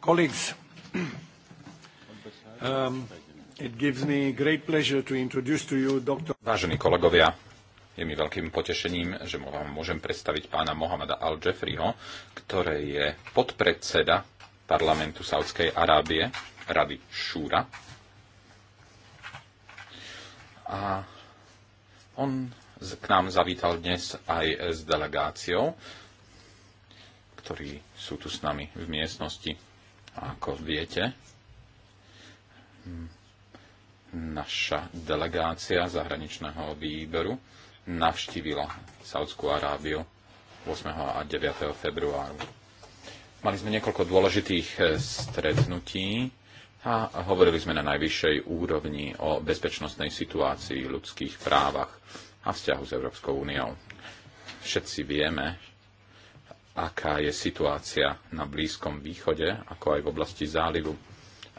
colleagues, um, it gives me great pleasure to introduce to you Dr. Vážení kolegovia, je mi veľkým potešením, že vám môžem predstaviť pána Mohameda Al-Jeffriho, ktorý je podpredseda parlamentu Saudskej Arábie, Rady Šúra. A on k nám zavítal dnes aj s delegáciou, ktorí sú tu s nami v miestnosti. Ako viete, naša delegácia zahraničného výberu navštívila Saudskú Arábiu 8. a 9. februáru. Mali sme niekoľko dôležitých eh, stretnutí a hovorili sme na najvyššej úrovni o bezpečnostnej situácii, ľudských právach a vzťahu s Európskou úniou. Všetci vieme, aká je situácia na Blízkom východe, ako aj v oblasti zálivu.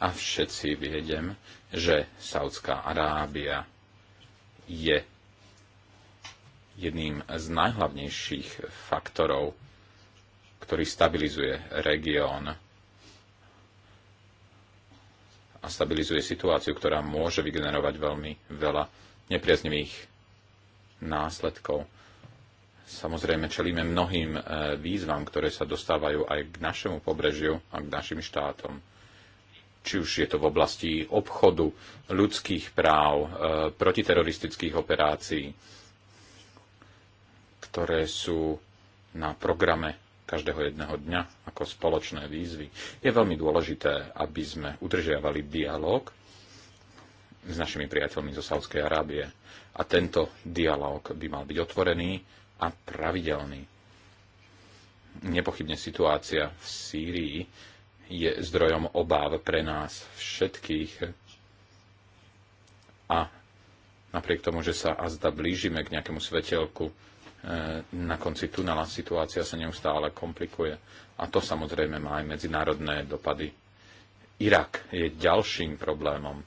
A všetci viedem, že Saudská Arábia je jedným z najhlavnejších faktorov, ktorý stabilizuje región a stabilizuje situáciu, ktorá môže vygenerovať veľmi veľa nepriaznivých následkov Samozrejme, čelíme mnohým e, výzvam, ktoré sa dostávajú aj k našemu pobrežiu a k našim štátom. Či už je to v oblasti obchodu, ľudských práv, e, protiteroristických operácií, ktoré sú na programe každého jedného dňa ako spoločné výzvy. Je veľmi dôležité, aby sme udržiavali dialog s našimi priateľmi zo Sávskej Arábie. A tento dialog by mal byť otvorený, a pravidelný. Nepochybne situácia v Sýrii je zdrojom obáv pre nás všetkých a napriek tomu, že sa azda blížime k nejakému svetelku e, na konci tunela, situácia sa neustále komplikuje a to samozrejme má aj medzinárodné dopady. Irak je ďalším problémom,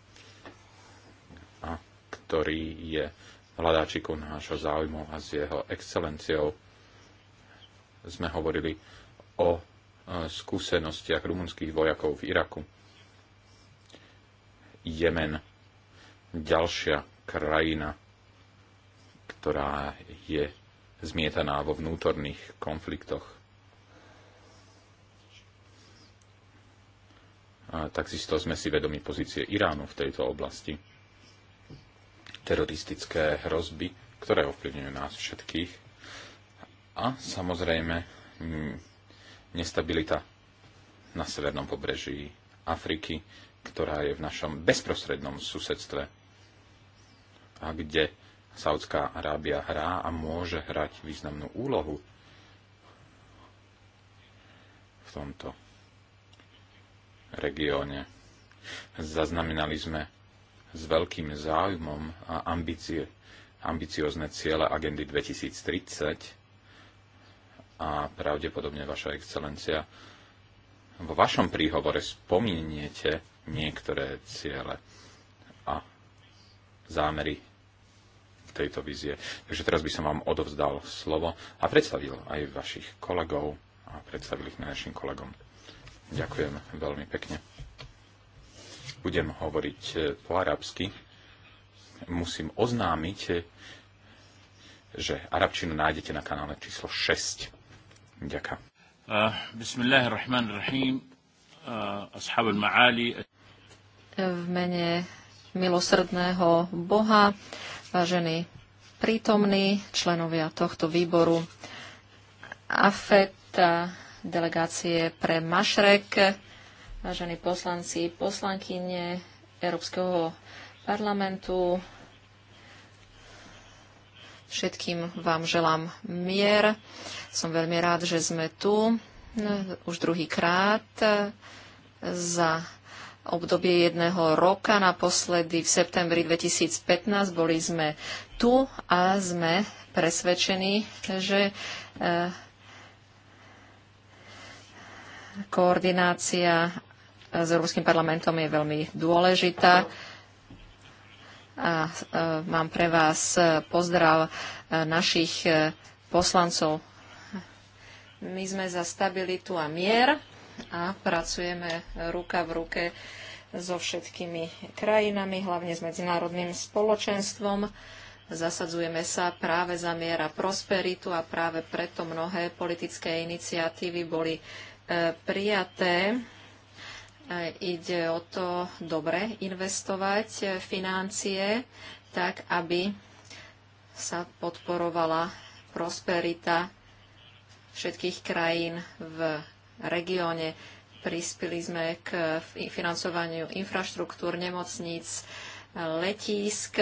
a ktorý je hľadáčiku nášho záujmu a s jeho excelenciou sme hovorili o e, skúsenostiach rumunských vojakov v Iraku. Jemen, ďalšia krajina, ktorá je zmietaná vo vnútorných konfliktoch. A takisto sme si vedomi pozície Iránu v tejto oblasti teroristické hrozby, ktoré ovplyvňujú nás všetkých. A samozrejme nestabilita na severnom pobreží Afriky, ktorá je v našom bezprostrednom susedstve a kde Saudská Arábia hrá a môže hrať významnú úlohu v tomto regióne. Zaznamenali sme s veľkým záujmom a ambície, ambiciozne ciele agendy 2030 a pravdepodobne vaša excelencia vo vašom príhovore spomeniete niektoré ciele a zámery tejto vízie. Takže teraz by som vám odovzdal slovo a predstavil aj vašich kolegov a predstavil ich našim kolegom. Ďakujem veľmi pekne budem hovoriť e, po arabsky, musím oznámiť, e, že arabčinu nájdete na kanále číslo 6. Ďaká. V mene milosrdného Boha, vážení prítomní členovia tohto výboru AFET, delegácie pre Mašrek, vážení poslanci, poslankyne Európskeho parlamentu. Všetkým vám želám mier. Som veľmi rád, že sme tu no, už druhýkrát za obdobie jedného roka. Naposledy v septembri 2015 boli sme tu a sme presvedčení, že eh, koordinácia s Európskym parlamentom je veľmi dôležitá. A e, mám pre vás e, pozdrav e, našich poslancov. My sme za stabilitu a mier a pracujeme ruka v ruke so všetkými krajinami, hlavne s medzinárodným spoločenstvom. Zasadzujeme sa práve za mier a prosperitu a práve preto mnohé politické iniciatívy boli prijaté E, ide o to dobre investovať e, financie tak, aby sa podporovala prosperita všetkých krajín v regióne. Prispili sme k financovaniu infraštruktúr, nemocníc, e, letísk.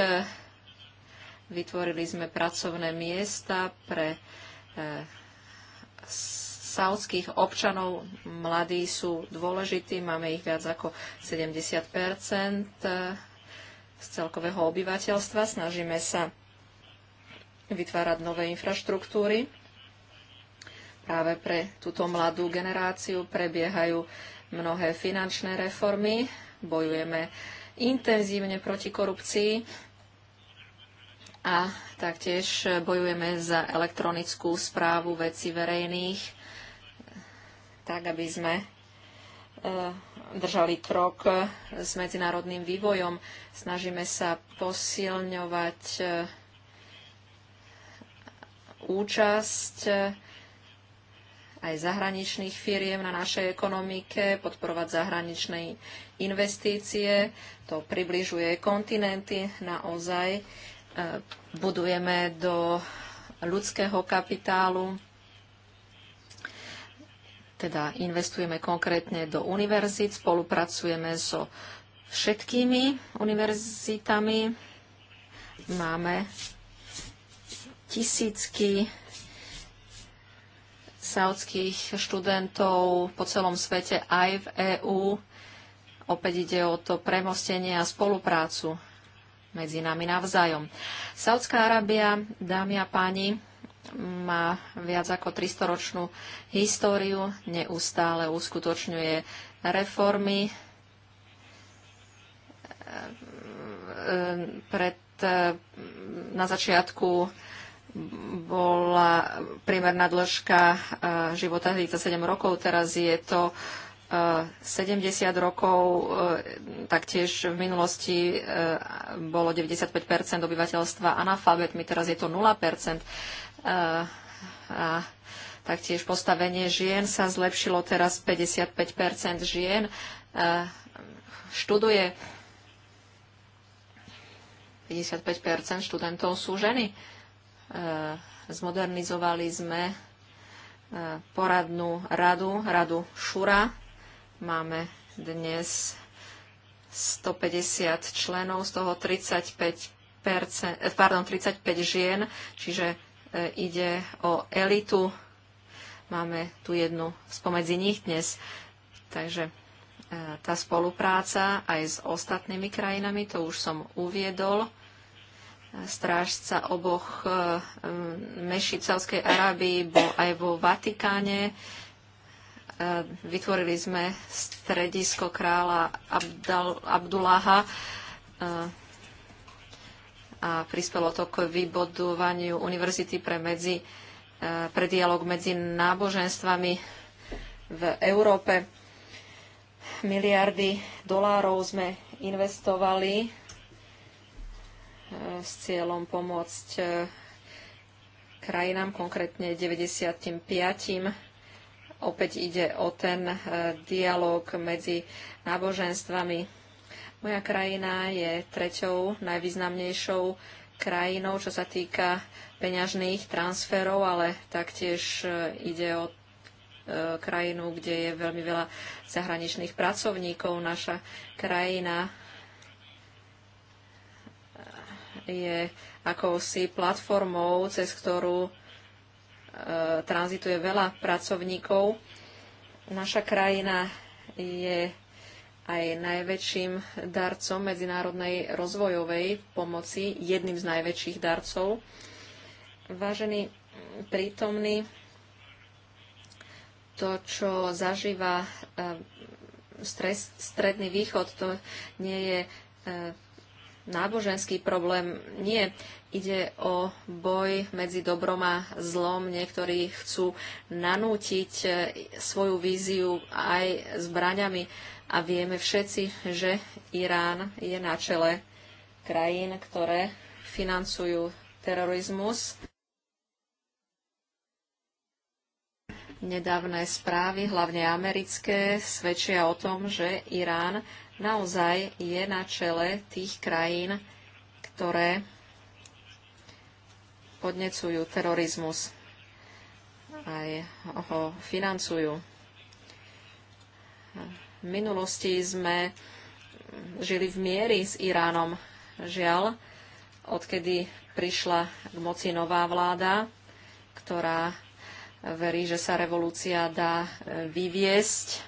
Vytvorili sme pracovné miesta pre saudských občanov. Mladí sú dôležití, máme ich viac ako 70 eh, z celkového obyvateľstva. Snažíme sa vytvárať nové infraštruktúry. Práve pre túto mladú generáciu prebiehajú mnohé finančné reformy. Bojujeme intenzívne proti korupcii a taktiež bojujeme za elektronickú správu veci verejných tak aby sme e, držali krok e, s medzinárodným vývojom. Snažíme sa posilňovať e, účasť aj zahraničných firiem na našej ekonomike, podporovať zahraničné investície. To približuje kontinenty. Naozaj budujeme do ľudského kapitálu teda investujeme konkrétne do univerzít, spolupracujeme so všetkými univerzitami. Máme tisícky saudských študentov po celom svete aj v EÚ. Opäť ide o to premostenie a spoluprácu medzi nami navzájom. Saudská Arábia, dámy a páni, má viac ako 300-ročnú históriu, neustále uskutočňuje reformy. Pred, na začiatku bola priemerná dĺžka e, života 37 rokov, teraz je to 70 e, rokov, e, taktiež v minulosti bolo 95 obyvateľstva analfabetmi, teraz je to 0 a, taktiež postavenie žien sa zlepšilo teraz 55 žien študuje. 55 študentov sú ženy. zmodernizovali sme poradnú radu, radu Šura. Máme dnes 150 členov, z toho 35, pardon, 35 žien, čiže E, ide o elitu. Máme tu jednu spomedzi nich dnes. Takže e, tá spolupráca aj s ostatnými krajinami, to už som uviedol, strážca oboch e, Mešicovskej Arábii bol aj vo Vatikáne. Vytvorili sme stredisko kráľa Abdal, a prispelo to k vybodovaniu univerzity pre, medzi, e, pre dialog medzi náboženstvami v Európe. Miliardy dolárov sme investovali e, s cieľom pomôcť e, krajinám, konkrétne 95. Opäť ide o ten dialog medzi náboženstvami moja krajina je treťou najvýznamnejšou krajinou, čo sa týka peňažných transferov, ale taktiež e, ide o e, krajinu, kde je veľmi veľa zahraničných pracovníkov. Naša krajina e, je akousi platformou, cez ktorú tranzituje veľa pracovníkov. Naša krajina je aj najväčším darcom medzinárodnej rozvojovej pomoci, jedným z najväčších darcov. Vážení prítomný, to, čo zažíva eh, stres, stredný východ, to nie je eh, náboženský problém. Nie, ide o boj medzi dobrom a zlom. Niektorí chcú nanútiť eh, svoju víziu aj zbraňami a vieme všetci, že Irán je na čele krajín, ktoré financujú terorizmus. Nedávne správy, hlavne americké, svedčia o tom, že Irán naozaj je na čele tých krajín, ktoré podnecujú terorizmus aj ho financujú. V minulosti sme žili v miery s Iránom. Žiaľ, odkedy prišla k moci nová vláda, ktorá verí, že sa revolúcia dá e, vyviesť.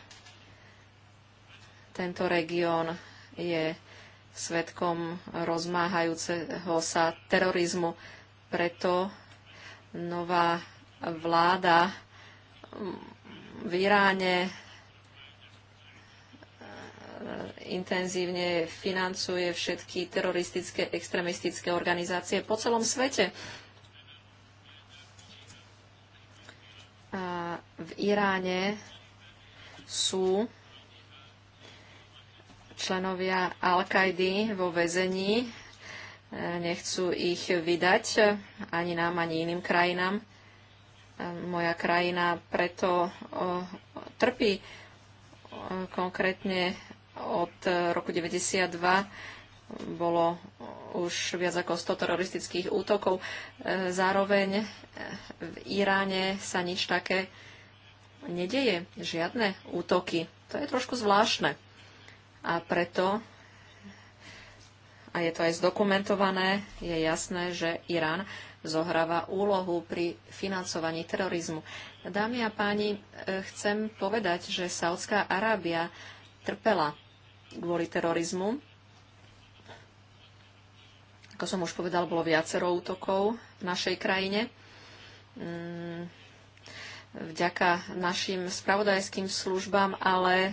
Tento región je svetkom rozmáhajúceho sa terorizmu. Preto nová vláda v Iráne E, intenzívne financuje všetky teroristické, extremistické organizácie po celom svete. A v Iráne sú členovia Al-Kaidy vo väzení. E, nechcú ich vydať ani nám, ani iným krajinám. E, moja krajina preto trpí konkrétne od e, roku 92 bolo už viac ako 100 teroristických útokov. E, zároveň e, v Iráne sa nič také nedeje, žiadne útoky. To je trošku zvláštne. A preto, a je to aj zdokumentované, je jasné, že Irán zohráva úlohu pri financovaní terorizmu. Dámy a páni, chcem povedať, že Saudská Arábia trpela kvôli terorizmu. Ako som už povedal, bolo viacero útokov v našej krajine. Mm, vďaka našim spravodajským službám, ale e,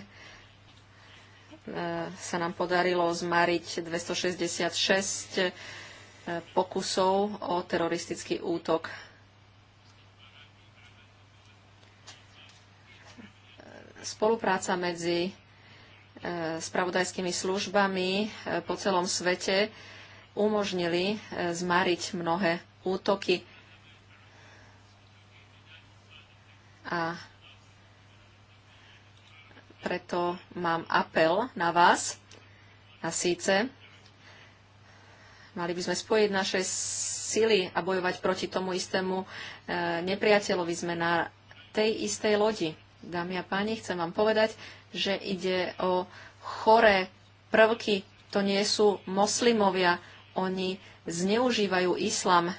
sa nám podarilo zmariť 266 e, pokusov o teroristický útok. Spolupráca medzi spravodajskými službami e, po celom svete umožnili e, zmariť mnohé útoky. A preto mám apel na vás. A síce mali by sme spojiť naše sily a bojovať proti tomu istému e, nepriateľovi. Sme na tej istej lodi. Dámy a páni, chcem vám povedať, že ide o choré prvky. To nie sú moslimovia. Oni zneužívajú islam.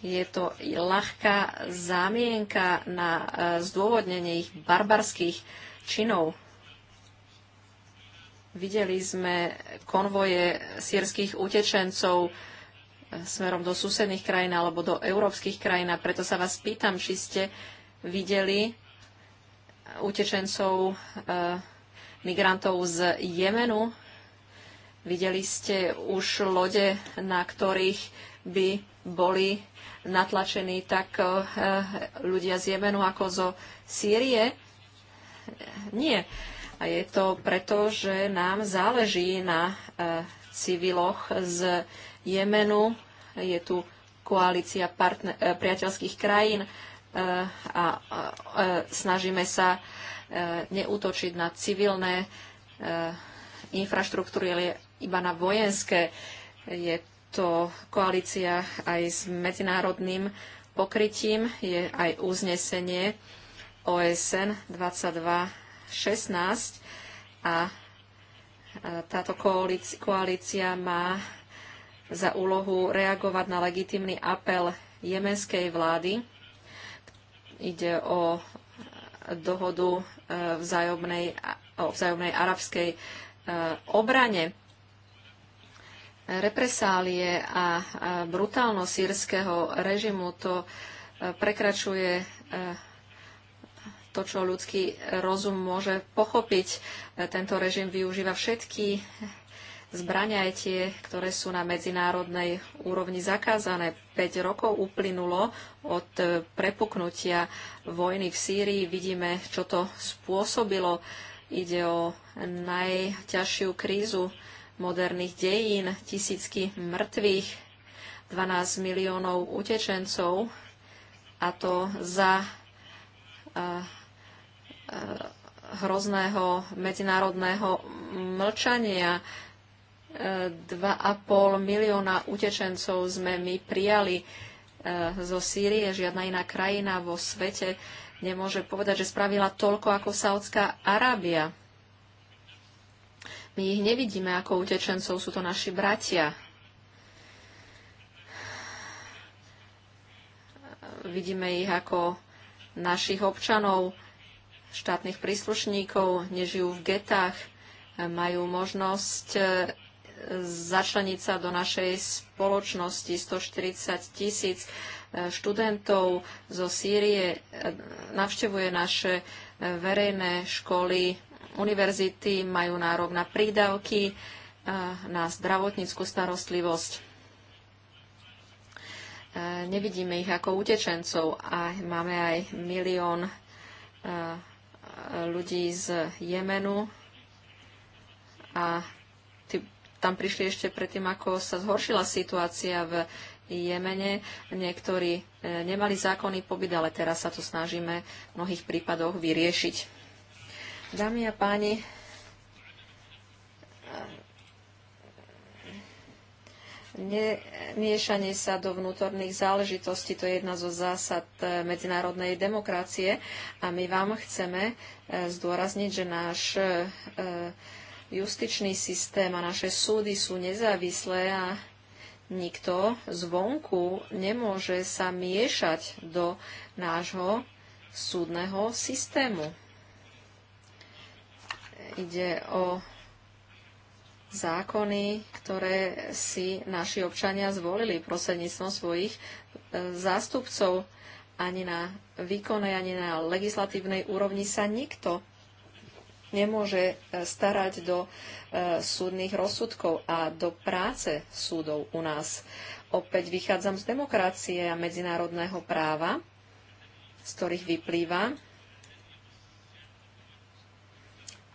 Je to ľahká zámienka na e, zdôvodnenie ich barbarských činov. Videli sme konvoje sírskych utečencov e, smerom do susedných krajín alebo do európskych krajín a preto sa vás pýtam, či ste videli utečencov, e, migrantov z Jemenu. Videli ste už lode, na ktorých by boli natlačení tak e, ľudia z Jemenu ako zo Sýrie? Nie. A je to preto, že nám záleží na e, civiloch z Jemenu. Je tu koalícia priateľských krajín E, a e, snažíme sa e, neútočiť na civilné infraštruktúry, ale iba na vojenské. Je to koalícia aj s medzinárodným pokrytím, je aj uznesenie OSN 2216 a táto koalícia má za úlohu reagovať na legitimný apel jemenskej vlády Ide o dohodu e, vzájomnej, o vzájomnej arabskej e, obrane. Represálie a brutálnosť sírskeho režimu to e, prekračuje to, čo ľudský rozum môže pochopiť. Tento režim využíva všetky zbrania aj tie, ktoré sú na medzinárodnej úrovni zakázané. 5 rokov uplynulo od e, prepuknutia vojny v Sýrii. Vidíme, čo to spôsobilo. Ide o najťažšiu krízu moderných dejín, tisícky mŕtvych, 12 miliónov utečencov a to za e, e, hrozného medzinárodného mlčania. 2,5 milióna utečencov sme my prijali eh, zo Sýrie. Žiadna iná krajina vo svete nemôže povedať, že spravila toľko ako Saudská Arábia. My ich nevidíme ako utečencov, sú to naši bratia. Vidíme ich ako našich občanov, štátnych príslušníkov, nežijú v getách, majú možnosť eh, začleniť sa do našej spoločnosti. 140 tisíc e, študentov zo Sýrie e, navštevuje naše e, verejné školy, univerzity, majú nárok na prídavky, na zdravotníckú starostlivosť nevidíme ich ako utečencov a máme aj milión ľudí z Jemenu a tam prišli ešte predtým, ako sa zhoršila situácia v Jemene. Niektorí e, nemali zákonný pobyt, ale teraz sa to snažíme v mnohých prípadoch vyriešiť. Dámy a páni, e, nemiešanie sa do vnútorných záležitostí, to je jedna zo zásad e, medzinárodnej demokracie a my vám chceme zdôrazniť, že náš justičný systém a naše súdy sú nezávislé a nikto zvonku nemôže sa miešať do nášho súdneho systému. Ide o zákony, ktoré si naši občania zvolili prostredníctvom svojich e, zástupcov. Ani na výkonnej, ani na legislatívnej úrovni sa nikto nemôže e, starať do e, súdnych rozsudkov a do práce súdov u nás. Opäť vychádzam z demokracie a medzinárodného práva, z ktorých vyplýva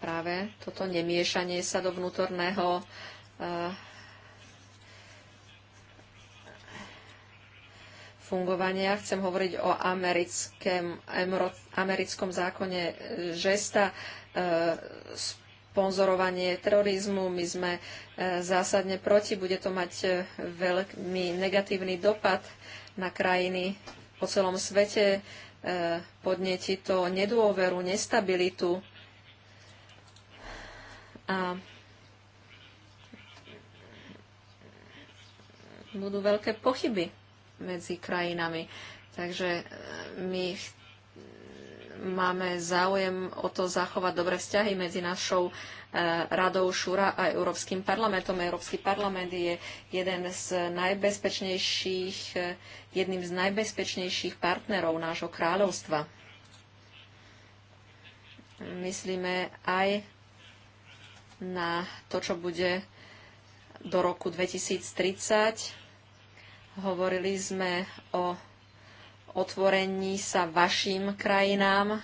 práve toto nemiešanie sa do vnútorného e, fungovania. Chcem hovoriť o americkém, americkom zákone žesta sponzorovanie terorizmu. My sme e, zásadne proti. Bude to mať e, veľmi negatívny dopad na krajiny po celom svete. E, podneti to nedôveru, nestabilitu. A budú veľké pochyby medzi krajinami. Takže my máme záujem o to zachovať dobré vzťahy medzi našou e, radou Šúra a Európskym parlamentom. Európsky parlament je jeden z najbezpečnejších, e, jedným z najbezpečnejších partnerov nášho kráľovstva. Myslíme aj na to, čo bude do roku 2030. Hovorili sme o otvorení sa vašim krajinám,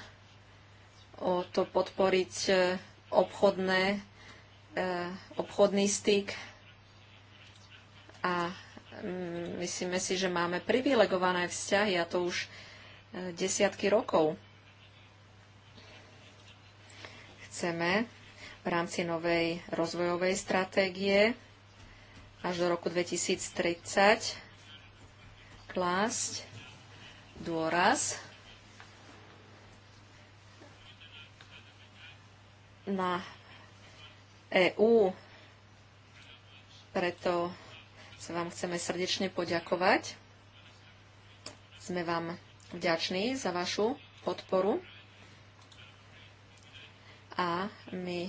o to podporiť e, obchodné, e, obchodný styk a mm, myslíme si, že máme privilegované vzťahy a to už e, desiatky rokov. Chceme v rámci novej rozvojovej stratégie až do roku 2030 klásť dôraz na EÚ. Preto sa vám chceme srdečne poďakovať. Sme vám vďační za vašu podporu a my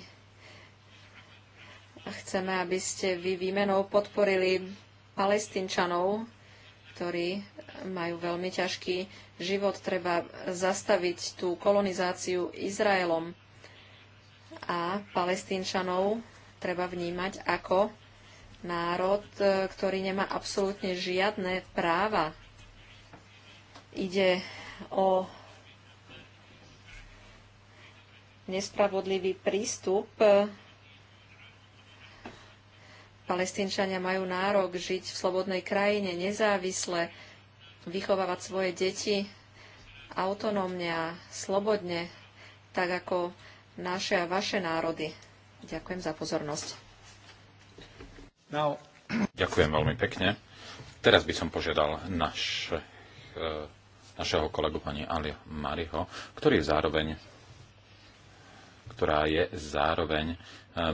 chceme, aby ste vy výmenou podporili palestínčanov, ktorí majú veľmi ťažký život. Treba zastaviť tú kolonizáciu Izraelom a palestínčanov treba vnímať ako národ, e, ktorý nemá absolútne žiadne práva. Ide o nespravodlivý prístup. E, Palestínčania majú nárok žiť v slobodnej krajine, nezávisle vychovávať svoje deti autonómne a slobodne, tak ako naše a vaše národy. Ďakujem za pozornosť. No. Ďakujem veľmi pekne. Teraz by som požiadal naš, eh, našeho kolegu pani Ali Mariho, ktorý je zároveň ktorá je zároveň eh,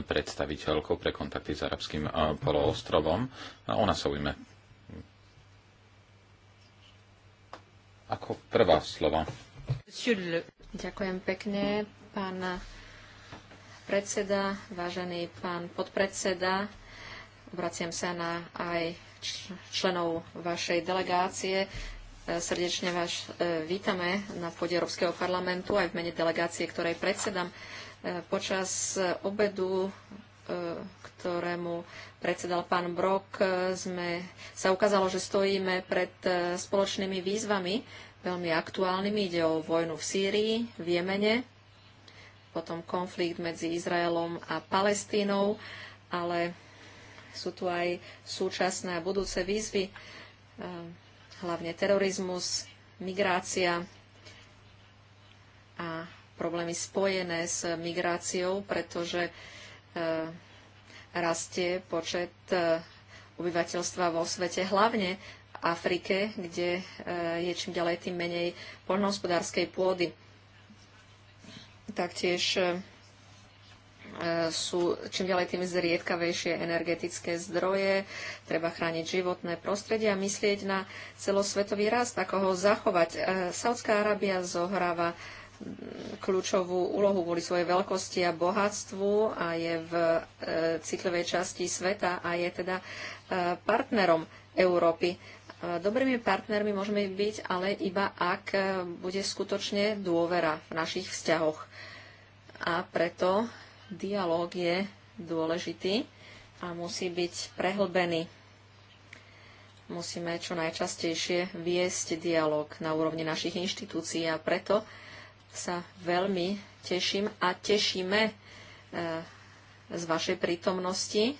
predstaviteľkou pre kontakty s arabským eh, poloostrovom. Ona sa ujme ako prvá slova. Ďakujem pekne, pán predseda, vážený pán podpredseda. Obraciam sa na aj členov vašej delegácie. Srdečne vás e, vítame na pôde Európskeho parlamentu aj v mene delegácie, ktorej predsedám. E, počas obedu E, ktorému predsedal pán Brok, e, sme, sa ukázalo, že stojíme pred e, spoločnými výzvami, veľmi aktuálnymi. Ide o vojnu v Sýrii, v Jemene, potom konflikt medzi Izraelom a Palestínou, ale sú tu aj súčasné a budúce výzvy, hlavne terorizmus, migrácia a problémy spojené s migráciou, pretože E, rastie počet e, obyvateľstva vo svete, hlavne v Afrike, kde e, je čím ďalej tým menej poľnohospodárskej pôdy. Taktiež sú čím ďalej tým zriedkavejšie energetické zdroje, treba chrániť životné prostredie a myslieť na celosvetový rast, ako ho zachovať. Saudská Arábia zohráva kľúčovú úlohu kvôli svojej veľkosti a bohatstvu a je v e, citlivej časti sveta a je teda e, partnerom Európy. E, dobrými partnermi môžeme byť, ale iba ak e, bude skutočne dôvera v našich vzťahoch. A preto dialóg je dôležitý a musí byť prehlbený. Musíme čo najčastejšie viesť dialog na úrovni našich inštitúcií a preto sa veľmi teším a tešíme e, z vašej prítomnosti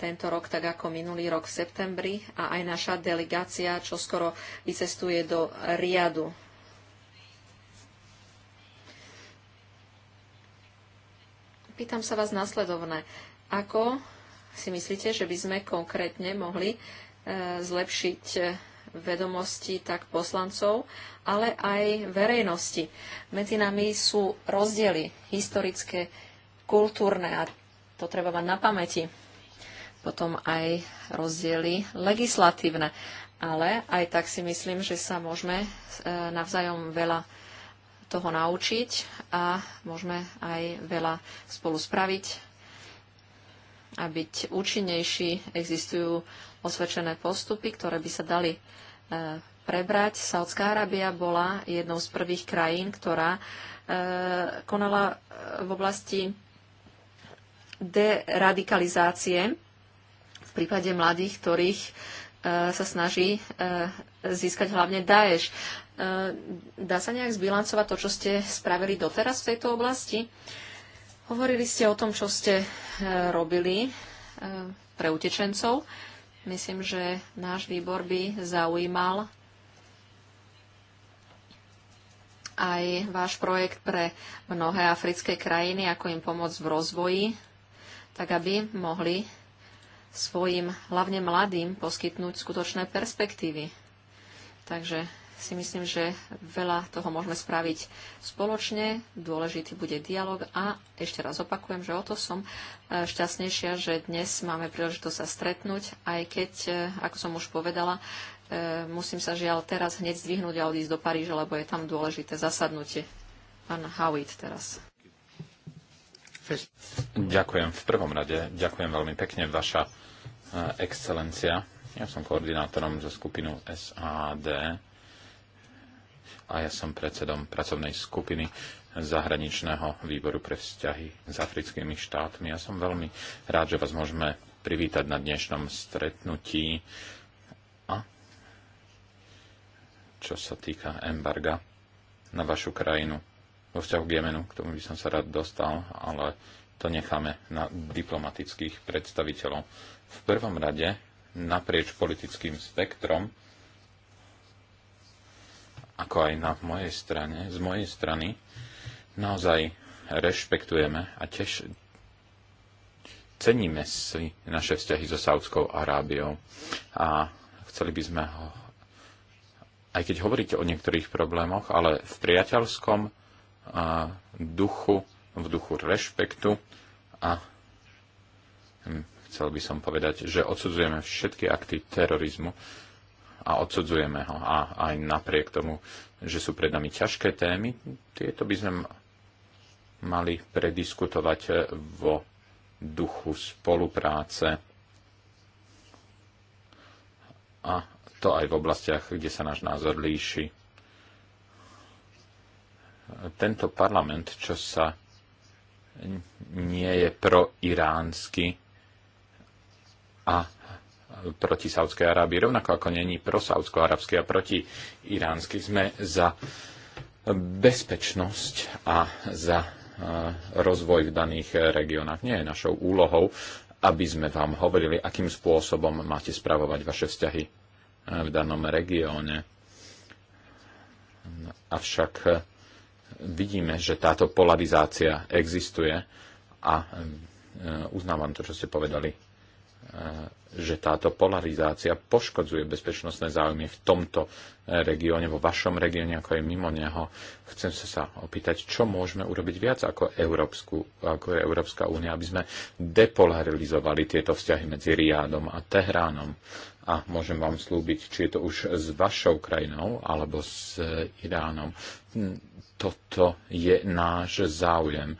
tento rok, tak ako minulý rok v septembri a aj naša delegácia čo skoro vycestuje do Riadu. Pýtam sa vás nasledovne, Ako si myslíte, že by sme konkrétne mohli e, zlepšiť e, vedomostí tak poslancov, ale aj verejnosti. Medzi nami sú rozdiely historické, kultúrne a to treba mať na pamäti. Potom aj rozdiely legislatívne. Ale aj tak si myslím, že sa môžeme e, navzájom veľa toho naučiť a môžeme aj veľa spolu spraviť a byť účinnejší. Existujú osvedčené postupy, ktoré by sa dali e, prebrať. Saudská Arábia bola jednou z prvých krajín, ktorá e, konala e, v oblasti deradikalizácie v prípade mladých, ktorých sa snaží získať hlavne Daesh. Dá sa nejak zbilancovať to, čo ste spravili doteraz v tejto oblasti? Hovorili ste o tom, čo ste robili pre utečencov. Myslím, že náš výbor by zaujímal aj váš projekt pre mnohé africké krajiny, ako im pomôcť v rozvoji, tak aby mohli svojim, hlavne mladým, poskytnúť skutočné perspektívy. Takže si myslím, že veľa toho môžeme spraviť spoločne. Dôležitý bude dialog a ešte raz opakujem, že o to som e, šťastnejšia, že dnes máme príležitosť sa stretnúť, aj keď, e, ako som už povedala, e, musím sa žiaľ teraz hneď zdvihnúť a odísť do Paríža, lebo je tam dôležité zasadnutie. Pán Howitt teraz. Ďakujem v prvom rade. Ďakujem veľmi pekne, vaša excelencia. Ja som koordinátorom zo skupinu SAD a ja som predsedom pracovnej skupiny zahraničného výboru pre vzťahy s africkými štátmi. Ja som veľmi rád, že vás môžeme privítať na dnešnom stretnutí. A čo sa týka embarga na vašu krajinu vo vzťahu k Jemenu, k tomu by som sa rád dostal, ale to necháme na diplomatických predstaviteľov. V prvom rade naprieč politickým spektrom ako aj na mojej strane, z mojej strany, naozaj rešpektujeme a tiež ceníme si naše vzťahy so Saudskou Arábiou a chceli by sme ho, aj keď hovoríte o niektorých problémoch, ale v priateľskom a, duchu, v duchu rešpektu a hm, chcel by som povedať, že odsudzujeme všetky akty terorizmu, a odsudzujeme ho. A aj napriek tomu, že sú pred nami ťažké témy, tieto by sme mali prediskutovať eh, vo duchu spolupráce a to aj v oblastiach, kde sa náš názor líši. Tento parlament, čo sa nie je proiránsky a proti Saudskej Arábii, rovnako ako není pro Saudsko-Arabský a proti Iránsky. Sme za bezpečnosť a za e, rozvoj v daných regiónach. Nie je našou úlohou, aby sme vám hovorili, akým spôsobom máte spravovať vaše vzťahy e, v danom regióne. No, avšak e, vidíme, že táto polarizácia existuje a uznávam to, čo ste povedali že táto polarizácia poškodzuje bezpečnostné záujmy v tomto eh, regióne, vo vašom regióne, ako je mimo neho. Chcem sa sa opýtať, čo môžeme urobiť viac ako, Európsku, ako Európska únia, aby sme depolarizovali tieto vzťahy medzi Riádom a Tehránom. A môžem vám slúbiť, či je to už s vašou krajinou alebo s eh, Iránom hm, toto je náš záujem. E,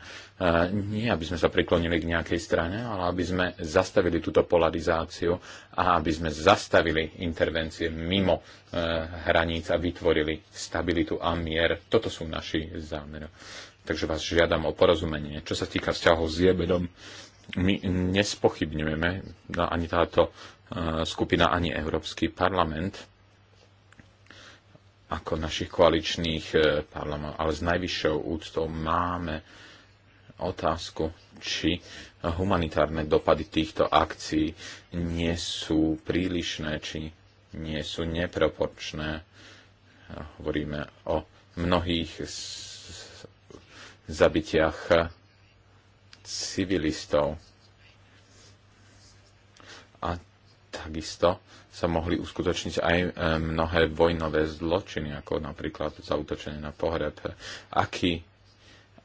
nie, aby sme sa priklonili k nejakej strane, ale aby sme zastavili túto polarizáciu a aby sme zastavili intervencie mimo e, hraníc a vytvorili stabilitu a mier. Toto sú naši zámery. Takže vás žiadam o porozumenie. Čo sa týka vzťahov s Jebedom, my nespochybňujeme no, ani táto e, skupina, ani Európsky parlament, ako našich koaličných e, parlamentov, ale s najvyššou úctou máme otázku, či humanitárne dopady týchto akcií nie sú prílišné, či nie sú neproporčné. E, hovoríme o mnohých zabitiach civilistov. A takisto sa mohli uskutočniť aj e, mnohé vojnové zločiny, ako napríklad zautočenie na pohreb. Aký,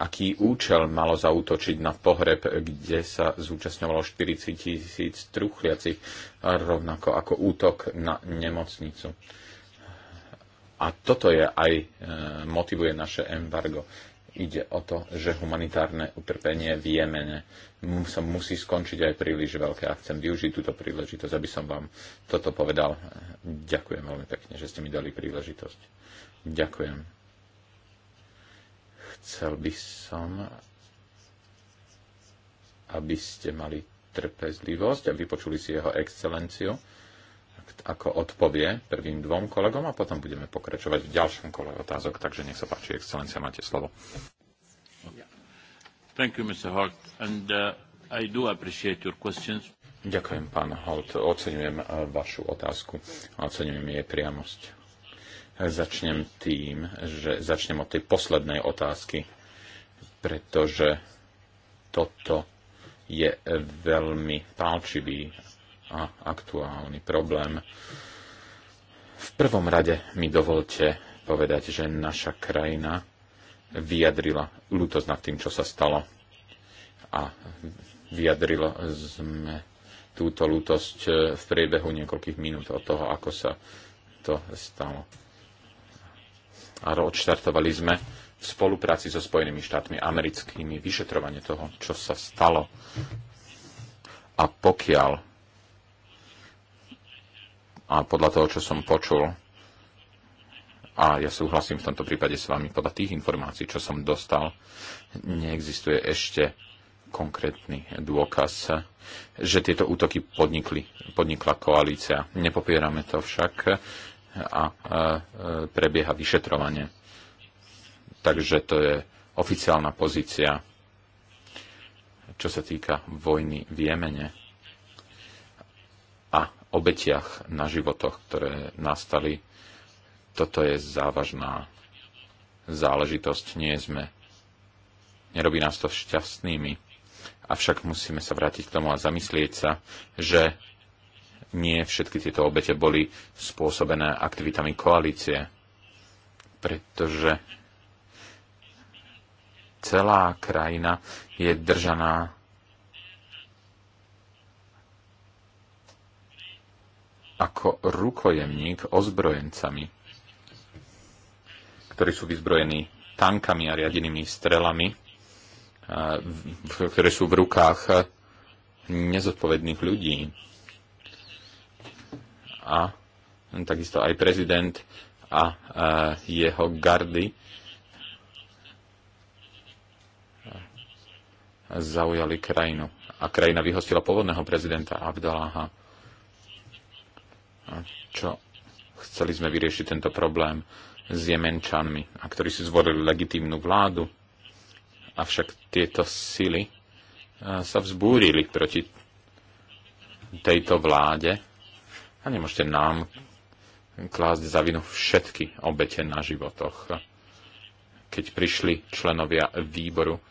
aký účel malo zautočiť na pohreb, kde sa zúčastňovalo 40 tisíc truchliacich, rovnako ako útok na nemocnicu. A toto je aj, e, motivuje naše embargo ide o to, že humanitárne utrpenie v Jemene sa musí skončiť aj príliš veľké a chcem využiť túto príležitosť, aby som vám toto povedal. Ďakujem veľmi pekne, že ste mi dali príležitosť. Ďakujem. Chcel by som, aby ste mali trpezlivosť a vypočuli si jeho excelenciu ako odpovie prvým dvom kolegom a potom budeme pokračovať v ďalšom kole otázok. Takže nech sa páči, excelencia, máte slovo. Thank you, Mr. Hart. And, uh, I do appreciate your questions. Ďakujem, pán Holt. Oceňujem uh, vašu otázku. Oceňujem jej priamosť. Začnem tým, že začnem od tej poslednej otázky, pretože toto je eh, veľmi pálčivý a aktuálny problém. V prvom rade mi dovolte povedať, že naša krajina vyjadrila ľútosť nad tým, čo sa stalo. A vyjadrilo sme túto ľútosť e, v priebehu niekoľkých minút od toho, ako sa to stalo. A odštartovali sme v spolupráci so Spojenými štátmi americkými vyšetrovanie toho, čo sa stalo. A pokiaľ a podľa toho, čo som počul, a ja súhlasím v tomto prípade s vami, podľa tých informácií, čo som dostal, neexistuje ešte konkrétny dôkaz, že tieto útoky podnikli, podnikla koalícia. Nepopierame to však a e, e, prebieha vyšetrovanie. Takže to je oficiálna pozícia, čo sa týka vojny v Jemene obetiach na životoch, ktoré nastali. Toto je závažná záležitosť. Nie sme. Nerobí nás to šťastnými. Avšak musíme sa vrátiť k tomu a zamyslieť sa, že nie všetky tieto obete boli spôsobené aktivitami koalície, pretože celá krajina je držaná ako rukojemník ozbrojencami, ktorí sú vyzbrojení tankami a riadenými strelami, ktoré sú v rukách nezodpovedných ľudí. A takisto aj prezident a jeho gardy zaujali krajinu. A krajina vyhostila pôvodného prezidenta Abdaláha čo chceli sme vyriešiť tento problém s Jemenčanmi, a ktorí si zvolili legitímnu vládu. Avšak tieto sily e, sa vzbúrili proti tejto vláde a nemôžete nám klásť za vinu všetky obete na životoch. Keď prišli členovia výboru, e,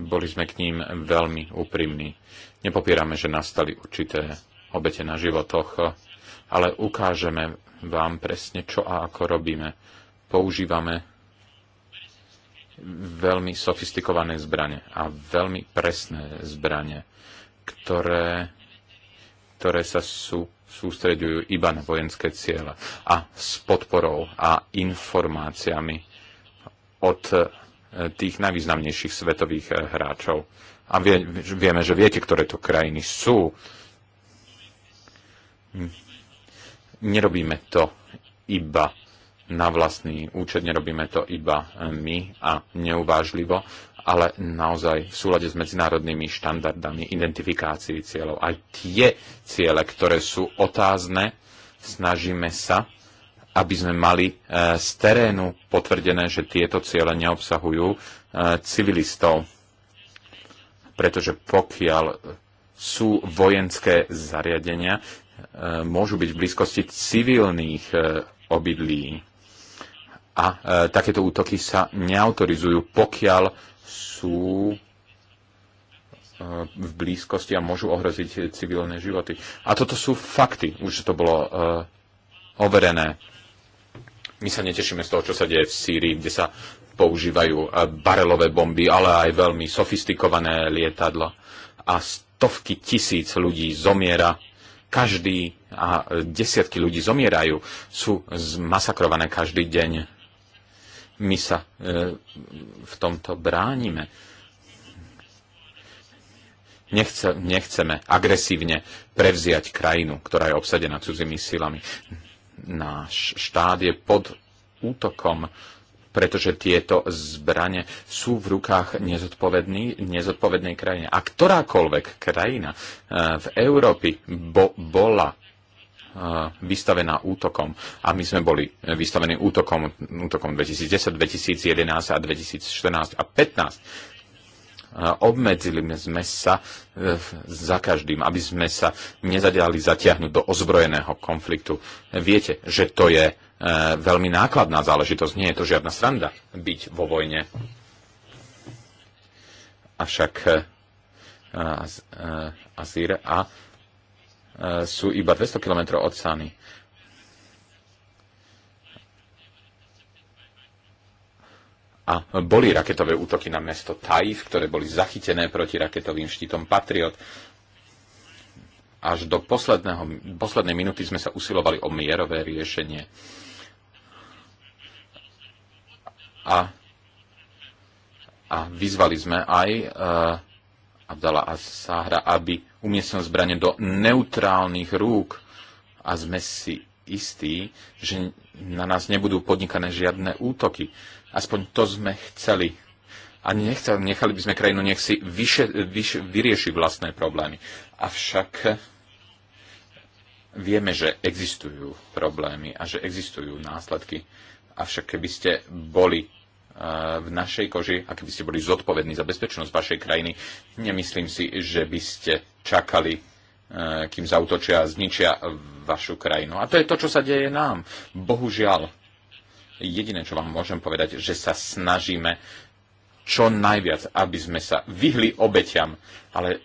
boli sme k ním veľmi úprimní. Nepopierame, že nastali určité obete na životoch, ale ukážeme vám presne, čo a ako robíme. Používame veľmi sofistikované zbranie a veľmi presné zbranie, ktoré, ktoré sa sú, sústreďujú iba na vojenské ciele a s podporou a informáciami od e, tých najvýznamnejších svetových e, hráčov. A vie, vieme, že viete, ktoré to krajiny sú nerobíme to iba na vlastný účet, nerobíme to iba my a neuvážlivo, ale naozaj v súlade s medzinárodnými štandardami identifikácií cieľov. Aj tie ciele, ktoré sú otázne, snažíme sa, aby sme mali e, z terénu potvrdené, že tieto ciele neobsahujú e, civilistov. Pretože pokiaľ sú vojenské zariadenia, E, môžu byť v blízkosti civilných e, obydlí. A e, takéto útoky sa neautorizujú, pokiaľ sú v blízkosti a môžu ohroziť civilné životy. A toto sú fakty, už to bolo overené. My sa netešíme z toho, čo sa deje v Sýrii, kde sa používajú barelové bomby, ale aj veľmi sofistikované lietadlo. A stovky tisíc ľudí zomiera každý a desiatky ľudí zomierajú, sú masakrované každý deň. My sa e, v tomto bránime. Nechce, nechceme agresívne prevziať krajinu, ktorá je obsadená cudzými silami. Náš štát je pod útokom e, pretože tieto zbranie sú v rukách nezodpovednej krajiny. A ktorákoľvek krajina eh, v Európe bo, bola eh, vystavená útokom. A my sme boli eh, vystavení útokom, útokom 2010, 2011 a 2014 a 2015 obmedzili sme sa za každým, aby sme sa nezadiali zatiahnuť do ozbrojeného konfliktu. Viete, že to je E, veľmi nákladná záležitosť. Nie je to žiadna sranda byť vo vojne. Avšak e, e, Azír a sú iba 200 km od Sany. A boli raketové útoky na mesto Taif, ktoré boli zachytené proti raketovým štítom Patriot. Až do poslednej minúty sme sa usilovali o mierové riešenie a, a vyzvali sme aj e, Abdala Sahra, aby umiestnil zbranie do neutrálnych rúk a sme si istí, že na nás nebudú podnikané žiadne útoky. Aspoň to sme chceli. A nechceli, nechali by sme krajinu, nech si vyše, vyše, vyrieši vlastné problémy. Avšak e, vieme, že existujú problémy a že existujú následky. Avšak keby ste boli eh, v našej koži a keby ste boli zodpovední za bezpečnosť vašej krajiny, nemyslím si, že by ste čakali, eh, kým zautočia a zničia vašu krajinu. A to je to, čo sa deje nám. Bohužiaľ, jediné, čo vám môžem povedať, že sa snažíme čo najviac, aby sme sa vyhli obetiam, ale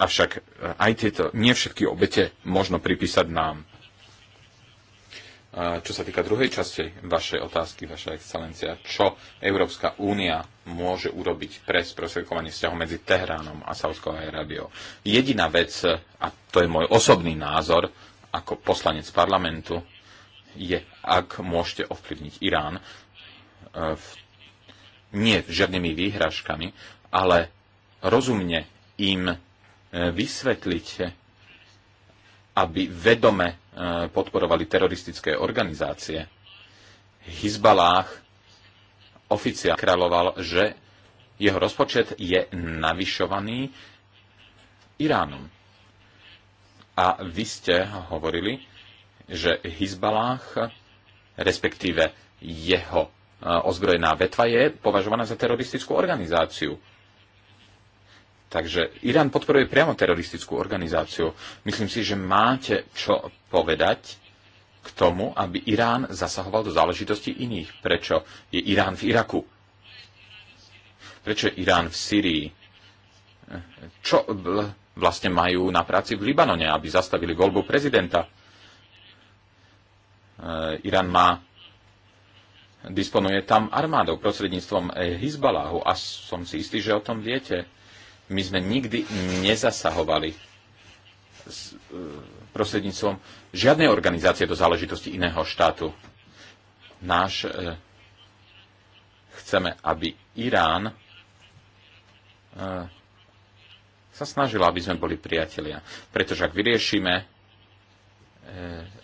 avšak eh, aj tieto, nie všetky obete možno pripísať nám čo sa týka druhej časti vašej otázky, vaša excelencia, čo Európska únia môže urobiť pre sprosvedkovanie vzťahu medzi Tehránom a Saudskou Arábiou. Jediná vec, a to je môj osobný názor ako poslanec parlamentu, je, ak môžete ovplyvniť Irán, e, nie žiadnymi výhražkami, ale rozumne im e, vysvetliť, aby vedome Eh, podporovali teroristické organizácie. Hizbalách oficiál kráľoval, že jeho rozpočet je navyšovaný Iránom. A vy ste hovorili, že Hizbalách, respektíve jeho eh, ozbrojená vetva je považovaná za teroristickú organizáciu. Takže Irán podporuje priamo teroristickú organizáciu. Myslím si, že máte čo povedať k tomu, aby Irán zasahoval do záležitosti iných. Prečo je Irán v Iraku? Prečo je Irán v Syrii? Čo vlastne majú na práci v Libanone, aby zastavili voľbu prezidenta? E, Irán má disponuje tam armádou prostredníctvom Hizbaláhu a som si istý, že o tom viete my sme nikdy nezasahovali s e, prostredníctvom žiadnej organizácie do záležitosti iného štátu. Náš e, chceme, aby Irán e, sa snažil, aby sme boli priatelia. Pretože ak vyriešime e,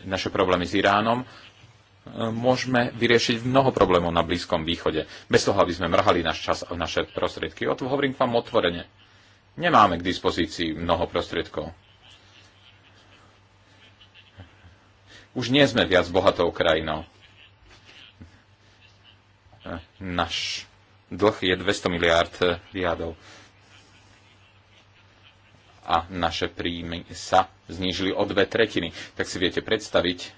naše problémy s Iránom, e, môžeme vyriešiť mnoho problémov na Blízkom východe. Bez toho, aby sme mrhali náš čas a naše prostriedky. O tom hovorím k vám otvorene nemáme k dispozícii mnoho prostriedkov. Už nie sme viac bohatou krajinou. Náš dlh je 200 miliárd eh, riadov. A naše príjmy sa znížili o dve tretiny. Tak si viete predstaviť,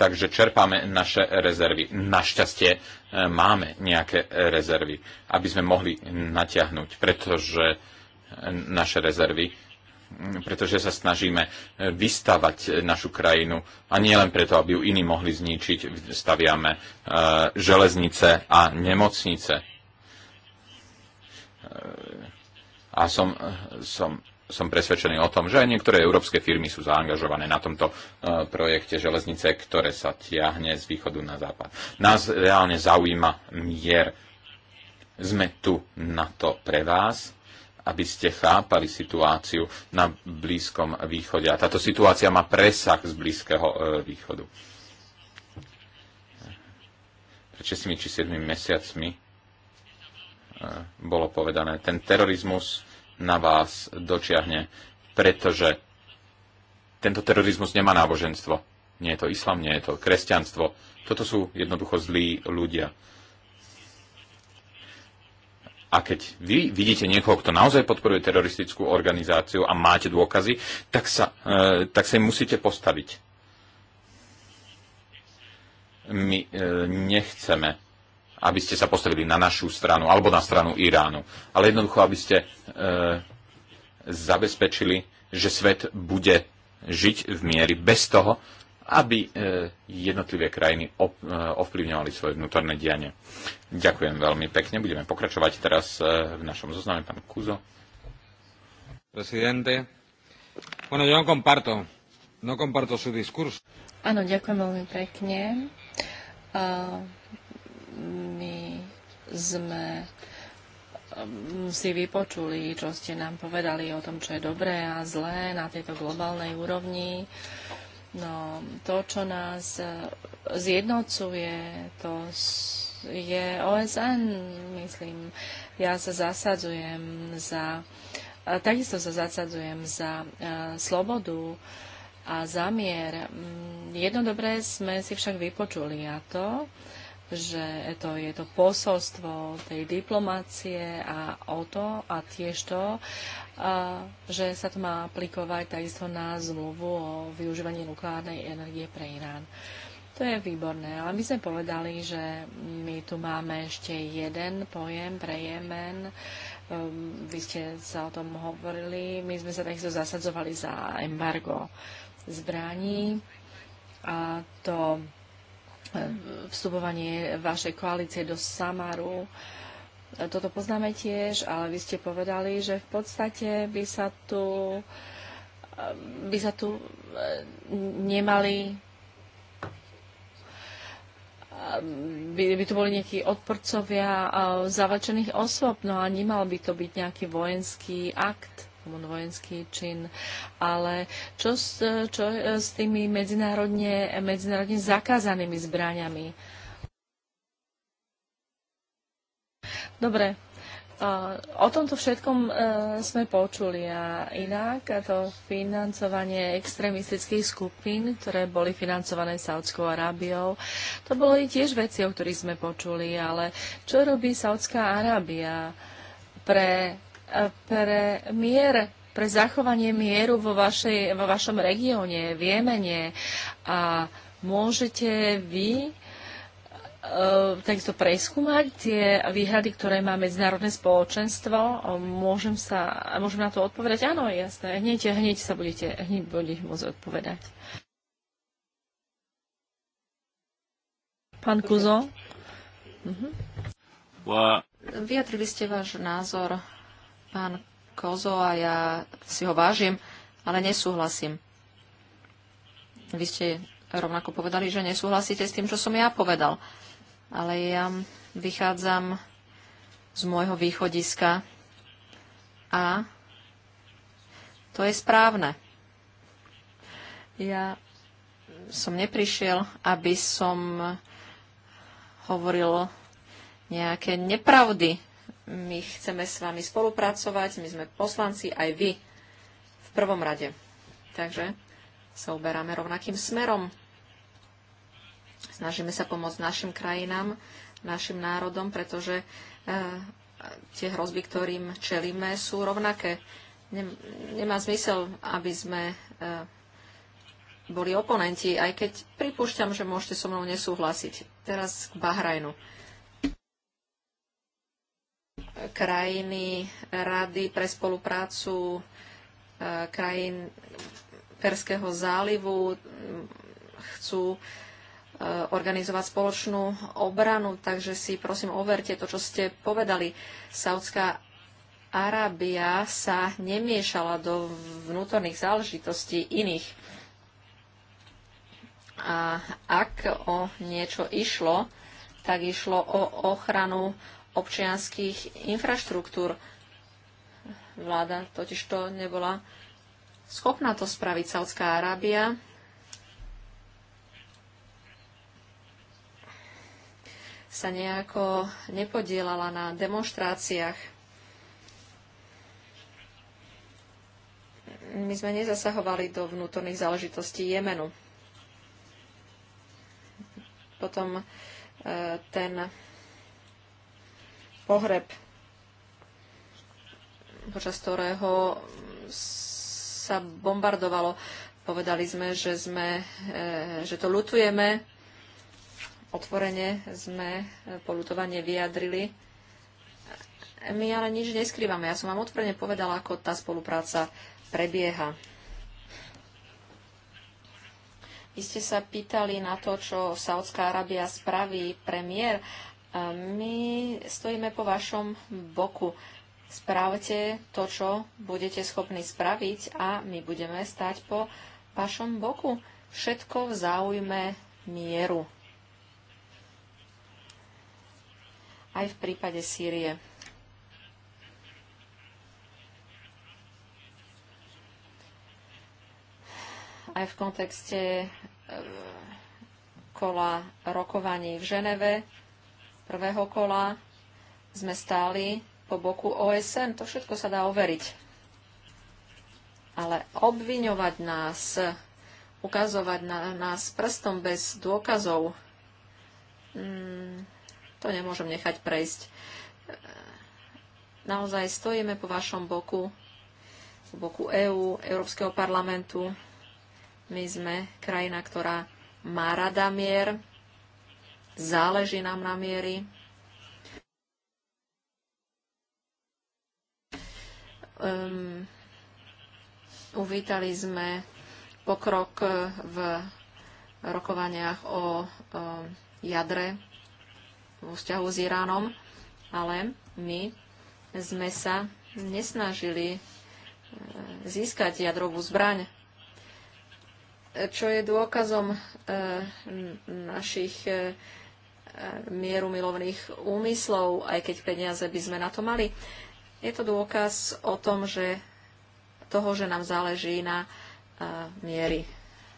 takže čerpáme naše rezervy. Našťastie e, máme nejaké rezervy, aby sme mohli natiahnuť, pretože e, naše rezervy, pretože sa snažíme e, vystavať našu krajinu a nie len preto, aby ju iní mohli zničiť, staviame železnice a nemocnice. A som, som som presvedčený o tom, že aj niektoré európske firmy sú zaangažované na tomto e, projekte železnice, ktoré sa tiahne z východu na západ. Nás reálne zaujíma mier. Sme tu na to pre vás, aby ste chápali situáciu na Blízkom východe. A táto situácia má presah z Blízkeho e, východu. Pred 6 či 7 mesiacmi e, bolo povedané, ten terorizmus na vás dočiahne, pretože tento terorizmus nemá náboženstvo. Nie je to islám, nie je to kresťanstvo. Toto sú jednoducho zlí ľudia. A keď vy vidíte niekoho, kto naozaj podporuje teroristickú organizáciu a máte dôkazy, tak sa, e, tak sa im musíte postaviť. My e, nechceme aby ste sa postavili na našu stranu alebo na stranu Iránu, ale jednoducho, aby ste e, zabezpečili, že svet bude žiť v miery bez toho, aby e, jednotlivé krajiny op, e, ovplyvňovali svoje vnútorné dianie. Ďakujem veľmi pekne. Budeme pokračovať teraz e, v našom zozname. Pán Kuzo. Presidente. Bueno, yo no comparto, no comparto su discurso. Áno, ďakujem veľmi pekne. Uh, my sme um, si vypočuli, čo ste nám povedali o tom, čo je dobré a zlé na tejto globálnej úrovni. No, to, čo nás uh, zjednocuje, to je OSN, myslím. Ja sa zasadzujem za, takisto sa zasadzujem za uh, slobodu a zamier. Mm, jedno dobré sme si však vypočuli a to, že to je to posolstvo tej diplomácie a o to a tiež to, a, že sa to má aplikovať takisto na zmluvu o využívaní nukleárnej energie pre Irán. To je výborné, ale my sme povedali, že my tu máme ešte jeden pojem pre Jemen. Ehm, vy ste sa o tom hovorili. My sme sa takisto zasadzovali za embargo zbraní a to vstupovanie vašej koalície do Samaru. Toto poznáme tiež, ale vy ste povedali, že v podstate by sa tu, by sa tu eh, nemali eh, by, by tu boli nejakí odporcovia eh, zavačených osôb, no a nemal by to byť nejaký vojenský akt vojenský čin, ale čo s, čo s tými medzinárodne, medzinárodne zakázanými zbraniami? Dobre, o tomto všetkom e, sme počuli a inak to financovanie extrémistických skupín, ktoré boli financované Saudskou Arábiou, to i tiež veci, o ktorých sme počuli, ale čo robí Saudská Arábia pre pre mier pre zachovanie mieru vo, vašej, vo vašom regióne, v Jemene. A môžete vy e, takisto preskúmať tie výhrady, ktoré má medzinárodné spoločenstvo. Môžem, sa, môžem na to odpovedať? Áno, jasné. Hneď, hneď sa budete, hneď bude môcť odpovedať. Pán Kuzo? Mhm. Vyjadrili ste váš názor pán Kozo a ja si ho vážim, ale nesúhlasím. Vy ste rovnako povedali, že nesúhlasíte s tým, čo som ja povedal. Ale ja vychádzam z môjho východiska a to je správne. Ja som neprišiel, aby som hovoril nejaké nepravdy my chceme s vami spolupracovať, my sme poslanci, aj vy v prvom rade. Takže sa uberáme rovnakým smerom. Snažíme sa pomôcť našim krajinám, našim národom, pretože e, tie hrozby, ktorým čelíme, sú rovnaké. Nemá zmysel, aby sme e, boli oponenti, aj keď pripúšťam, že môžete so mnou nesúhlasiť. Teraz k Bahrajnu krajiny Rady pre spoluprácu e, krajín Perského zálivu chcú e, organizovať spoločnú obranu, takže si prosím overte to, čo ste povedali. Saudská Arábia sa nemiešala do vnútorných záležitostí iných. A ak o niečo išlo, tak išlo o ochranu občianských infraštruktúr. Vláda totiž to nebola schopná to spraviť. Saudská Arábia sa nejako nepodielala na demonstráciách my sme nezasahovali do vnútorných záležitostí Jemenu. Potom e, ten pohreb, počas ktorého sa bombardovalo. Povedali sme, že, sme, eh, že to lutujeme, otvorene sme polutovanie vyjadrili. My ale nič neskrývame. Ja som vám otvorene povedala, ako tá spolupráca prebieha. Vy ste sa pýtali na to, čo Saudská Arábia spraví premiér my stojíme po vašom boku. Správte to, čo budete schopní spraviť a my budeme stať po vašom boku. Všetko v záujme mieru. Aj v prípade Sýrie. Aj v kontexte e, kola rokovaní v Ženeve prvého kola sme stáli po boku OSN. To všetko sa dá overiť. Ale obviňovať nás, ukazovať na nás prstom bez dôkazov, mm, to nemôžem nechať prejsť. Naozaj stojíme po vašom boku, po boku EÚ, Európskeho parlamentu. My sme krajina, ktorá má rada mier, záleží nám na miery. Um, uvítali sme pokrok v rokovaniach o, o ehm, jadre vo vzťahu s Iránom, ale my sme sa nesnažili ehm, získať jadrovú zbraň, čo je dôkazom našich mieru milovných úmyslov, aj keď peniaze by sme na to mali. Je to dôkaz o tom, že toho, že nám záleží na e, miery.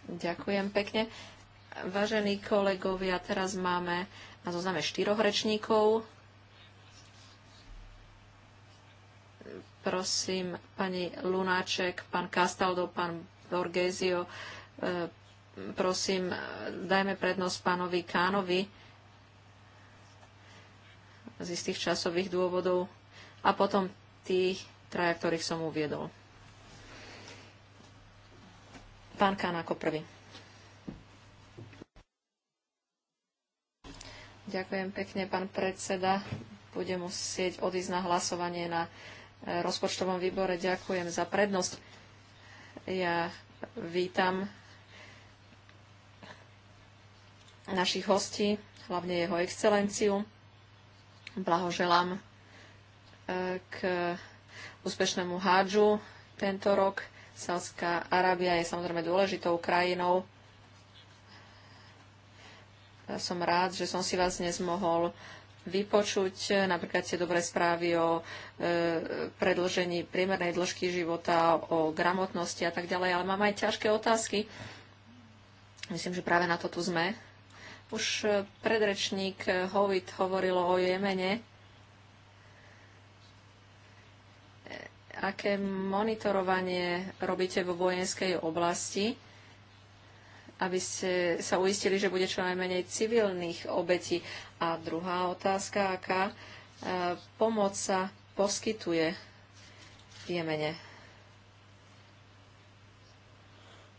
Ďakujem pekne. Vážení kolegovia, teraz máme na zozname štyroch rečníkov. Prosím, pani Lunáček, pán Castaldo, pán Borgesio, e, prosím, dajme prednosť pánovi Kánovi z istých časových dôvodov a potom tí traja, ktorých som uviedol. Pán Kán ako prvý. Ďakujem pekne, pán predseda. Budem musieť odísť na hlasovanie na e, rozpočtovom výbore. Ďakujem za prednosť. Ja vítam našich hostí, hlavne jeho excelenciu. Blahoželám e, k úspešnému hádžu tento rok. Sávská Arábia je samozrejme dôležitou krajinou. Som rád, že som si vás dnes mohol vypočuť napríklad tie dobré správy o e, predlžení priemernej dĺžky života, o gramotnosti a tak ďalej, ale mám aj ťažké otázky. Myslím, že práve na to tu sme. Už e, predrečník e, Hovit hovoril o Jemene. E, aké monitorovanie robíte vo vojenskej oblasti, aby ste sa uistili, že bude čo najmenej civilných obetí? A druhá otázka, aká pomoc sa poskytuje v Jemene?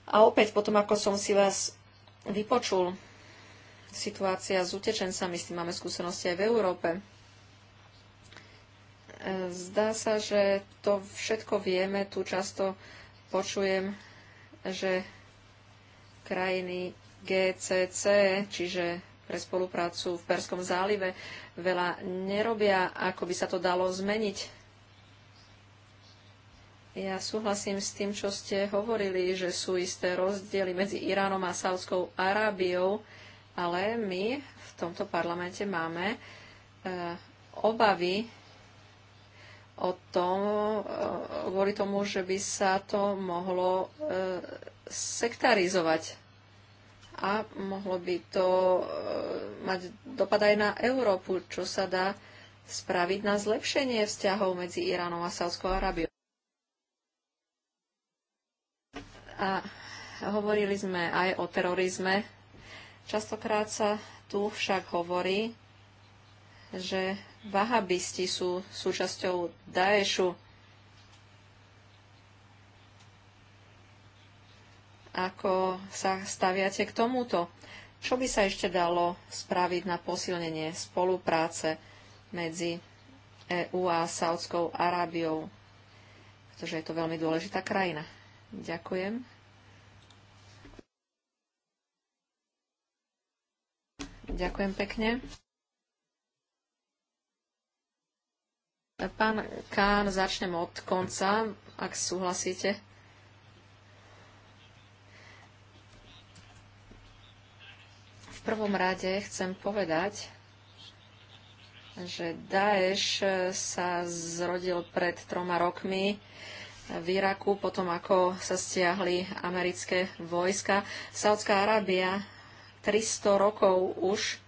A opäť potom, ako som si vás vypočul, Situácia s utečencami, s tým máme skúsenosti aj v Európe. E, zdá sa, že to všetko vieme. Tu často počujem, že krajiny GCC, čiže pre spoluprácu v Perskom zálive, veľa nerobia, ako by sa to dalo zmeniť. Ja súhlasím s tým, čo ste hovorili, že sú isté rozdiely medzi Iránom a Sáudskou Arábiou ale my v tomto parlamente máme eh, obavy o tom, eh, kvôli tomu, že by sa to mohlo eh, sektarizovať a mohlo by to mať dopad aj na Európu, čo sa dá spraviť na zlepšenie vzťahov medzi Iránom a Sávskou Arábiou. A hovorili sme aj o terorizme Častokrát sa tu však hovorí, že vahabisti sú súčasťou Daešu. Ako sa staviate k tomuto? Čo by sa ešte dalo spraviť na posilnenie spolupráce medzi EÚ a Saudskou Arábiou? Pretože je to veľmi dôležitá krajina. Ďakujem. Ďakujem pekne. Pán Kán, začnem od konca, ak súhlasíte. V prvom rade chcem povedať, že Daesh sa zrodil pred troma rokmi v Iraku, potom ako sa stiahli americké vojska. Saudská Arábia 300 rokov už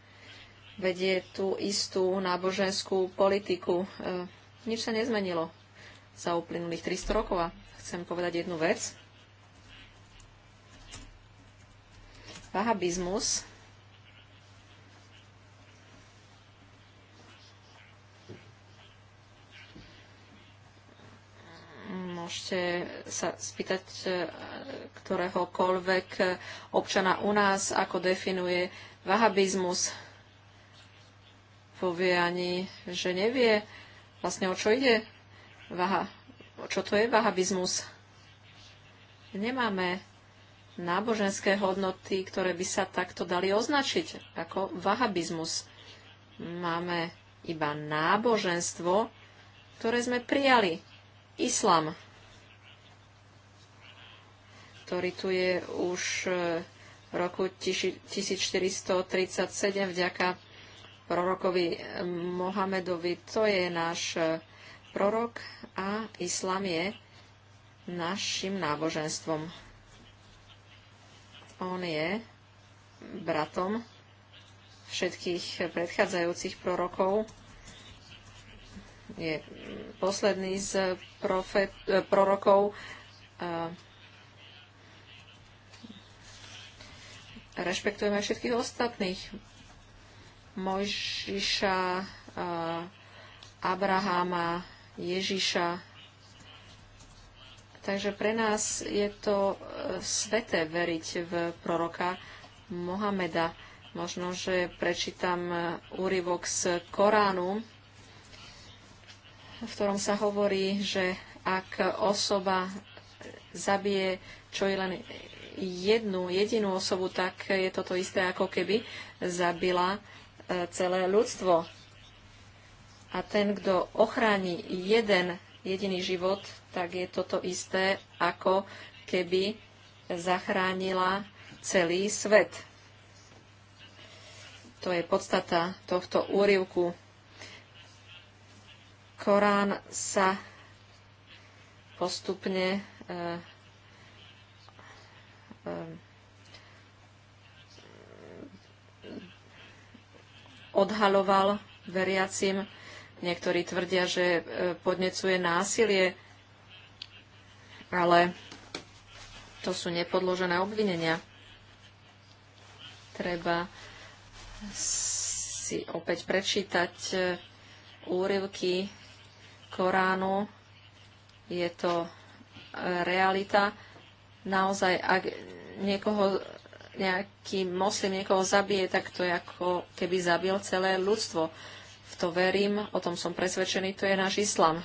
vedie tú istú náboženskú politiku. E, nič sa nezmenilo za uplynulých 300 rokov a chcem povedať jednu vec. Vahabizmus môžete sa spýtať e, ktoréhokoľvek e, občana u nás, ako definuje vahabizmus. Povie ani, že nevie vlastne o čo ide. Vaha. Čo to je vahabizmus? Nemáme náboženské hodnoty, ktoré by sa takto dali označiť ako vahabizmus. Máme iba náboženstvo, ktoré sme prijali. Islam ktorý tu je už v e, roku 1437 vďaka prorokovi e, Mohamedovi. To je náš e, prorok a islám je našim náboženstvom. On je bratom všetkých predchádzajúcich prorokov. Je posledný z profet, prorokov rešpektujeme aj všetkých ostatných. Mojžiša, eh, Abraháma, Ježiša. Takže pre nás je to eh, sveté veriť v proroka Mohameda. Možno, že prečítam eh, úryvok z Koránu, v ktorom sa hovorí, že ak osoba zabije čo je len jednu jedinú osobu, tak je toto isté, ako keby zabila e, celé ľudstvo. A ten, kto ochráni jeden jediný život, tak je toto isté, ako keby zachránila celý svet. To je podstata tohto úrivku. Korán sa postupne e, Eh, odhaloval veriacim. Niektorí tvrdia, že eh, podnecuje násilie, ale to sú nepodložené obvinenia. Treba si opäť prečítať eh, úryvky Koránu. Je to realita naozaj, ak niekoho, nejaký moslim niekoho zabije, tak to je ako keby zabil celé ľudstvo. V to verím, o tom som presvedčený, to je náš islam.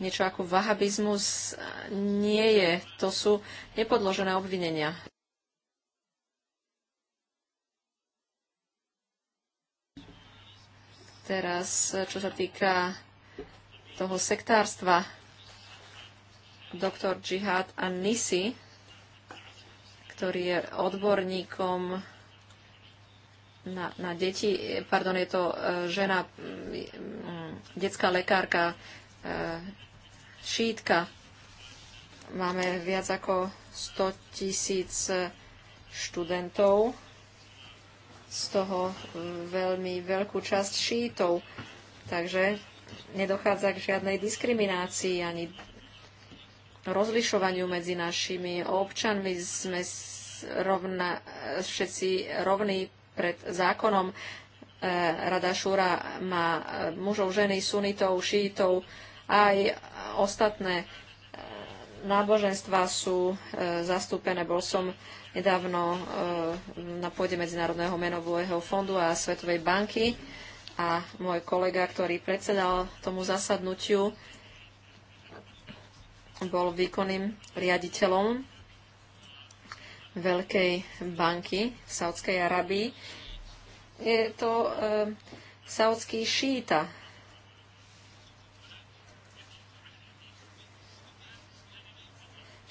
Niečo ako vahabizmus nie je. To sú nepodložené obvinenia. Teraz, čo sa týka toho sektárstva, doktor Džihad Anisi, ktorý je odborníkom na, na deti. Pardon, je to e, žena, mm, detská lekárka, e, šítka. Máme viac ako 100 tisíc e, študentov, z toho veľmi veľkú časť šítov. Takže nedochádza k žiadnej diskriminácii ani rozlišovaniu medzi našimi občanmi. Sme rovna, všetci rovní pred zákonom. E, Rada Šúra má e, mužov, ženy, sunitov, šítov a aj ostatné e, náboženstva sú zastúpené. Bol som nedávno na pôde Medzinárodného menového fondu a Svetovej banky a môj kolega, ktorý predsedal tomu zasadnutiu, bol výkonným riaditeľom veľkej banky v Saudskej Arabii. Je to e, eh, saudský šíta.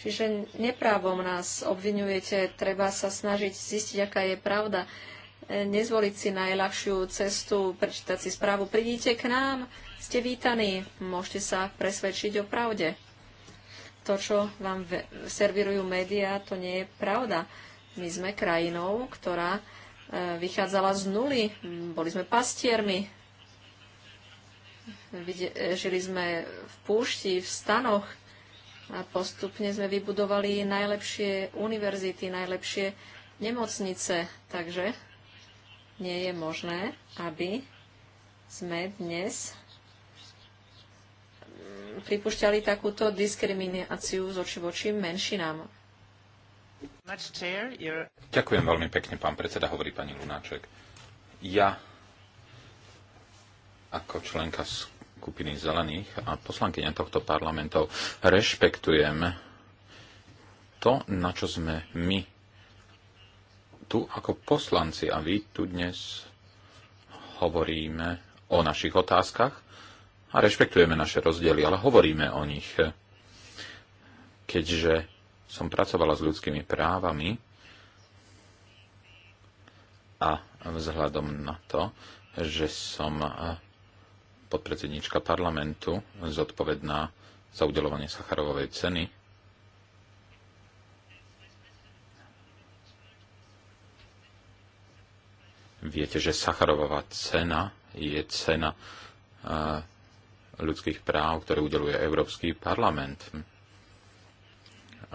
Čiže neprávom nás obvinujete, treba sa snažiť zistiť, aká je pravda. E, nezvoliť si najľahšiu cestu, prečítať si správu. Prídite k nám, ste vítaní, môžete sa presvedčiť o pravde to, čo vám servirujú médiá, to nie je pravda. My sme krajinou, ktorá e, vychádzala z nuly. Boli sme pastiermi. Žili sme v púšti, v stanoch a postupne sme vybudovali najlepšie univerzity, najlepšie nemocnice. Takže nie je možné, aby sme dnes pripúšťali takúto diskrimináciu z oči voči menšinám. Ďakujem veľmi pekne, pán predseda, hovorí pani Lunáček. Ja ako členka skupiny zelených a poslankyňa tohto parlamentov rešpektujem to, na čo sme my tu ako poslanci a vy tu dnes hovoríme o našich otázkach a rešpektujeme naše rozdiely, ale hovoríme o nich. Keďže som pracovala s ľudskými právami a vzhľadom na to, že som eh, podpredsednička parlamentu zodpovedná za udelovanie Sacharovovej ceny, Viete, že Sacharovová cena je cena eh, ľudských práv, ktoré udeluje Európsky parlament.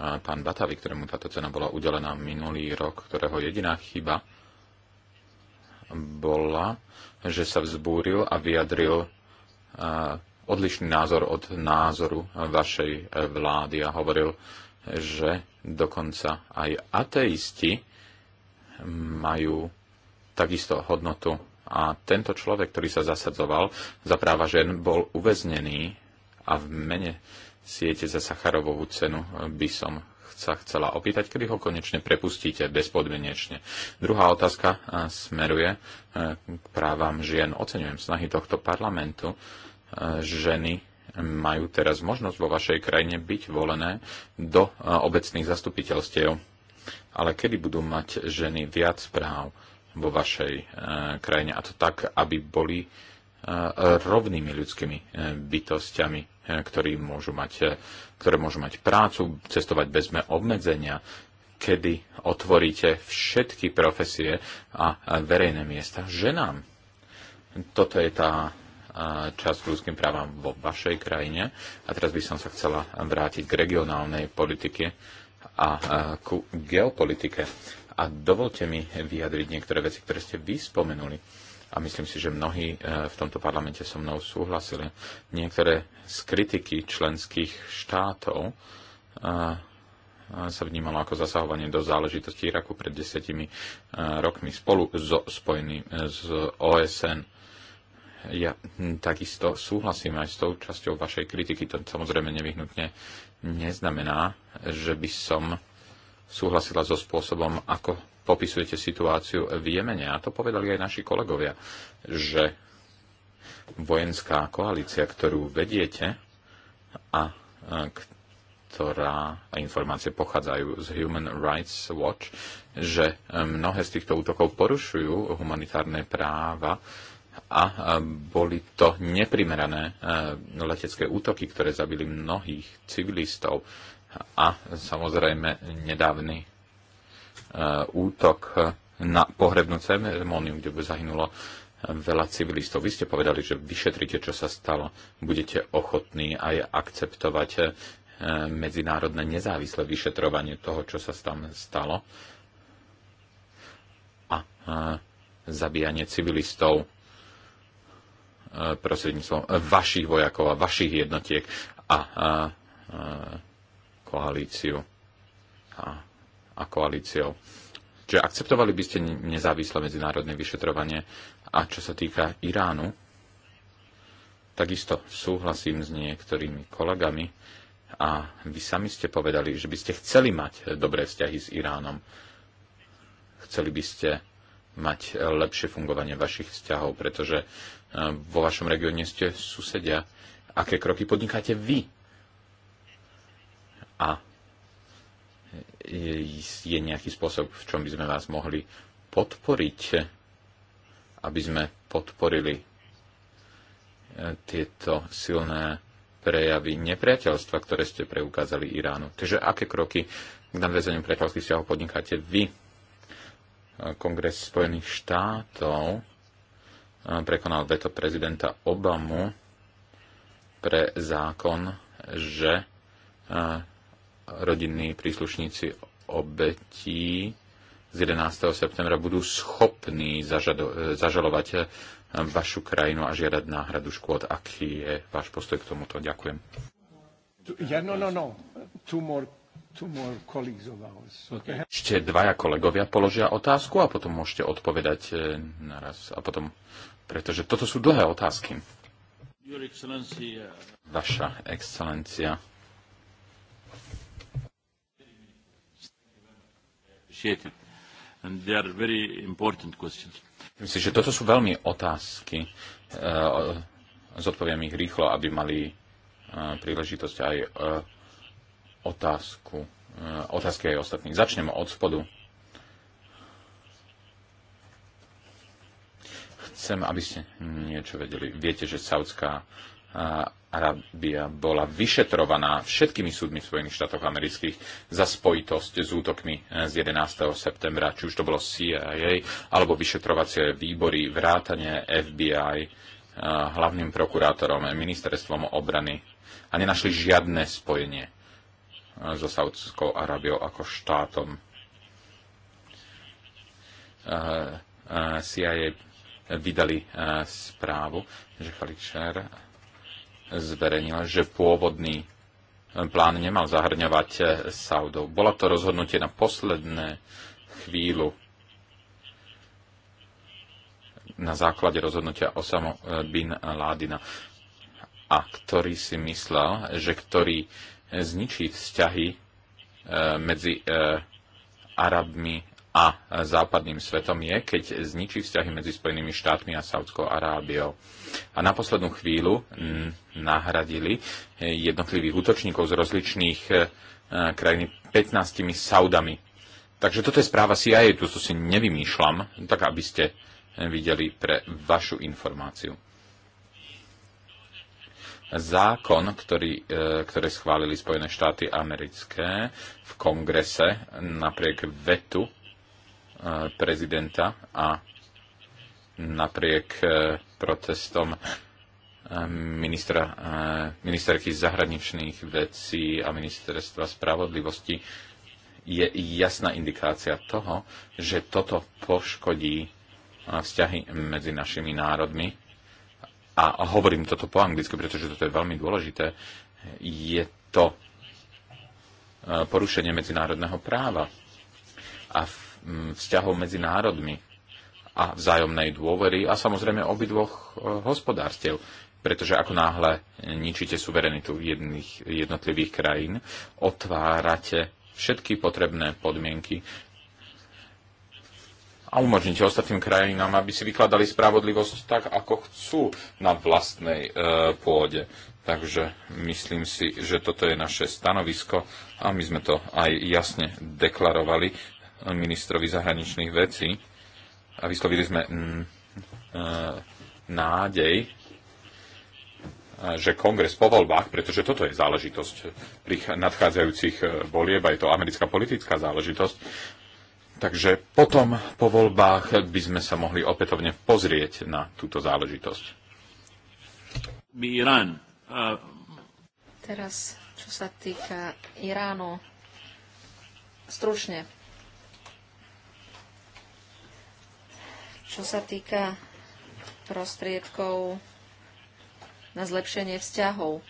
A pán Batavi, ktorému táto cena bola udelená minulý rok, ktorého jediná chyba bola, že sa vzbúril a vyjadril odlišný názor od názoru vašej e, vlády a hovoril, že dokonca aj ateisti majú takisto hodnotu a tento človek, ktorý sa zasadzoval za práva žen, bol uväznený a v mene siete za Sacharovovú cenu by som sa chcela opýtať, kedy ho konečne prepustíte bezpodmienečne. Druhá otázka e, smeruje e, k právam žien. Oceňujem snahy tohto parlamentu. E, ženy majú teraz možnosť vo vašej krajine byť volené do obecných zastupiteľstiev. Ale kedy budú mať ženy viac práv? vo vašej e, krajine. A to tak, aby boli e, rovnými ľudskými e, bytostiami, ktorí môžu mať, ktoré môžu mať prácu, cestovať bez obmedzenia, kedy otvoríte všetky profesie a verejné miesta ženám. Toto je tá časť k ľudským právam vo vašej krajine. A teraz by som sa chcela vrátiť k regionálnej politike a ku geopolitike a dovolte mi vyjadriť niektoré veci, ktoré ste vy spomenuli. A myslím si, že mnohí e, v tomto parlamente so mnou súhlasili. Niektoré z kritiky členských štátov e, sa vnímalo ako zasahovanie do záležitosti Iraku pred desiatimi e, rokmi spolu so spojeným s OSN. Ja hm, takisto súhlasím aj s tou časťou vašej kritiky. To samozrejme nevyhnutne neznamená, že by som súhlasila so spôsobom, ako popisujete situáciu v Jemene. A to povedali aj naši kolegovia, že vojenská koalícia, ktorú vediete a e, ktorá a informácie pochádzajú z Human Rights Watch, že e, mnohé z týchto útokov porušujú humanitárne práva a e, boli to neprimerané letecké útoky, ktoré zabili mnohých civilistov a samozrejme nedávny e, útok na pohrebnú ceremóniu, kde by zahynulo veľa civilistov. Vy ste povedali, že vyšetrite, čo sa stalo. Budete ochotní aj akceptovať e, medzinárodné nezávislé vyšetrovanie toho, čo sa tam stalo a e, zabíjanie civilistov prostredníctvom vašich vojakov a vašich jednotiek a, a, a koalíciu a, a koalíciou. Čiže akceptovali by ste nezávislé medzinárodné vyšetrovanie a čo sa týka Iránu, takisto súhlasím s niektorými kolegami a vy sami ste povedali, že by ste chceli mať dobré vzťahy s Iránom. Chceli by ste mať lepšie fungovanie vašich vzťahov, pretože eh, vo vašom regióne ste susedia. Aké kroky podnikáte vy a je nejaký spôsob, v čom by sme vás mohli podporiť, aby sme podporili e, tieto silné prejavy nepriateľstva, ktoré ste preukázali Iránu. Takže aké kroky k nadväzeniu priateľských vzťahov podnikáte vy? E, Kongres Spojených štátov e, prekonal veto prezidenta Obamu pre zákon, že rodinní príslušníci obetí z 11. septembra budú schopní zažado- e, zažalovať e, vašu krajinu a žiadať náhradu škôd. Aký je váš postoj k tomuto? Ďakujem. Ja, no, no, no. Two more, Okay. Ešte dvaja kolegovia položia otázku a potom môžete odpovedať e, naraz. A potom, pretože toto sú dlhé otázky. Uh, Vaša excelencia. appreciated. And they are very important questions. Myslím, že toto sú veľmi otázky. Eh, zodpoviem ich rýchlo, aby mali eh, príležitosť aj eh, otázku, otázky aj ostatných. Začnem od spodu. Chcem, aby ste niečo vedeli. Viete, že Saudská Arábia bola vyšetrovaná všetkými súdmi v Spojených štátoch amerických za spojitosť s útokmi e, z 11. septembra, či už to bolo CIA alebo vyšetrovacie výbory, vrátanie FBI, e, hlavným prokurátorom, ministerstvom obrany a nenašli žiadne spojenie e, so Saudskou Arábiou ako štátom. CIA vydali správu, že Khalid zverejnila, že pôvodný eh, plán nemal zahrňovať eh, Saudov. Bolo to rozhodnutie na posledné chvíľu na základe rozhodnutia osamo eh, bin Ládina a ktorý si myslel, že ktorý zničí vzťahy medzi Arabmi a západným svetom je, keď zničí vzťahy medzi Spojenými štátmi a Saudskou Arábiou. A na poslednú chvíľu nahradili jednotlivých útočníkov z rozličných e, krajín 15 Saudami. Takže toto je správa CIA, tu si nevymýšľam, tak aby ste videli pre vašu informáciu. Zákon, ktorý, e, ktoré schválili Spojené štáty americké v kongrese napriek vetu prezidenta a napriek e, protestom e, ministra, e, ministerky zahraničných vecí a ministerstva spravodlivosti je jasná indikácia toho, že toto poškodí vzťahy medzi našimi národmi. A hovorím toto po anglicky, pretože toto je veľmi dôležité. Je to porušenie medzinárodného práva. A v Mm, vzťahov medzi národmi a vzájomnej dôvery a samozrejme obidvoch e, hospodárstiev. Pretože ako náhle ničíte suverenitu jedných, jednotlivých krajín, otvárate všetky potrebné podmienky a umožnite ostatným krajinám, aby si vykladali spravodlivosť tak, ako chcú na vlastnej e, pôde. Takže myslím si, že toto je naše stanovisko a my sme to aj jasne deklarovali ministrovi zahraničných vecí a vyslovili sme e, nádej, e, že kongres po voľbách, pretože toto je záležitosť nadchádzajúcich e, volieb je to americká politická záležitosť, takže potom po voľbách by sme sa mohli opätovne pozrieť na túto záležitosť. Irán. Teraz, čo sa týka Iránu, stručne Čo sa týka prostriedkov na zlepšenie vzťahov,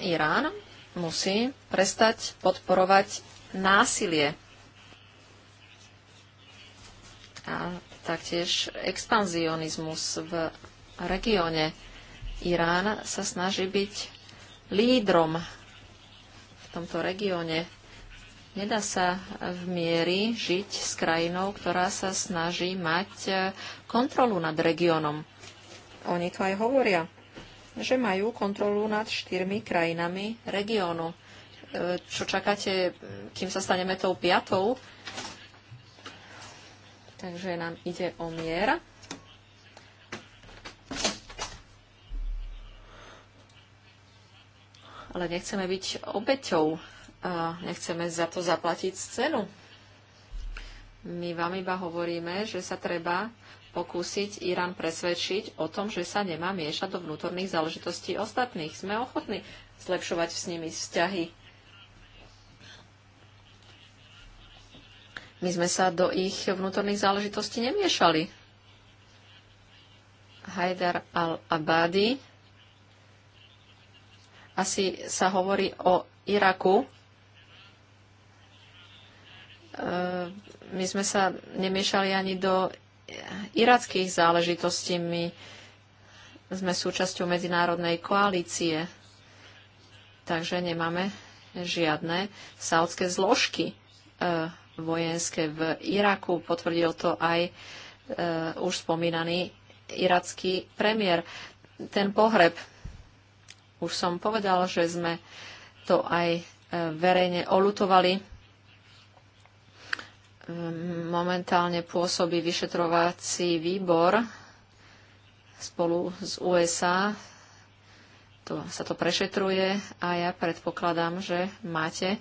Irán musí prestať podporovať násilie a taktiež expanzionizmus v regióne. Irán sa snaží byť lídrom v tomto regióne Nedá sa v miery žiť s krajinou, ktorá sa snaží mať e, kontrolu nad regiónom. Oni to aj hovoria, že majú kontrolu nad štyrmi krajinami regiónu. E, čo čakáte, kým sa staneme tou piatou? Takže nám ide o mier. Ale nechceme byť obeťou nechceme za to zaplatiť cenu. My vám iba hovoríme, že sa treba pokúsiť Irán presvedčiť o tom, že sa nemá miešať do vnútorných záležitostí ostatných. Sme ochotní zlepšovať s nimi vzťahy. My sme sa do ich vnútorných záležitostí nemiešali. Haidar al-Abadi. Asi sa hovorí o Iraku Eh, my sme sa nemiešali ani do irackých záležitostí. My sme súčasťou medzinárodnej koalície, takže nemáme žiadne saudské zložky eh, vojenské v Iraku. Potvrdil to aj eh, už spomínaný iracký premiér. Ten pohreb, už som povedal, že sme to aj verejne olutovali momentálne pôsobí vyšetrovací výbor spolu s USA. To, sa to prešetruje a ja predpokladám, že máte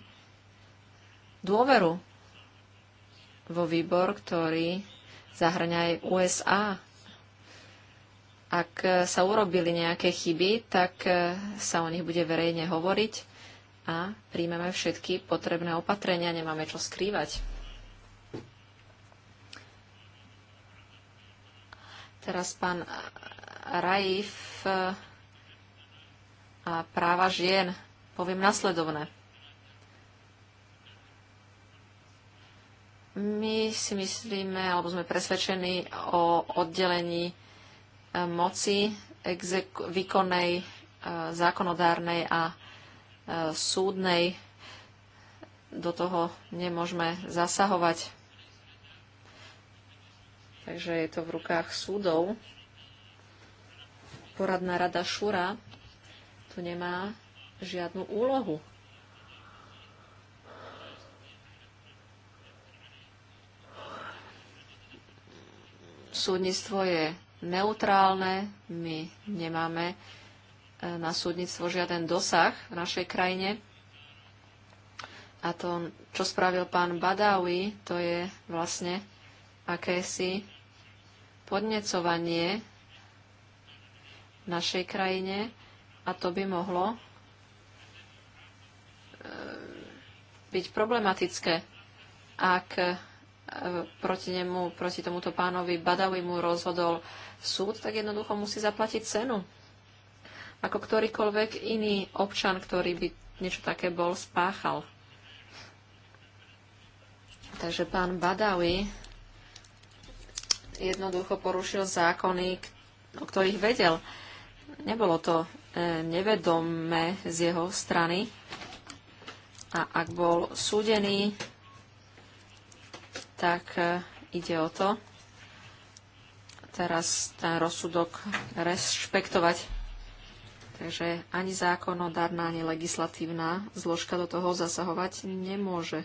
dôveru vo výbor, ktorý zahrňa aj USA. Ak sa urobili nejaké chyby, tak e, sa o nich bude verejne hovoriť a príjmeme všetky potrebné opatrenia, nemáme čo skrývať. Teraz pán Raif eh, a práva žien poviem nasledovné. My si myslíme, alebo sme presvedčení o oddelení eh, moci výkonnej, eh, zákonodárnej a súdnej. Do toho nemôžeme zasahovať. Takže je to v rukách súdov. Poradná rada Šura tu nemá žiadnu úlohu. Súdnictvo je neutrálne, my nemáme e, na súdnictvo žiaden dosah v našej krajine. A to, čo spravil pán Badawi, to je vlastne akési podnecovanie v našej krajine a to by mohlo e, byť problematické, ak e, proti nemu, proti tomuto pánovi mu rozhodol súd, tak jednoducho musí zaplatiť cenu. Ako ktorýkoľvek iný občan, ktorý by niečo také bol, spáchal. Takže pán Badawi jednoducho porušil zákony, o ktorých vedel. Nebolo to e, nevedomé z jeho strany. A ak bol súdený, tak e, ide o to teraz ten rozsudok rešpektovať. Takže ani zákonodárna, ani legislatívna zložka do toho zasahovať nemôže.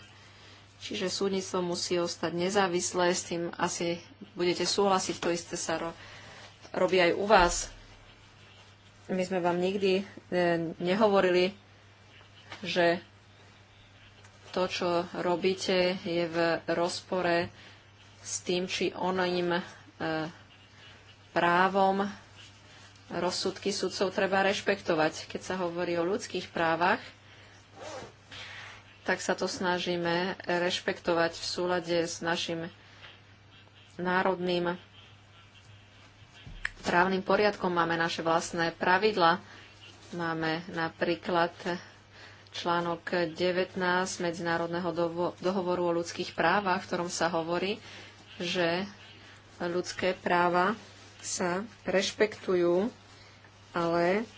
Čiže súdnictvo musí ostať nezávislé, s tým asi budete súhlasiť, to isté sa ro- robí aj u vás. My sme vám nikdy e, nehovorili, že to, čo robíte, je v rozpore s tým či oným e, právom. Rozsudky sudcov treba rešpektovať. Keď sa hovorí o ľudských právach, tak sa to snažíme rešpektovať v súlade s našim národným právnym poriadkom. Máme naše vlastné pravidla. Máme napríklad článok 19 Medzinárodného dohovoru o ľudských právach, v ktorom sa hovorí, že ľudské práva sa rešpektujú, ale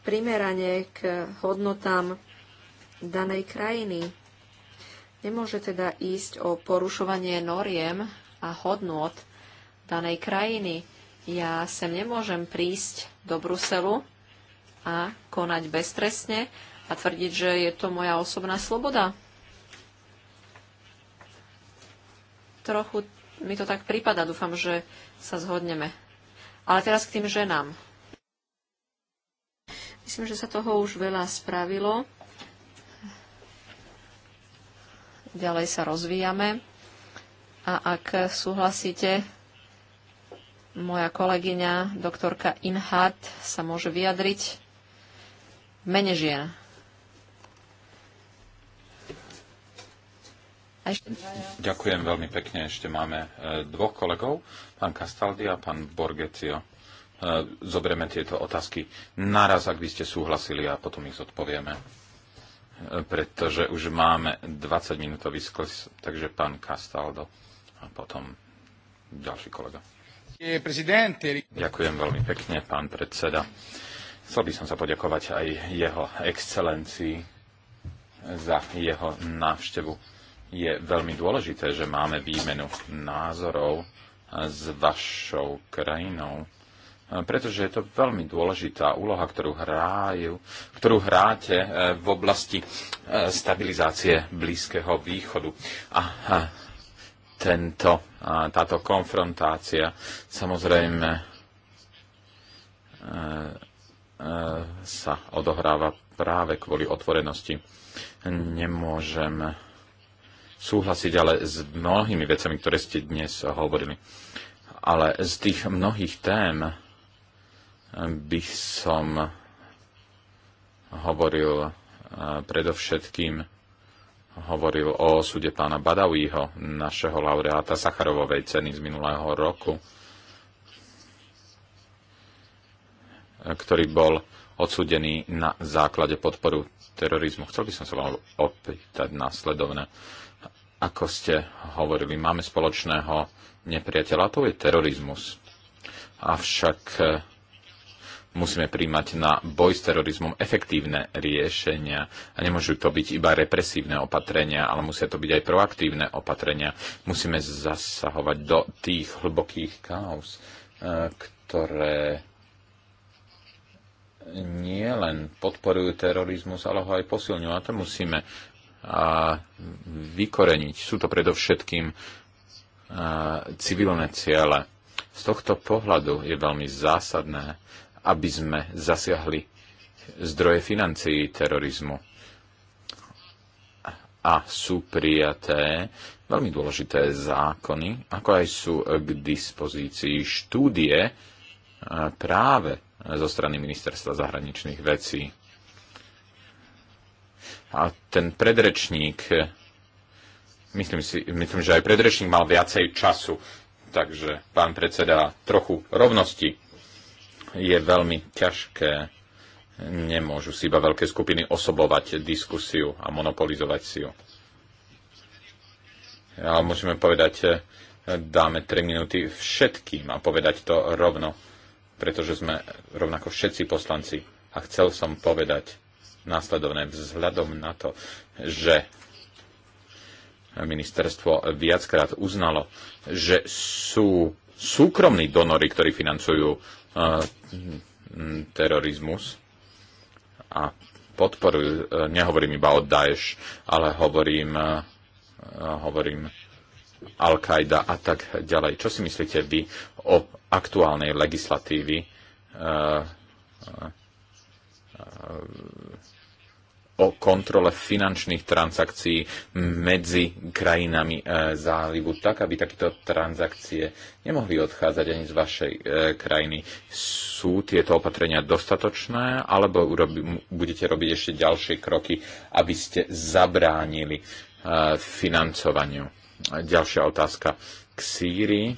primerane k hodnotám danej krajiny. Nemôže teda ísť o porušovanie noriem a hodnôt danej krajiny. Ja sem nemôžem prísť do Bruselu a konať beztresne a tvrdiť, že je to moja osobná sloboda. Trochu mi to tak prípada, dúfam, že sa zhodneme. Ale teraz k tým ženám. Myslím, že sa toho už veľa spravilo. ďalej sa rozvíjame. A ak súhlasíte, moja kolegyňa, doktorka Inhart, sa môže vyjadriť v mene žien. Ďakujem veľmi pekne. Ešte máme e, dvoch kolegov, pán Castaldi a pán Borgetio. E, zoberieme tieto otázky naraz, ak by ste súhlasili a potom ich zodpovieme pretože už máme 20-minútový sklis, takže pán Castaldo a potom ďalší kolega. Ďakujem veľmi pekne, pán predseda. Chcel by som sa poďakovať aj jeho excelencii za jeho návštevu. Je veľmi dôležité, že máme výmenu názorov s vašou krajinou pretože je to veľmi dôležitá úloha, ktorú, hrájú, ktorú hráte eh, v oblasti eh, stabilizácie Blízkeho východu. A tento, táto konfrontácia samozrejme eh, sa odohráva práve kvôli otvorenosti. Nemôžem súhlasiť ale s mnohými vecami, ktoré ste dnes hovorili. Ale z tých mnohých tém, by som hovoril predovšetkým hovoril o súde pána Badawiho, našeho laureáta Sacharovovej ceny z minulého roku, ktorý bol odsudený na základe podporu terorizmu. Chcel by som sa vám opýtať následovne. Ako ste hovorili, máme spoločného nepriateľa, to je terorizmus. Avšak Musíme príjmať na boj s terorizmom efektívne riešenia. A nemôžu to byť iba represívne opatrenia, ale musia to byť aj proaktívne opatrenia. Musíme zasahovať do tých hlbokých kaos, e, ktoré nie len podporujú terorizmus, ale ho aj posilňujú. A to musíme vykoreniť. Sú to predovšetkým e, civilné ciele. Z tohto pohľadu je veľmi zásadné, aby sme zasiahli zdroje financií terorizmu. A sú prijaté veľmi dôležité zákony, ako aj sú k dispozícii štúdie e, práve zo strany Ministerstva zahraničných vecí. A ten predrečník, e, myslím, si, myslím, že aj predrečník mal viacej času, takže pán predseda, trochu rovnosti je veľmi ťažké. Nemôžu si iba veľké skupiny osobovať diskusiu a monopolizovať si ju. Ale môžeme povedať, e, dáme 3 minúty všetkým a povedať to rovno, pretože sme rovnako všetci poslanci. A chcel som povedať následovné vzhľadom na to, že ministerstvo viackrát uznalo, že sú súkromní donory, ktorí financujú Mm, terorizmus a podporujú, e, nehovorím iba o Daesh, ale hovorím, e, e, hovorím Al-Qaida a tak ďalej. Čo si myslíte vy o aktuálnej legislatívy o kontrole finančných transakcií medzi krajinami e, zálivu, tak aby takéto transakcie nemohli odchádzať ani z vašej e, krajiny. Sú tieto opatrenia dostatočné, alebo urobi, budete robiť ešte ďalšie kroky, aby ste zabránili e, financovaniu? Ďalšia otázka k Sýrii.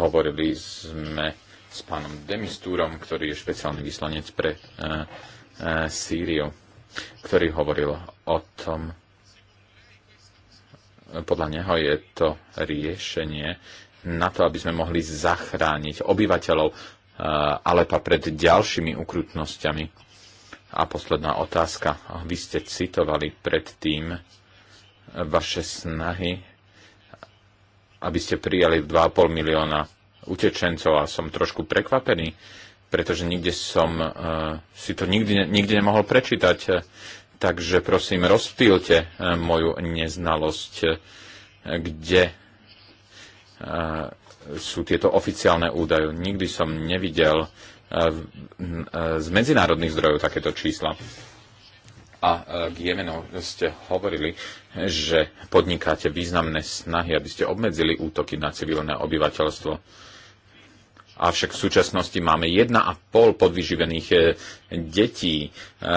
Hovorili sme s pánom Demistúrom, ktorý je špeciálny vyslanec pre E, Sýriu, ktorý hovoril o tom, podľa neho je to riešenie na to, aby sme mohli zachrániť obyvateľov e, Alepa pred ďalšími ukrutnosťami. A posledná otázka. Vy ste citovali predtým vaše snahy, aby ste prijali 2,5 milióna utečencov a som trošku prekvapený, pretože nikde som eh, si to nikdy, nikde nemohol prečítať. Eh, takže prosím, rozptýlte eh, moju neznalosť, kde sú tieto oficiálne údaje. Nikdy som nevidel z medzinárodných zdrojov takéto čísla. A k Jemenu ste hovorili, že podnikáte významné snahy, aby ste obmedzili útoky na civilné obyvateľstvo Avšak v súčasnosti máme 1,5 podvyživených e, detí, e,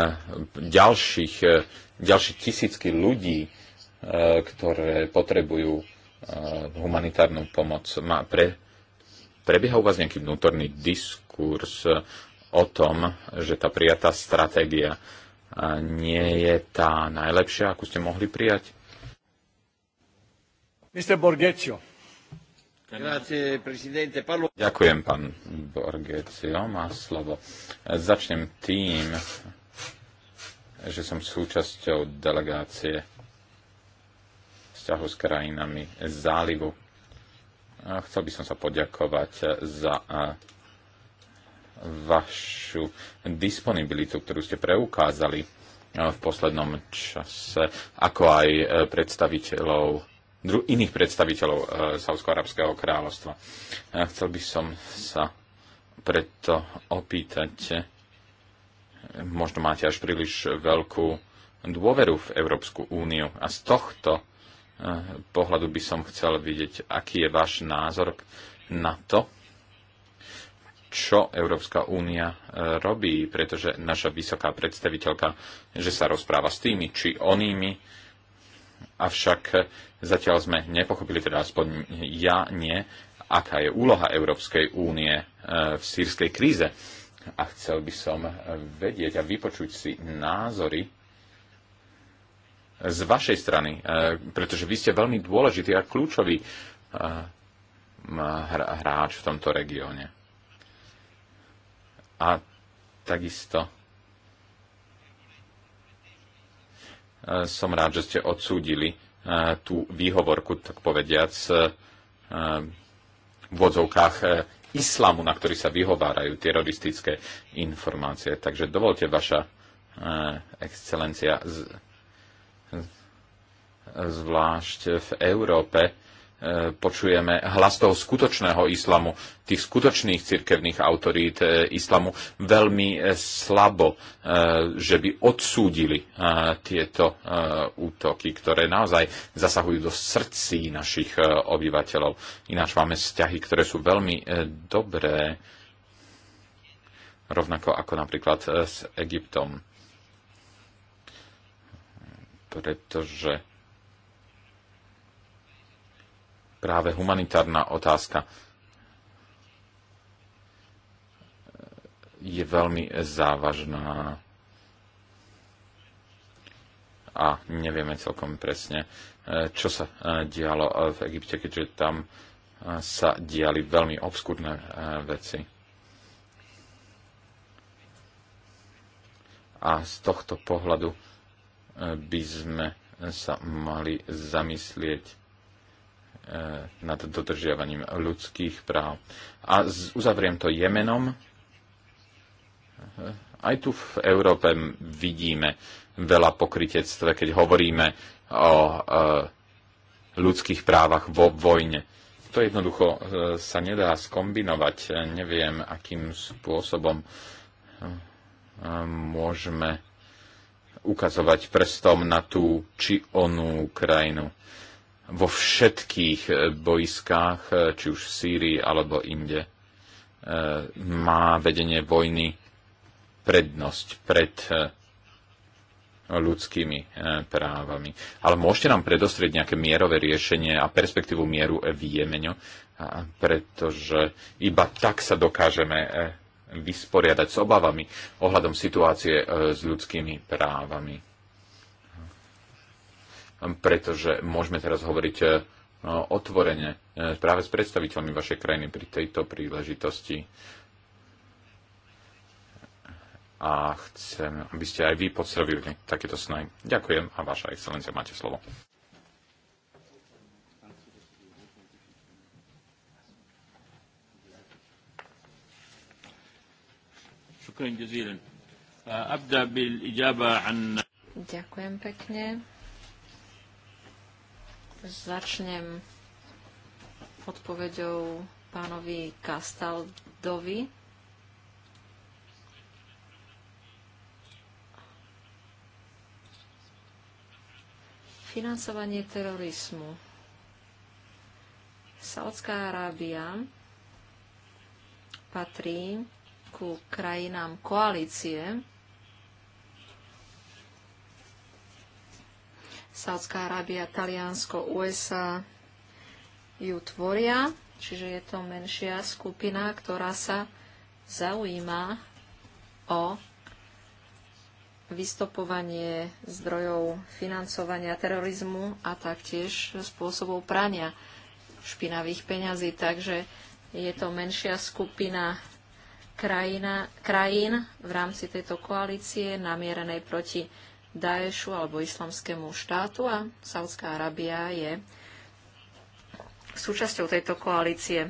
ďalších, e, ďalších tisícky ľudí, ktoré potrebujú humanitárnu pomoc. pre, prebieha u vás nejaký vnútorný diskurs o tom, že tá prijatá stratégia nie je tá najlepšia, akú ste mohli prijať? Mr. Borgeccio. Ďakujem, pán Borgecio. Má slovo. Začnem tým, že som súčasťou delegácie vzťahu s krajinami zálivu. Chcel by som sa poďakovať za vašu disponibilitu, ktorú ste preukázali v poslednom čase, ako aj e, predstaviteľov iných predstaviteľov eh, Saudsko-Arabského kráľovstva. Chcel by som sa preto opýtať, eh, možno máte až príliš veľkú dôveru v Európsku úniu a z tohto eh, pohľadu by som chcel vidieť, aký je váš názor na to, čo Európska únia robí, pretože naša vysoká predstaviteľka, že sa rozpráva s tými či onými, avšak Zatiaľ sme nepochopili, teda aspoň ja nie, aká je úloha Európskej únie e, v sírskej kríze. A chcel by som vedieť a vypočuť si názory z vašej strany, e, pretože vy ste veľmi dôležitý a kľúčový e, hráč v tomto regióne. A takisto som rád, že ste odsúdili tú výhovorku, tak povediac, e, e, v odzovkách e, islamu, na ktorý sa vyhovárajú teroristické informácie. Takže dovolte, vaša excelencia, zvlášť v Európe, E, počujeme hlas toho skutočného islamu, tých skutočných cirkevných autorít e, islamu veľmi e, slabo, že by odsúdili tieto útoky, ktoré naozaj zasahujú do srdcí našich obyvateľov. Ináč máme vzťahy, ktoré sú veľmi dobré, rovnako ako napríklad s Egyptom. Pretože práve humanitárna otázka je veľmi závažná a nevieme celkom presne, eh, čo sa eh, dialo eh, v Egypte, keďže tam sa diali veľmi obskúrne veci. A z tohto pohľadu by sme sa mali zamyslieť Eh, nad dodržiavaním ľudských práv. A uzavriem to Jemenom. Eh, aj tu v Európe vidíme veľa pokritectve, keď hovoríme o eh, ľudských právach vo vojne. To jednoducho sa nedá skombinovať. Neviem, akým spôsobom môžeme ukazovať prstom na tú či onú krajinu vo všetkých e, boiskách, e, či už v Sýrii alebo inde, e, má vedenie vojny prednosť pred ľudskými právami. Ale môžete nám predostrieť nejaké mierové riešenie a perspektívu mieru v Jemeňu, pretože iba tak sa dokážeme vysporiadať s obavami ohľadom situácie s ľudskými právami pretože môžeme teraz hovoriť e, no, otvorene e, práve s predstaviteľmi vašej krajiny pri tejto príležitosti. A chcem, aby ste aj vy podstavili takéto snaj. Ďakujem a vaša excelencia, máte slovo. Ďakujem pekne. Začnem odpovedou pánovi Kastaldovi. Financovanie terorizmu. Saudská Arábia patrí ku krajinám koalície, Saudská Arábia, Taliansko, USA ju tvoria, čiže je to menšia skupina, ktorá sa zaujíma o vystopovanie zdrojov financovania terorizmu a taktiež spôsobov prania špinavých peňazí. Takže je to menšia skupina krajina, krajín v rámci tejto koalície namierenej proti Daešu alebo islamskému štátu a Saudská Arábia je súčasťou tejto koalície.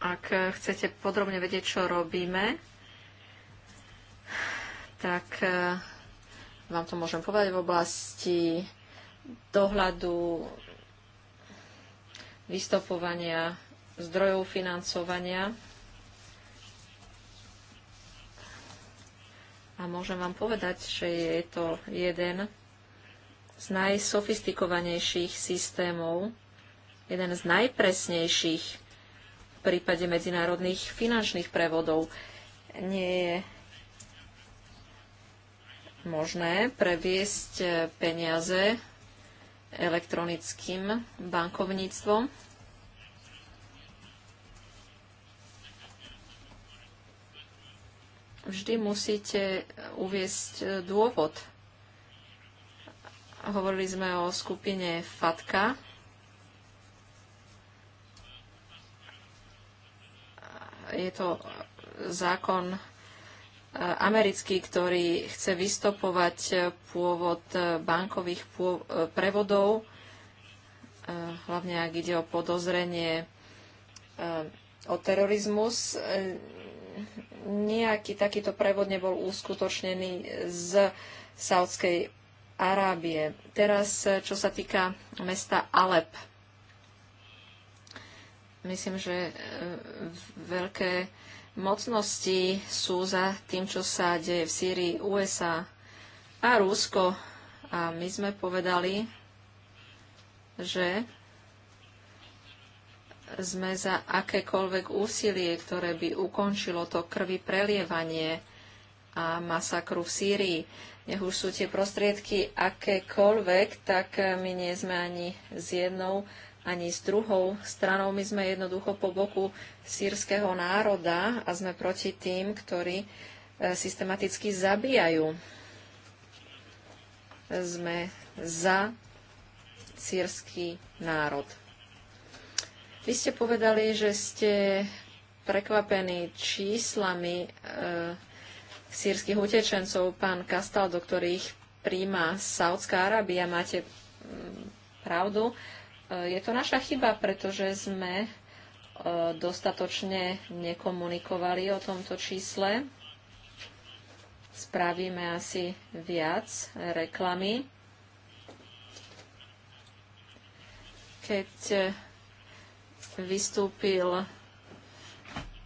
Ak chcete podrobne vedieť, čo robíme, tak e, vám to môžem povedať v oblasti dohľadu, vystopovania, zdrojov financovania. A môžem vám povedať, že je to jeden z najsofistikovanejších systémov, jeden z najpresnejších v prípade medzinárodných finančných prevodov. Nie je možné previesť peniaze elektronickým bankovníctvom vždy musíte uviesť e, dôvod. Hovorili sme o skupine FATKA. Je to zákon e, americký, ktorý chce vystopovať e, pôvod bankových prevodov, hlavne ak ide o podozrenie o terorizmus nejaký takýto prevod nebol uskutočnený z Saudskej Arábie. Teraz, e, čo sa týka mesta Alep, myslím, že e, veľké mocnosti sú za tým, čo sa deje v Sýrii, USA a Rusko. A my sme povedali, že sme za akékoľvek úsilie, ktoré by ukončilo to krvi prelievanie a masakru v Sýrii. Nech už sú tie prostriedky akékoľvek, tak eh, my nie sme ani z jednou, ani s druhou stranou. My sme jednoducho po boku sírskeho národa a sme proti tým, ktorí eh, systematicky zabíjajú. Sme za sírsky národ. Vy ste povedali, že ste prekvapení číslami e, sírskych utečencov, pán Kastal, do ktorých príjma Saudská Arábia. Máte mm, pravdu. E, je to naša chyba, pretože sme e, dostatočne nekomunikovali o tomto čísle. Spravíme asi viac reklamy. Keď e, vystúpil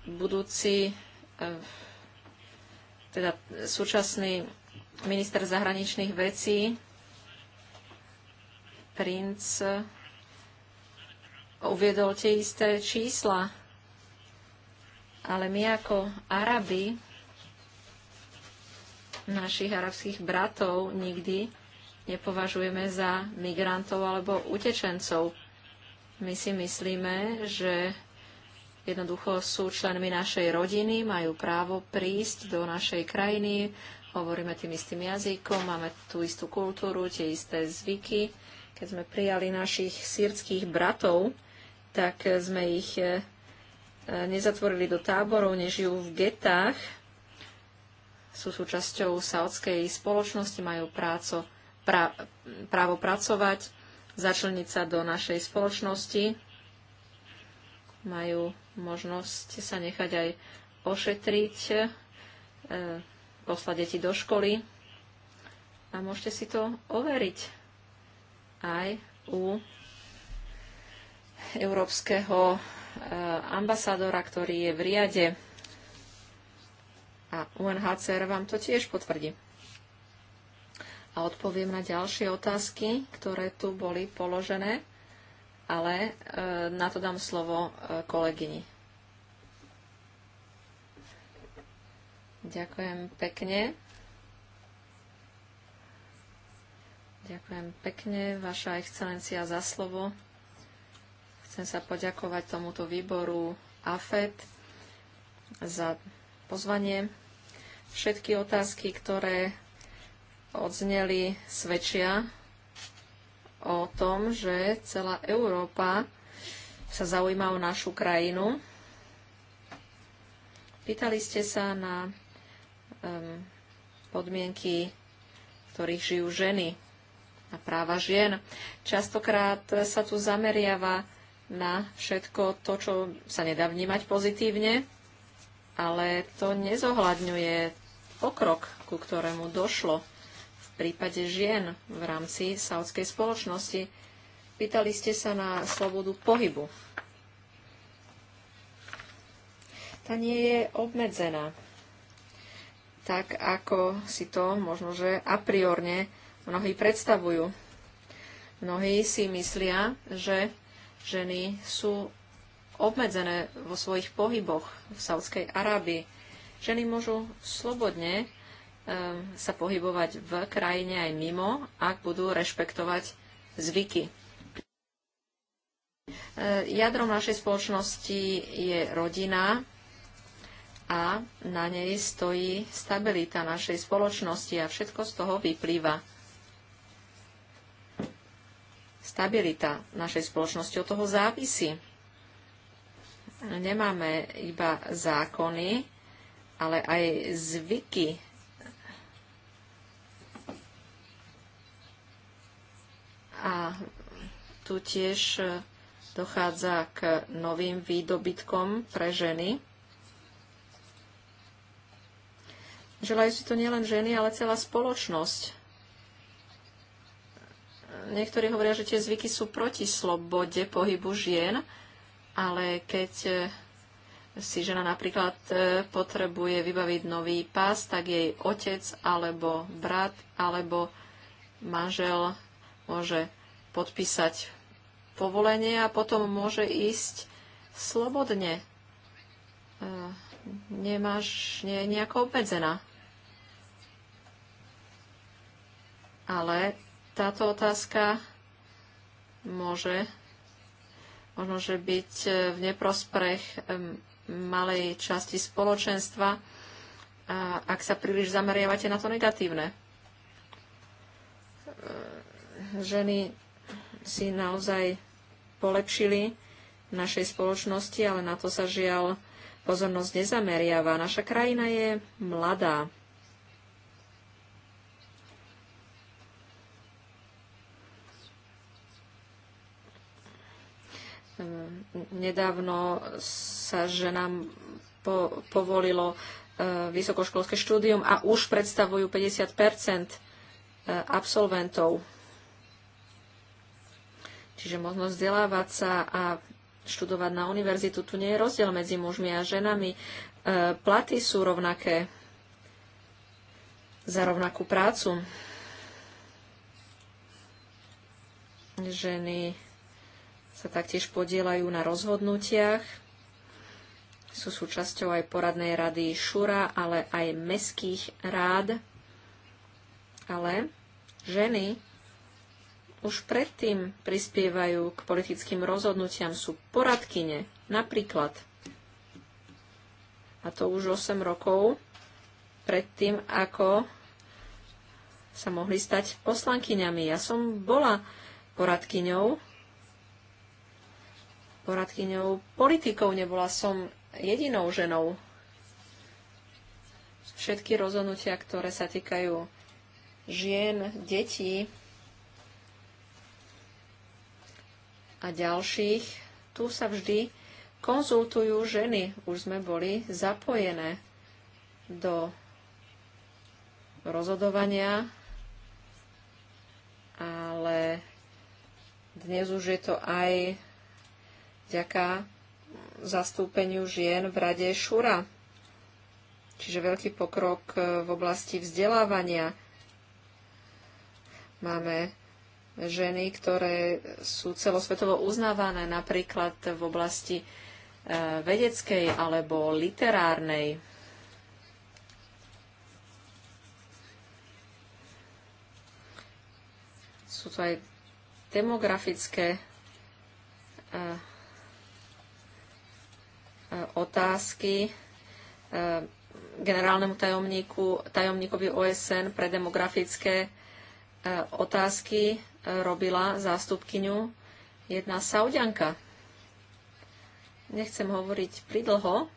budúci, e, teda súčasný minister zahraničných vecí, princ, uviedol tie isté čísla. Ale my ako Arabi, našich arabských bratov nikdy nepovažujeme za migrantov alebo utečencov. My si myslíme, že jednoducho sú členmi našej rodiny, majú právo prísť do našej krajiny, hovoríme tým istým jazykom, máme tú istú kultúru, tie isté zvyky. Keď sme prijali našich sírských bratov, tak sme ich eh, nezatvorili do táborov, nežijú v getách, sú súčasťou saudskej spoločnosti, majú práco, pra, právo pracovať, začleniť sa do našej spoločnosti, majú možnosť sa nechať aj ošetriť, e, poslať deti do školy a môžete si to overiť aj u európskeho e, ambasádora, ktorý je v riade a UNHCR vám to tiež potvrdí a odpoviem na ďalšie otázky, ktoré tu boli položené, ale e, na to dám slovo e, kolegyni. Ďakujem pekne. Ďakujem pekne, Vaša excelencia, za slovo. Chcem sa poďakovať tomuto výboru AFET za pozvanie. Všetky otázky, ktoré odzneli, svedčia o tom, že celá Európa sa zaujíma o našu krajinu. Pýtali ste sa na um, podmienky, v ktorých žijú ženy a práva žien. Častokrát sa tu zameriava na všetko to, čo sa nedá vnímať pozitívne, ale to nezohľadňuje pokrok, ku ktorému došlo prípade žien v rámci saudskej spoločnosti. Pýtali ste sa na slobodu pohybu. Tá nie je obmedzená. Tak ako si to možno, že a priorne mnohí predstavujú. Mnohí si myslia, že ženy sú obmedzené vo svojich pohyboch v Saudskej Arábii. Ženy môžu slobodne Ehm, sa pohybovať v krajine aj mimo, ak budú rešpektovať zvyky. Ehm, jadrom našej spoločnosti je rodina a na nej stojí stabilita našej spoločnosti a všetko z toho vyplýva. Stabilita našej spoločnosti od toho závisí nemáme iba zákony, ale aj zvyky A tu tiež e, dochádza k novým výdobytkom pre ženy. Želajú si to nielen ženy, ale celá spoločnosť. Niektorí hovoria, že tie zvyky sú proti slobode pohybu žien, ale keď e, si žena napríklad e, potrebuje vybaviť nový pás, tak jej otec alebo brat alebo manžel môže podpísať povolenie a potom môže ísť slobodne. E, nemáš, nie je nejako obmedzená. Ale táto otázka môže možno, že byť e, v neprospech malej časti spoločenstva, ak sa príliš zameriavate na to negatívne. E, ženy si naozaj polepšili v našej spoločnosti, ale na to sa žiaľ pozornosť nezameriava. Naša krajina je mladá. Nedávno sa ženám po, povolilo e, vysokoškolské štúdium a už predstavujú 50 e, absolventov Čiže možnosť vzdelávať sa a študovať na univerzitu, tu nie je rozdiel medzi mužmi a ženami. E, platy sú rovnaké za rovnakú prácu. Ženy sa taktiež podielajú na rozhodnutiach. Sú súčasťou aj poradnej rady Šura, ale aj meských rád. Ale ženy už predtým prispievajú k politickým rozhodnutiam, sú poradkyne, napríklad. A to už 8 rokov predtým, ako sa mohli stať poslankyňami. Ja som bola poradkyňou, poradkyňou politikov, nebola som jedinou ženou. Všetky rozhodnutia, ktoré sa týkajú žien, detí, a ďalších, tu sa vždy konzultujú ženy. Už sme boli zapojené do rozhodovania, ale dnes už je to aj vďaka zastúpeniu žien v rade Šura. Čiže veľký pokrok v oblasti vzdelávania. Máme ženy, ktoré sú celosvetovo uznávané napríklad v oblasti e, vedeckej alebo literárnej. Sú to aj demografické e, e, otázky generálnemu tajomníku, tajomníkovi OSN pre demografické otázky robila zástupkyňu jedna saudianka. Nechcem hovoriť pridlho.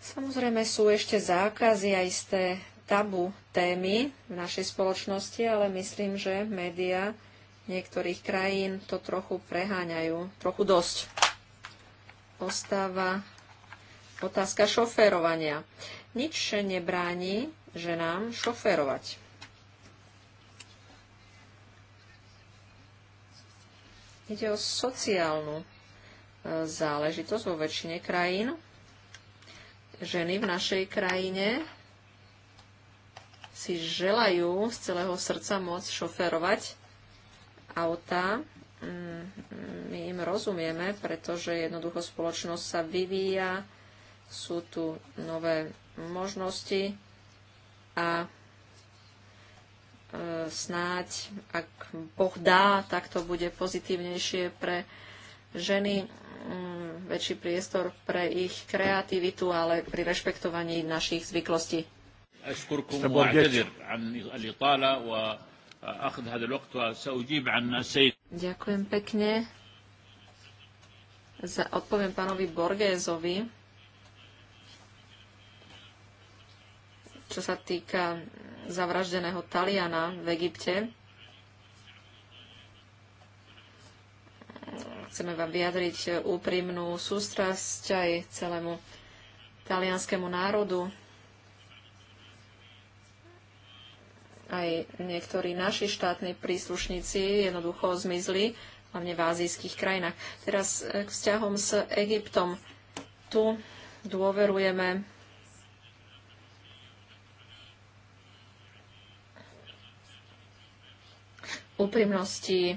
Samozrejme sú ešte zákazy a isté tabu témy v našej spoločnosti, ale myslím, že média niektorých krajín to trochu preháňajú, trochu dosť. Ostáva otázka šoférovania. Nič nebráni ženám šoférovať. Ide o sociálnu e, záležitosť vo väčšine krajín. Ženy v našej krajine si želajú z celého srdca môcť šoferovať auta, mm, My im rozumieme, pretože jednoducho spoločnosť sa vyvíja, sú tu nové možnosti a snáď, ak Boh dá, tak to bude pozitívnejšie pre ženy, mm, väčší priestor pre ich kreativitu, ale pri rešpektovaní našich zvyklostí. Ďakujem pekne. Za, odpoviem pánovi Borgézovi. Čo sa týka zavraždeného Taliana v Egypte. Chceme vám vyjadriť úprimnú sústrasť aj celému talianskému národu. Aj niektorí naši štátni príslušníci jednoducho zmizli, hlavne v azijských krajinách. Teraz k vzťahom s Egyptom. Tu dôverujeme úprimnosti e,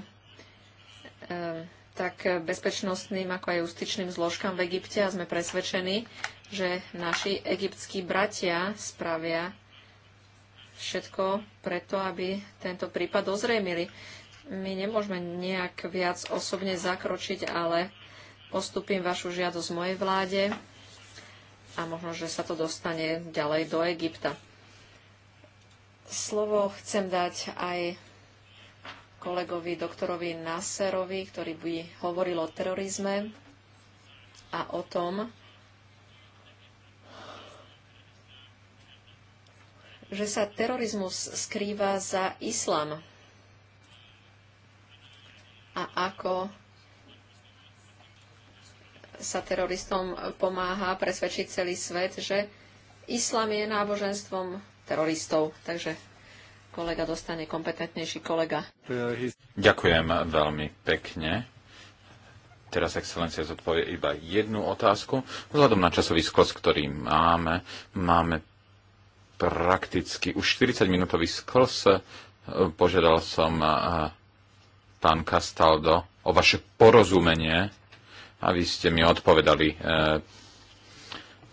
tak bezpečnostným ako aj justičným zložkám v Egypte a sme presvedčení, že naši egyptskí bratia spravia všetko preto, aby tento prípad dozrejmili. My nemôžeme nejak viac osobne zakročiť, ale postupím vašu žiadosť mojej vláde a možno, že sa to dostane ďalej do Egypta. Slovo chcem dať aj kolegovi doktorovi Nasserovi, ktorý by hovoril o terorizme a o tom, že sa terorizmus skrýva za islam a ako sa teroristom pomáha presvedčiť celý svet, že islam je náboženstvom teroristov. Takže kolega dostane kompetentnejší kolega. Ďakujem veľmi pekne. Teraz excelencia zodpovie iba jednu otázku. Vzhľadom na časový sklos, ktorý máme, máme prakticky už 40-minútový sklos. Požiadal som eh, pán Castaldo o vaše porozumenie a vy ste mi odpovedali eh,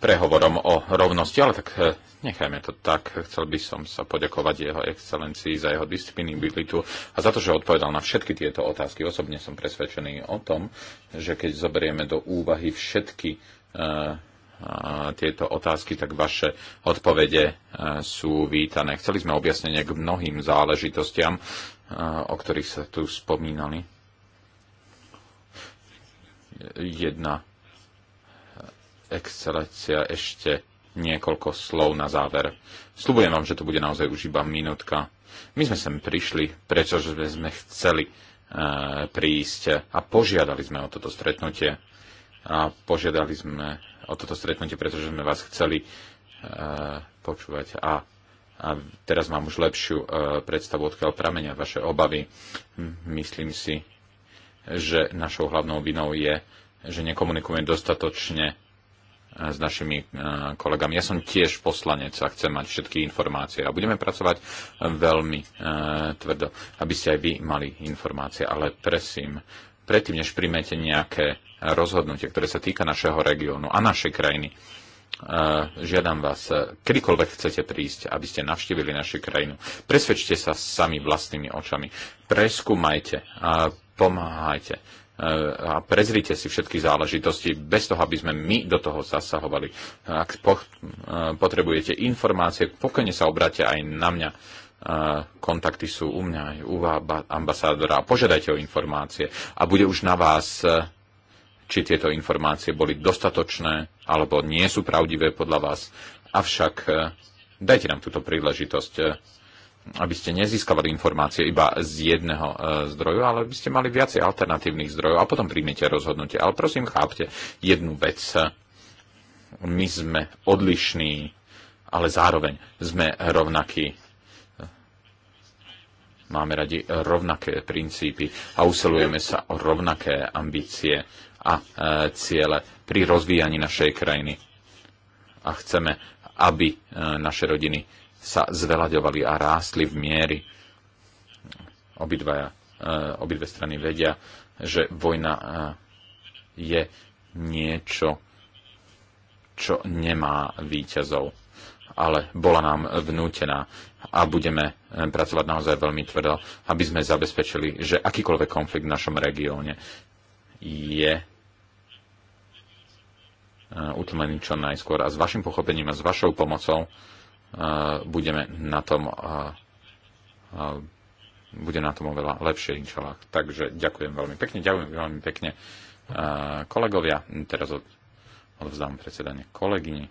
prehovorom o rovnosti, ale tak eh, Nechajme to tak. Chcel by som sa poďakovať jeho excelencii za jeho disponibilitu a za to, že odpovedal na všetky tieto otázky. Osobne som presvedčený o tom, že keď zoberieme do úvahy všetky uh, tieto otázky, tak vaše odpovede eh, sú vítané. Chceli sme objasnenie k mnohým záležitostiam, o ktorých sa tu spomínali. Jedna excelencia ešte niekoľko slov na záver. Sľubujem vám, že to bude naozaj už iba minútka. My sme sem prišli, pretože sme chceli e, prísť a požiadali sme o toto stretnutie. A požiadali sme o toto stretnutie, pretože sme vás chceli e, počúvať. A, a teraz mám už lepšiu e, predstavu, odkiaľ pramenia vaše obavy. Myslím si, že našou hlavnou vinou je, že nekomunikujeme dostatočne E, s našimi e, kolegami. Ja som tiež poslanec a chcem mať všetky informácie a budeme pracovať e, veľmi tvrdo, aby ste aj vy mali informácie, ale presím, predtým, než príjmete nejaké rozhodnutie, ktoré sa týka našeho regiónu a našej krajiny, žiadam vás, kedykoľvek chcete prísť, aby ste navštívili našu krajinu, presvedčte sa sami vlastnými očami, preskúmajte, a pomáhajte Eh, a prezrite si všetky záležitosti bez toho, aby sme my do toho zasahovali. Ak eh, potrebujete informácie, pokojne sa obráte aj na mňa. Eh, kontakty sú u mňa aj u ambasádora. Požiadajte o informácie a bude už na vás, či tieto informácie boli dostatočné alebo nie sú pravdivé podľa vás. Avšak dajte nám túto príležitosť aby ste nezískavali informácie iba z jedného e, zdroju, ale aby ste mali viacej alternatívnych zdrojov a potom príjmete rozhodnutie. Ale prosím, chápte jednu vec. My sme odlišní, ale zároveň sme rovnakí. Máme radi rovnaké princípy a usilujeme sa o rovnaké ambície a e, ciele pri rozvíjaní našej krajiny. A chceme, aby e, naše rodiny sa zvelaďovali a rástli v miery. Obidvaja, e, obidve strany vedia, že vojna e, je niečo, čo nemá výťazov, ale bola nám vnútená a budeme e, pracovať naozaj veľmi tvrdo, aby sme zabezpečili, že akýkoľvek konflikt v našom regióne je utlmený čo najskôr. A s vašim pochopením a s vašou pomocou budeme na tom bude na tom oveľa lepšie, inšalách. Takže ďakujem veľmi pekne, ďakujem veľmi pekne kolegovia. Teraz odovzdám predsedanie kolegyni.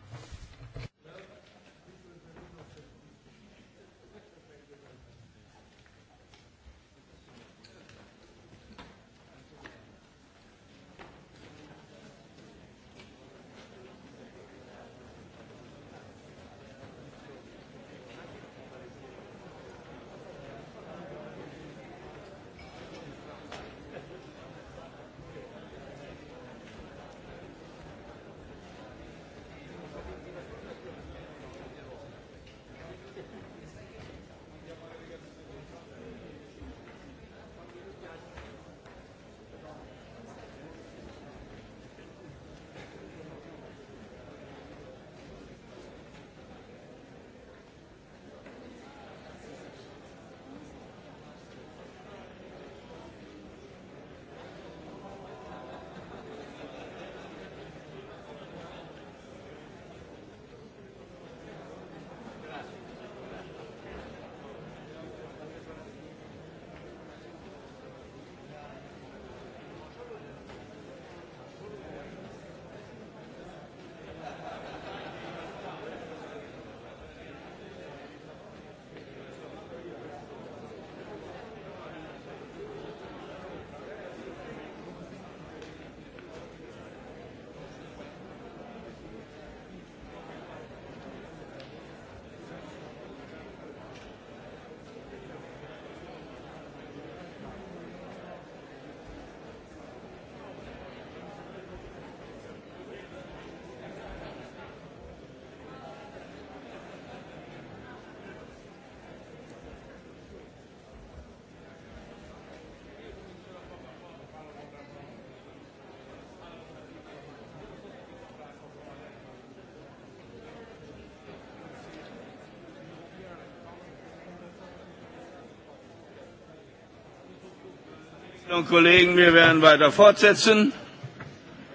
und Kollegen, wir werden weiter fortsetzen.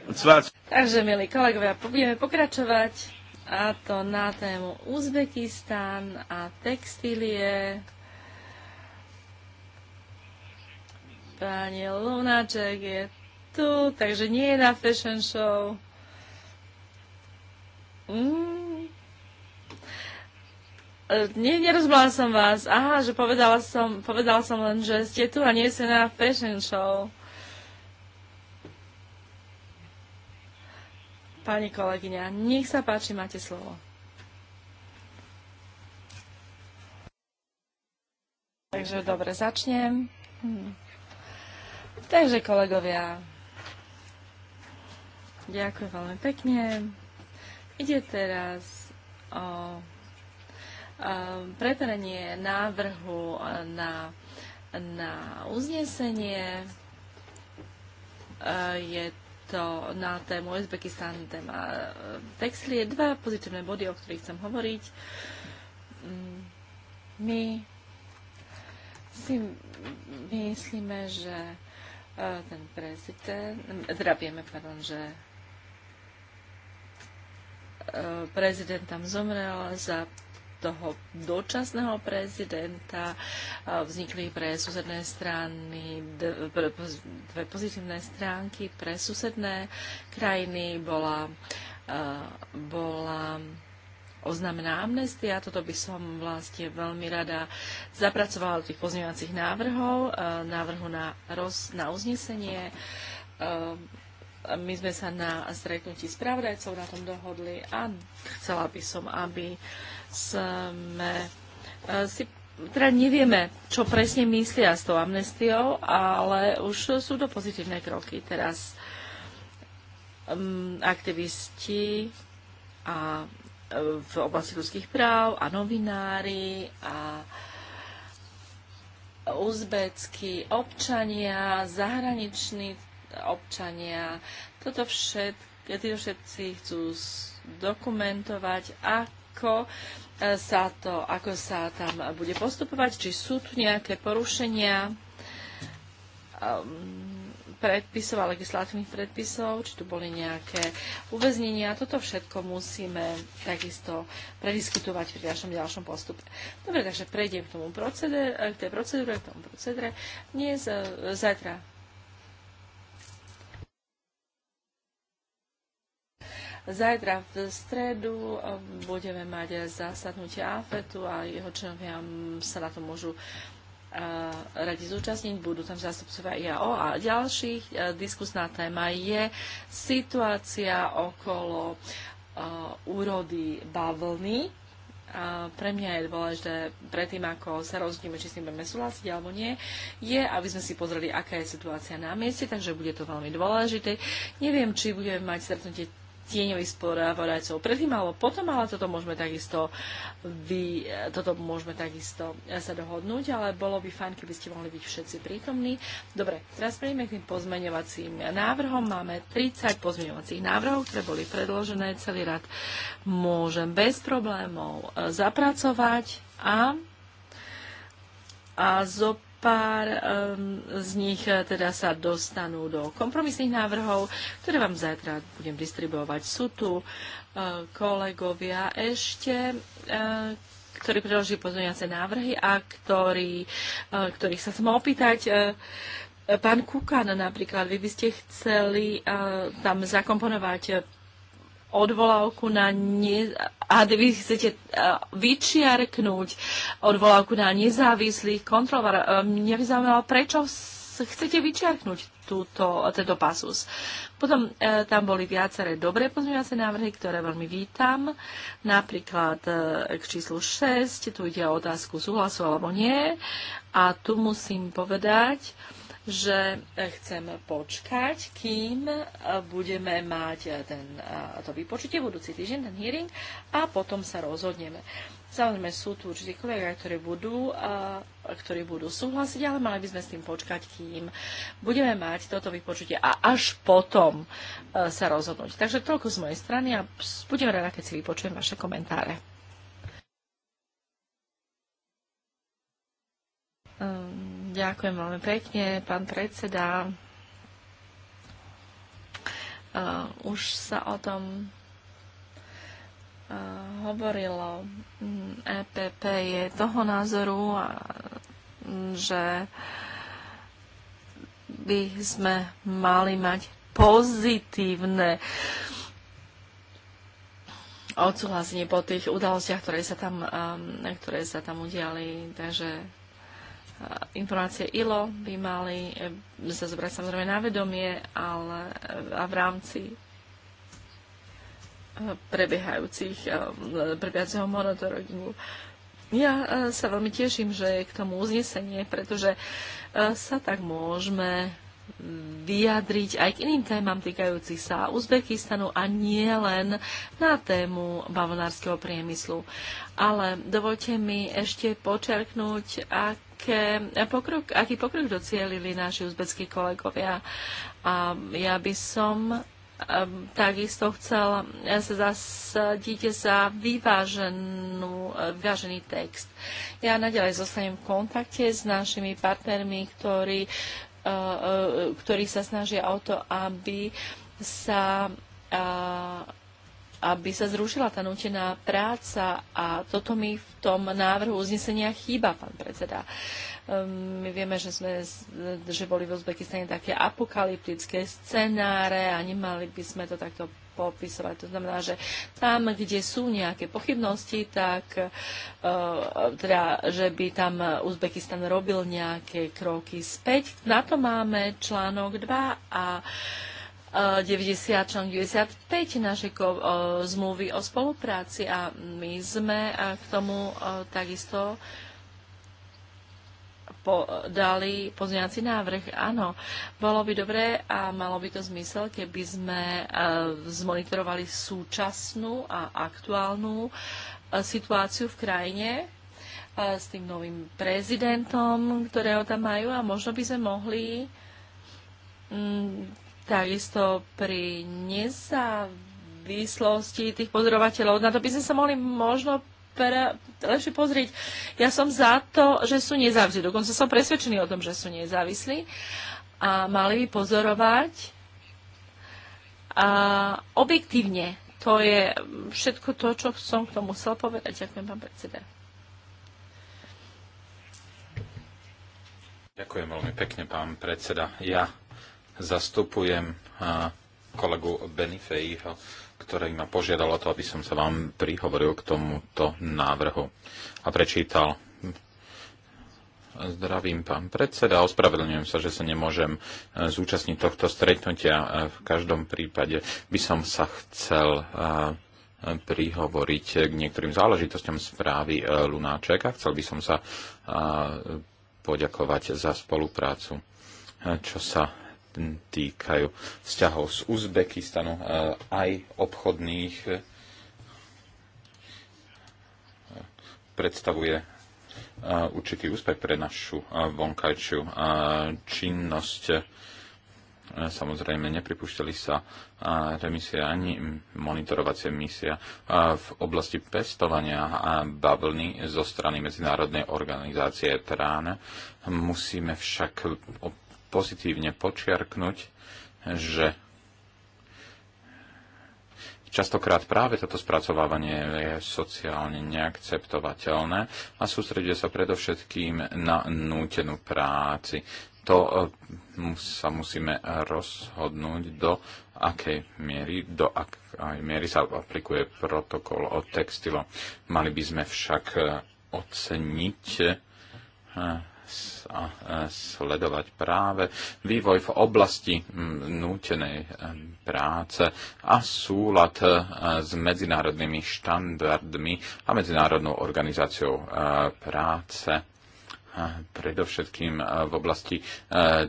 Und zwar... Takže, milí kolegovia, budeme pokračovať a to na tému Uzbekistán a textílie. Pani Lunaček je tu, takže nie je na fashion show. nie, nerozumela som vás. Aha, že povedala som, povedala som len, že ste tu a nie ste na fashion show. Pani kolegyňa, nech sa páči, máte slovo. Takže dobre, začnem. Hm. Takže kolegovia, ďakujem veľmi pekne. Ide teraz o Ehm, preverenie návrhu eh, na, na uznesenie. Eh, je to na tému Uzbekistan, téma eh, textilie. Dva pozitívne body, o ktorých chcem hovoriť. Mm, my si myslíme, že ten prezident, teda vieme, pardon, že prezident tam zomrel za toho dočasného prezidenta vznikli pre susedné strany dve pozitívne stránky pre susedné krajiny bola, bola oznámená amnestia. Toto by som vlastne veľmi rada zapracovala do tých pozňovacích návrhov, návrhu na, roz, na uznesenie. My sme sa na stretnutí pravdajcov na tom dohodli a chcela by som, aby uh, sme e, si teda nevieme, čo presne myslia s tou amnestiou, ale už sú to pozitívne kroky. Teraz um, aktivisti a e, v oblasti ľudských práv a novinári a uzbeckí občania, zahraniční občania. Toto všetko, títo všetci chcú dokumentovať, ako E, sa to, ako sa tam bude postupovať, či sú tu nejaké porušenia ehm, predpisov a legislatívnych predpisov, či tu boli nejaké uväznenia. Toto všetko musíme takisto prediskutovať pri našom ďalšom postupe. Dobre, takže prejdem k tomu procedere, k tej procedúre, k tomu procedre. Dnes, e, zajtra Zajtra v stredu um, budeme mať zasadnutie AFETu a jeho členovia um, sa na to môžu uh, radi zúčastniť, budú tam zástupcovia IAO a ďalších. Uh, Diskusná téma je situácia okolo uh, úrody bavlny. A pre mňa je dôležité, predtým ako sa rozhodneme, či s tým budeme súhlasiť alebo nie, je, aby sme si pozreli, aká je situácia na mieste, takže bude to veľmi dôležité. Neviem, či budeme mať stretnutie tieňových sporávodajcov predtým alebo potom, ale toto môžeme takisto vy, toto môžeme takisto eh, sa dohodnúť, ale bolo by fajn, keby ste mohli byť všetci prítomní. Dobre, teraz prejdeme k tým pozmeňovacím návrhom. Máme 30 pozmeňovacích návrhov, ktoré boli predložené. Celý rad môžem bez problémov eh, zapracovať a a zo pár um, z nich eh, teda sa dostanú do kompromisných návrhov, ktoré vám zajtra budem distribuovať. Sú tu uh, kolegovia ešte, uh, ktorí predložili pozmeňovacie návrhy a ktorý, uh, ktorých sa chcem opýtať. Uh, pán Kukan napríklad, vy by ste chceli uh, tam zakomponovať odvolávku na ne, a vy chcete e, vyčiarknúť odvolávku na nezávislých kontrolovar. E, mňa by zaujímalo, prečo chcete vyčiarknúť túto, tento pasus. Potom e, tam boli viaceré dobré pozmeňovacie návrhy, ktoré veľmi vítam. Napríklad e, k číslu 6, tu ide o otázku súhlasu alebo nie. A tu musím povedať, e, že e, chcem počkať, kým e, budeme mať e, ten, to vypočutie budúci týždeň, ten hearing, a potom sa rozhodneme. Samozrejme sú tu určite kolegovia, ktorí budú, ktorí budú súhlasiť, ale mali by sme s tým počkať, kým budeme mať toto vypočutie a až potom sa rozhodnúť. Takže toľko z mojej strany a budem rada, keď si vypočujem vaše komentáre. Ďakujem veľmi pekne, pán predseda. Uh, už sa o tom uh, hovorilo. EPP je toho názoru, a, že by sme mali mať pozitívne odsúhlasenie po tých udalostiach, ktoré sa tam, um, ktoré sa tam udiali. Takže Eh, informácie ILO by mali eh, sa zobrať samozrejme na vedomie, ale eh, a v rámci prebiehajúcich, prebiehajúceho monitoringu. Ja sa veľmi teším, že je k tomu uznesenie, pretože sa tak môžeme vyjadriť aj k iným témam týkajúcich sa Uzbekistanu a nie len na tému bavonárskeho priemyslu. Ale dovolte mi ešte počerknúť, ak aké pokrok, aký pokrok docielili naši uzbeckí kolegovia. A ja by som takisto chcel ja sa zasadiť za vyváženú, e, vyvážený text. Ja naďalej zostanem v kontakte s našimi partnermi, ktorí, e, e, ktorí sa snažia o to, aby sa aby sa zrušila tá nutená práca a toto mi v tom návrhu uznesenia chýba, pán predseda. Ehm, my vieme, že, sme, že boli v Uzbekistane také apokalyptické scenáre a nemali by sme to takto popisovať. To znamená, že tam, kde sú nejaké pochybnosti, tak e, teda, že by tam Uzbekistan robil nejaké kroky späť. Na to máme článok 2 a 90 článok 95 našej zmluvy o spolupráci a my sme eh, k tomu eh, takisto dali pozňací návrh. Áno, bolo by dobré a malo by to zmysel, keby sme eh, zmonitorovali súčasnú a aktuálnu situáciu v krajine s tým novým prezidentom, ktorého tam majú a možno by sme mohli mm, Takisto pri nezávislosti tých pozorovateľov, na to by sme sa mohli možno pre, lepšie pozrieť. Ja som za to, že sú nezávislí. Dokonca som presvedčený o tom, že sú nezávislí a mali by pozorovať a objektívne. To je všetko to, čo som k tomu musel povedať. Ďakujem, pán predseda. Ďakujem veľmi pekne, pán predseda. Ja Zastupujem kolegu Benifejho, ktorý ma požiadal o to, aby som sa vám prihovoril k tomuto návrhu a prečítal. Zdravím, pán predseda. Ospravedlňujem sa, že sa nemôžem e, zúčastniť tohto stretnutia. E, v každom prípade by som sa chcel e, prihovoriť k niektorým záležitostiam správy Lunáček a chcel by som sa poďakovať za spoluprácu. Čo sa týkajú vzťahov s Uzbekistanom, e, aj obchodných. E, predstavuje e, určitý úspech pre našu vonkajšiu činnosť. Samozrejme, nepripúšťali sa remisie ani monitorovacie misia v oblasti pestovania a bavlny zo strany Medzinárodnej organizácie TRAN. Musíme však pozitívne počiarknúť, že Častokrát práve toto spracovávanie je sociálne neakceptovateľné a sústreduje sa predovšetkým na nútenú práci. To e, sa musíme rozhodnúť, do akej miery, do akej miery sa aplikuje protokol o textilo. Mali by sme však e, oceniť e, a sledovať práve vývoj v oblasti nútenej práce a súlad e, s medzinárodnými štandardmi a Medzinárodnou organizáciou e, práce, predovšetkým e, v oblasti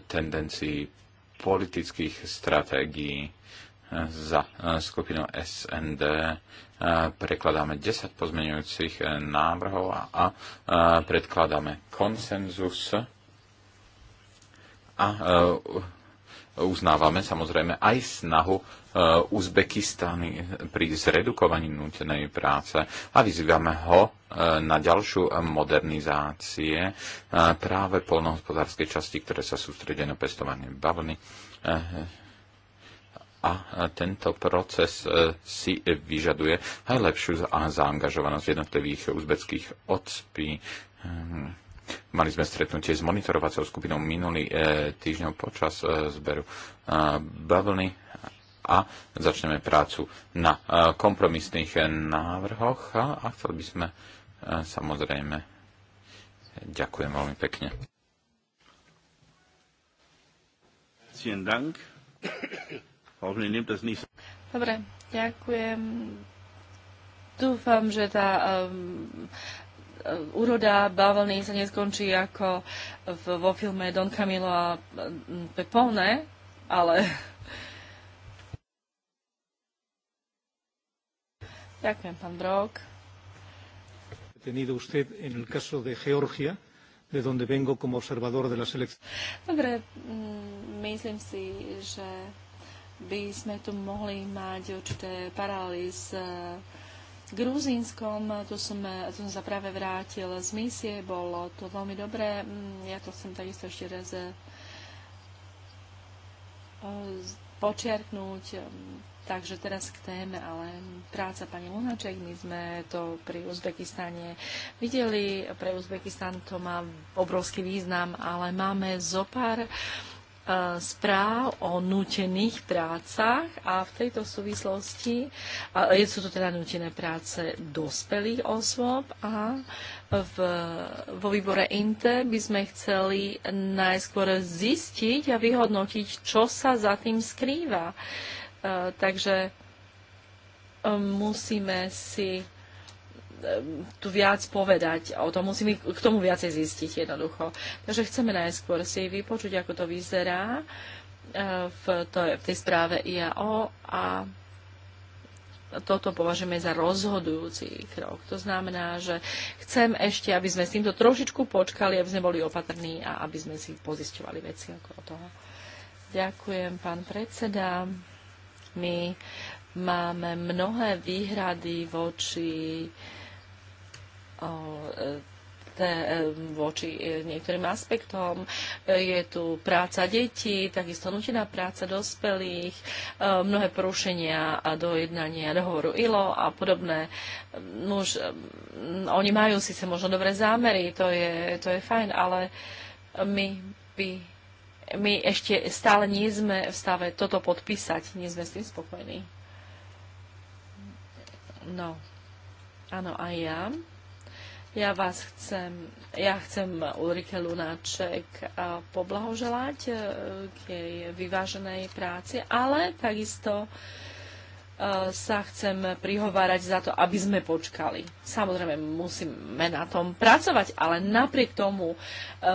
tendencií politických stratégií za skupinou SND prekladáme 10 pozmeňujúcich eh, návrhov a, a predkladáme konsenzus a eh, uznávame samozrejme aj snahu eh, Uzbekistany pri zredukovaní nútenej práce a vyzývame ho na ďalšiu modernizácie práve polnohospodárskej časti, ktoré sa sústredia na pestovanie bavlny a tento proces e, si vyžaduje aj lepšiu zaangažovanosť jednotlivých uzbeckých odspí. Ehm, mali sme stretnutie s monitorovacou skupinou minulý e, týždeň počas e, zberu bavlny a začneme prácu na kompromisných návrhoch a chceli by sme samozrejme ďakujem veľmi pekne. Vielen Dank. Dobre, ďakujem. Dúfam, že tá um, uh, úroda bavlny sa neskončí ako v, vo filme Don Camilo a um, Pepone, ale... Ďakujem, pán Brok. Tenido usted en el caso de Georgia, de donde vengo como observador de las elecciones. Dobre, mm, myslím si, že by sme tu mohli mať určité paralely s eh, Gruzínskom. Tu som, eh, tu som sa práve vrátil z misie, bolo to veľmi dobré. Mm, ja to chcem takisto ešte raz eh, počiarknúť. Takže teraz k téme, ale práca pani Lunaček, my sme to pri Uzbekistane videli. Pre Uzbekistan to má obrovský význam, ale máme zo pár uh, Eh, správ o nutených prácach a v tejto súvislosti eh, sú to teda nutené práce dospelých osôb a v, vo výbore INTE by sme chceli najskôr zistiť a vyhodnotiť, čo sa za tým skrýva. Eh, takže musíme si tu viac povedať o tom, musíme k tomu viacej zistiť jednoducho. Takže chceme najskôr si vypočuť, ako to vyzerá eh, v, to, v tej správe IAO a toto považujeme za rozhodujúci krok. To znamená, že chcem ešte, aby sme s týmto trošičku počkali, aby sme boli opatrní a aby sme si pozisťovali veci okolo toho. Ďakujem, pán predseda. My máme mnohé výhrady voči E, e, voči e, niektorým aspektom. Je tu práca detí, takisto nutená práca dospelých, mnohé porušenia a dojednania dohovoru ILO a podobné. Nuž, oni majú síce možno dobré zámery, to je, to je fajn, ale my by my ešte stále nie sme v stave toto podpísať, nie sme s tým spokojní. No, áno, aj ja. Ja vás chcem, ja chcem Ulrike Lunáček poblahoželať e, k jej vyváženej práci, ale takisto e, sa chcem prihovárať za to, aby sme počkali. Samozrejme, musíme na tom pracovať, ale napriek tomu e,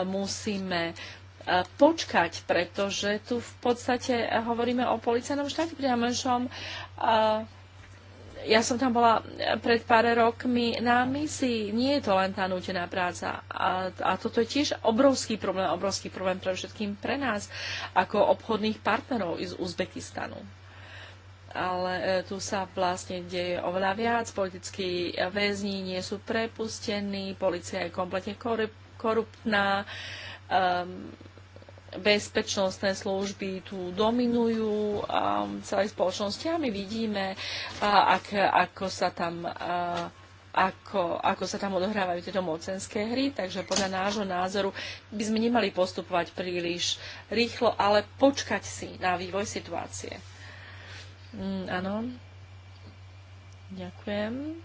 musíme počkať, pretože tu v podstate hovoríme o policajnom štáte priamešom ja som tam bola eh, pred pár rokmi na misii. Nie je to len tá nutená práca. A, a toto je tiež obrovský problém, obrovský problém pre všetkým pre nás, ako obchodných partnerov z Uzbekistanu. Ale eh, tu sa vlastne deje oveľa viac. Politickí eh, väzni nie sú prepustení, policia je kompletne korup- korupná. Um, ehm, bezpečnostné služby tu dominujú um, celej spoločnosti a my vidíme, ak, ako sa tam ako, ako sa tam odohrávajú tieto mocenské hry, takže podľa nášho názoru by sme nemali postupovať príliš rýchlo, ale počkať si na vývoj situácie. Mm, áno. Ďakujem.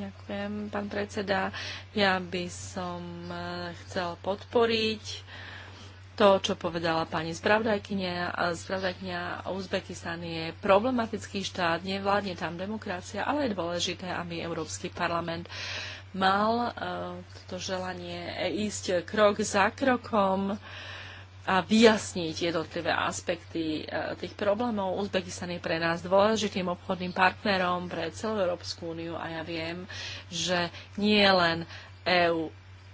Ďakujem, pán predseda. Ja by som eh, chcel podporiť to, čo povedala pani spravdajkynia, spravdajkynia Uzbekistan je problematický štát, nevládne tam demokracia, ale je dôležité, aby Európsky parlament mal e, toto želanie ísť krok za krokom a vyjasniť jednotlivé aspekty e, tých problémov. Uzbekistan je pre nás dôležitým obchodným partnerom pre celú Európsku úniu a ja viem, že nie len EU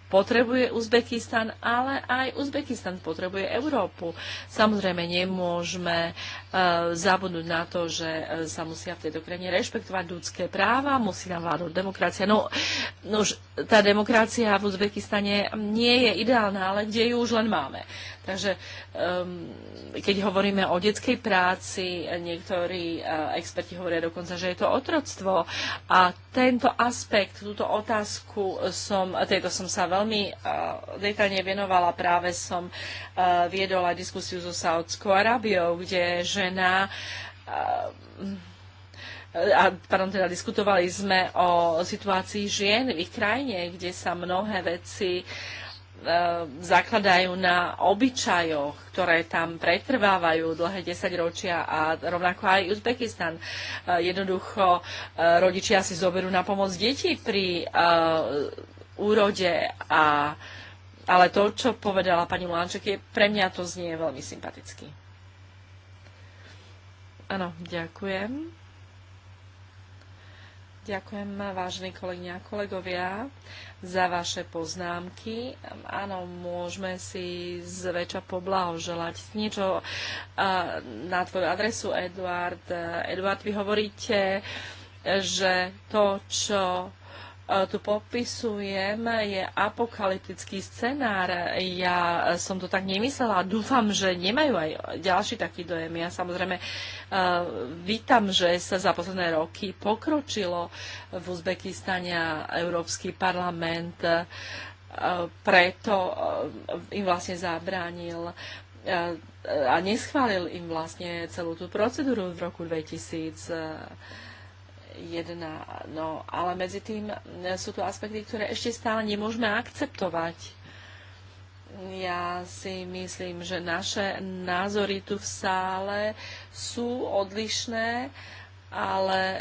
potrebuje Uzbekistan, ale aj Uzbekistan potrebuje Európu. Samozrejme, nemôžeme zabudnúť na to, že e, sa musia v tejto krajine rešpektovať ľudské práva, musí nám vládnuť demokracia. No, no už tá demokracia v Uzbekistane nie je ideálna, ale kde ju už len máme. Takže um, keď hovoríme o detskej práci, niektorí uh, experti hovoria dokonca, že je to otroctvo. A tento aspekt, túto otázku som, tejto som sa veľmi uh, detailne venovala, práve som uh, viedol aj diskusiu so Saudskou Arábiou, kde že žena a pardon, teda diskutovali sme o situácii žien v ich krajine, kde sa mnohé veci e, zakladajú na obyčajoch, ktoré tam pretrvávajú dlhé desaťročia a rovnako aj Uzbekistan. E, jednoducho e, rodičia si zoberú na pomoc deti pri úrode a ale to, čo povedala pani Lánček, je, pre mňa to znie veľmi sympaticky. Áno, ďakujem. Ďakujem, vážení kolegyňa a kolegovia, za vaše poznámky. Áno, môžeme si zväčša poblahoželať niečo na tvoju adresu, Eduard. Eduard, vy hovoríte, že to, čo E, tu popisujem, je apokalyptický scenár. Ja som to tak nemyslela a dúfam, že nemajú aj ďalší taký dojem. Ja samozrejme e, vítam, že sa za posledné roky pokročilo v Uzbekistane a Európsky parlament e, preto im vlastne zabránil a neschválil im vlastne celú tú procedúru v roku 2000 jedna, no ale medzi tým e, sú tu aspekty, ktoré ešte stále nemôžeme akceptovať. Ja si myslím, že naše názory tu v sále sú odlišné ale eh,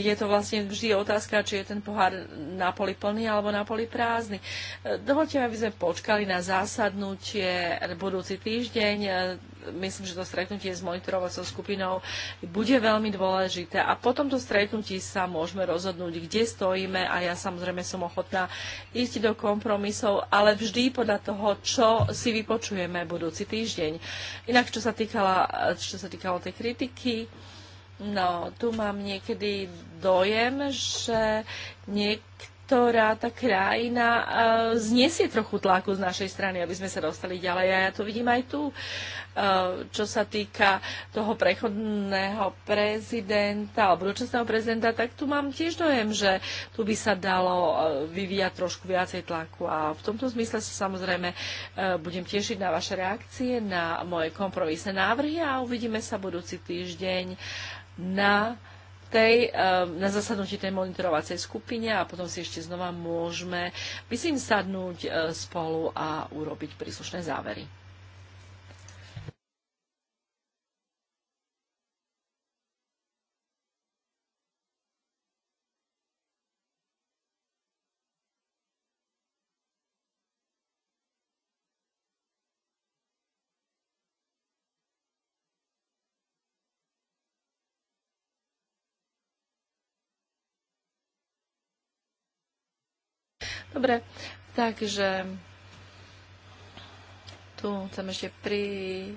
je to vlastne vždy otázka, či je ten pohár na poli plný alebo na poli prázdny. Eh, dovolte, aby sme počkali na zásadnutie budúci týždeň. Eh, myslím, že to stretnutie s monitorovacou skupinou bude veľmi dôležité a po tomto stretnutí sa môžeme rozhodnúť, kde stojíme a ja samozrejme som ochotná ísť do kompromisov, ale vždy podľa toho, čo si vypočujeme budúci týždeň. Inak, čo sa, týkala, čo sa týkalo tej kritiky, No, tu mám niekedy dojem, že niektorá tá krajina eh, zniesie trochu tlaku z našej strany, aby sme sa dostali ďalej. A ja to vidím aj tu, eh, čo sa týka toho prechodného prezidenta alebo dočasného prezidenta, tak tu mám tiež dojem, že tu by sa dalo eh, vyvíjať trošku viacej tlaku. A v tomto zmysle sa samozrejme budem tešiť na vaše reakcie, na moje kompromisné návrhy a uvidíme sa budúci týždeň na, tej, ehm, na zasadnutí tej monitorovacej skupine a potom si ešte znova môžeme, myslím, sadnúť e, spolu a urobiť príslušné závery. Dobre, takže tu chcem ešte pri eh,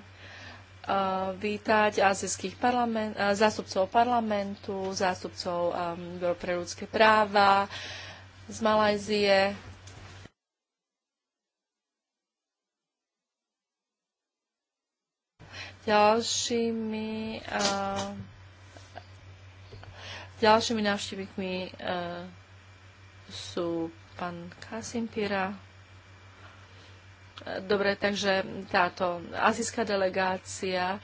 vítať azijských parlament, eh, zástupcov parlamentu, zástupcov um, pre ľudské práva z Malajzie, ďalšími uh, ďalšími návštevníkmi uh, sú pán Kasimpira. Dobre, takže táto azijská delegácia e,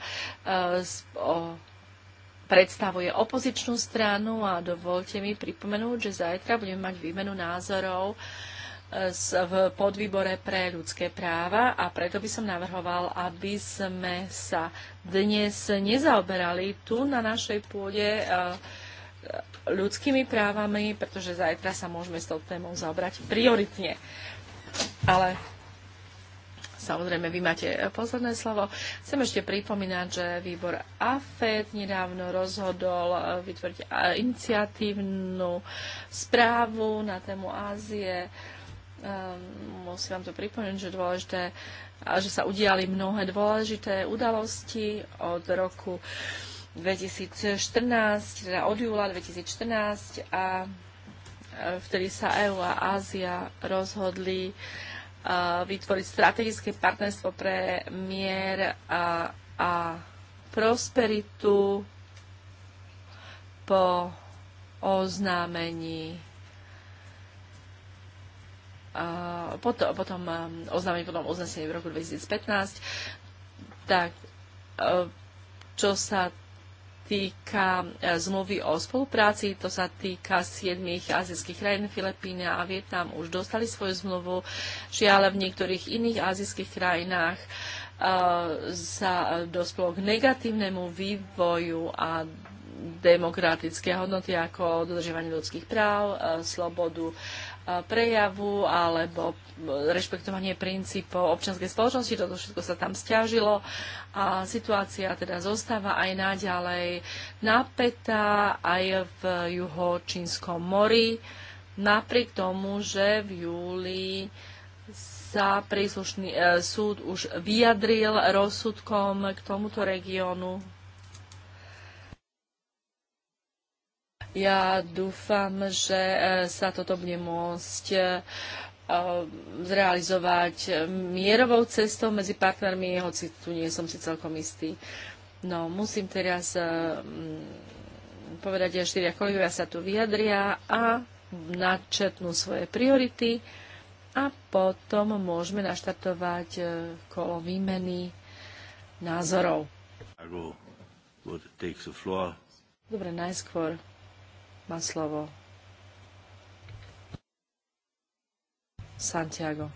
predstavuje opozičnú stranu a dovolte mi pripomenúť, že zajtra budeme mať výmenu názorov e, v podvýbore pre ľudské práva a preto by som navrhoval, aby sme sa dnes nezaoberali tu na našej pôde uh, ľudskými právami, pretože zajtra sa môžeme s tou témou zaobrať prioritne. Ale Samozrejme, vy máte posledné slovo. Chcem ešte pripomínať, že výbor AFED nedávno rozhodol eh, vytvoriť eh, iniciatívnu správu na tému Ázie. Ehm, musím vám to pripomínať, že dôležité eh, že sa udiali mnohé dôležité udalosti od roku 2014, teda od júla 2014 a vtedy sa EU a Ázia rozhodli vytvoriť strategické partnerstvo pre mier a, a prosperitu po oznámení potom, potom um, oznámení potom uznesení v roku 2015 tak čo sa týka e, zmluvy o spolupráci, to sa týka siedmých azijských krajín, Filipína a Vietnam už dostali svoju zmluvu, žiaľ v niektorých iných azijských krajinách e, sa dospelo k negatívnemu vývoju a demokratické hodnoty ako dodržovanie ľudských práv, e, slobodu Eh, prejavu alebo eh, rešpektovanie princípov občianskej spoločnosti. Toto všetko sa tam stiažilo a situácia teda zostáva aj naďalej napätá aj v juhočínskom mori. Napriek tomu, že v júli sa príslušný e, súd už vyjadril rozsudkom k tomuto regiónu Ja dúfam, že e, sa toto bude môcť e, e, zrealizovať mierovou cestou medzi partnermi, hoci tu nie som si celkom istý. No, musím teraz mm, povedať, že štyria kolegovia sa tu vyjadria a načetnú svoje priority a potom môžeme naštartovať kolo výmeny názorov. Dobre, najskôr má slovo Santiago.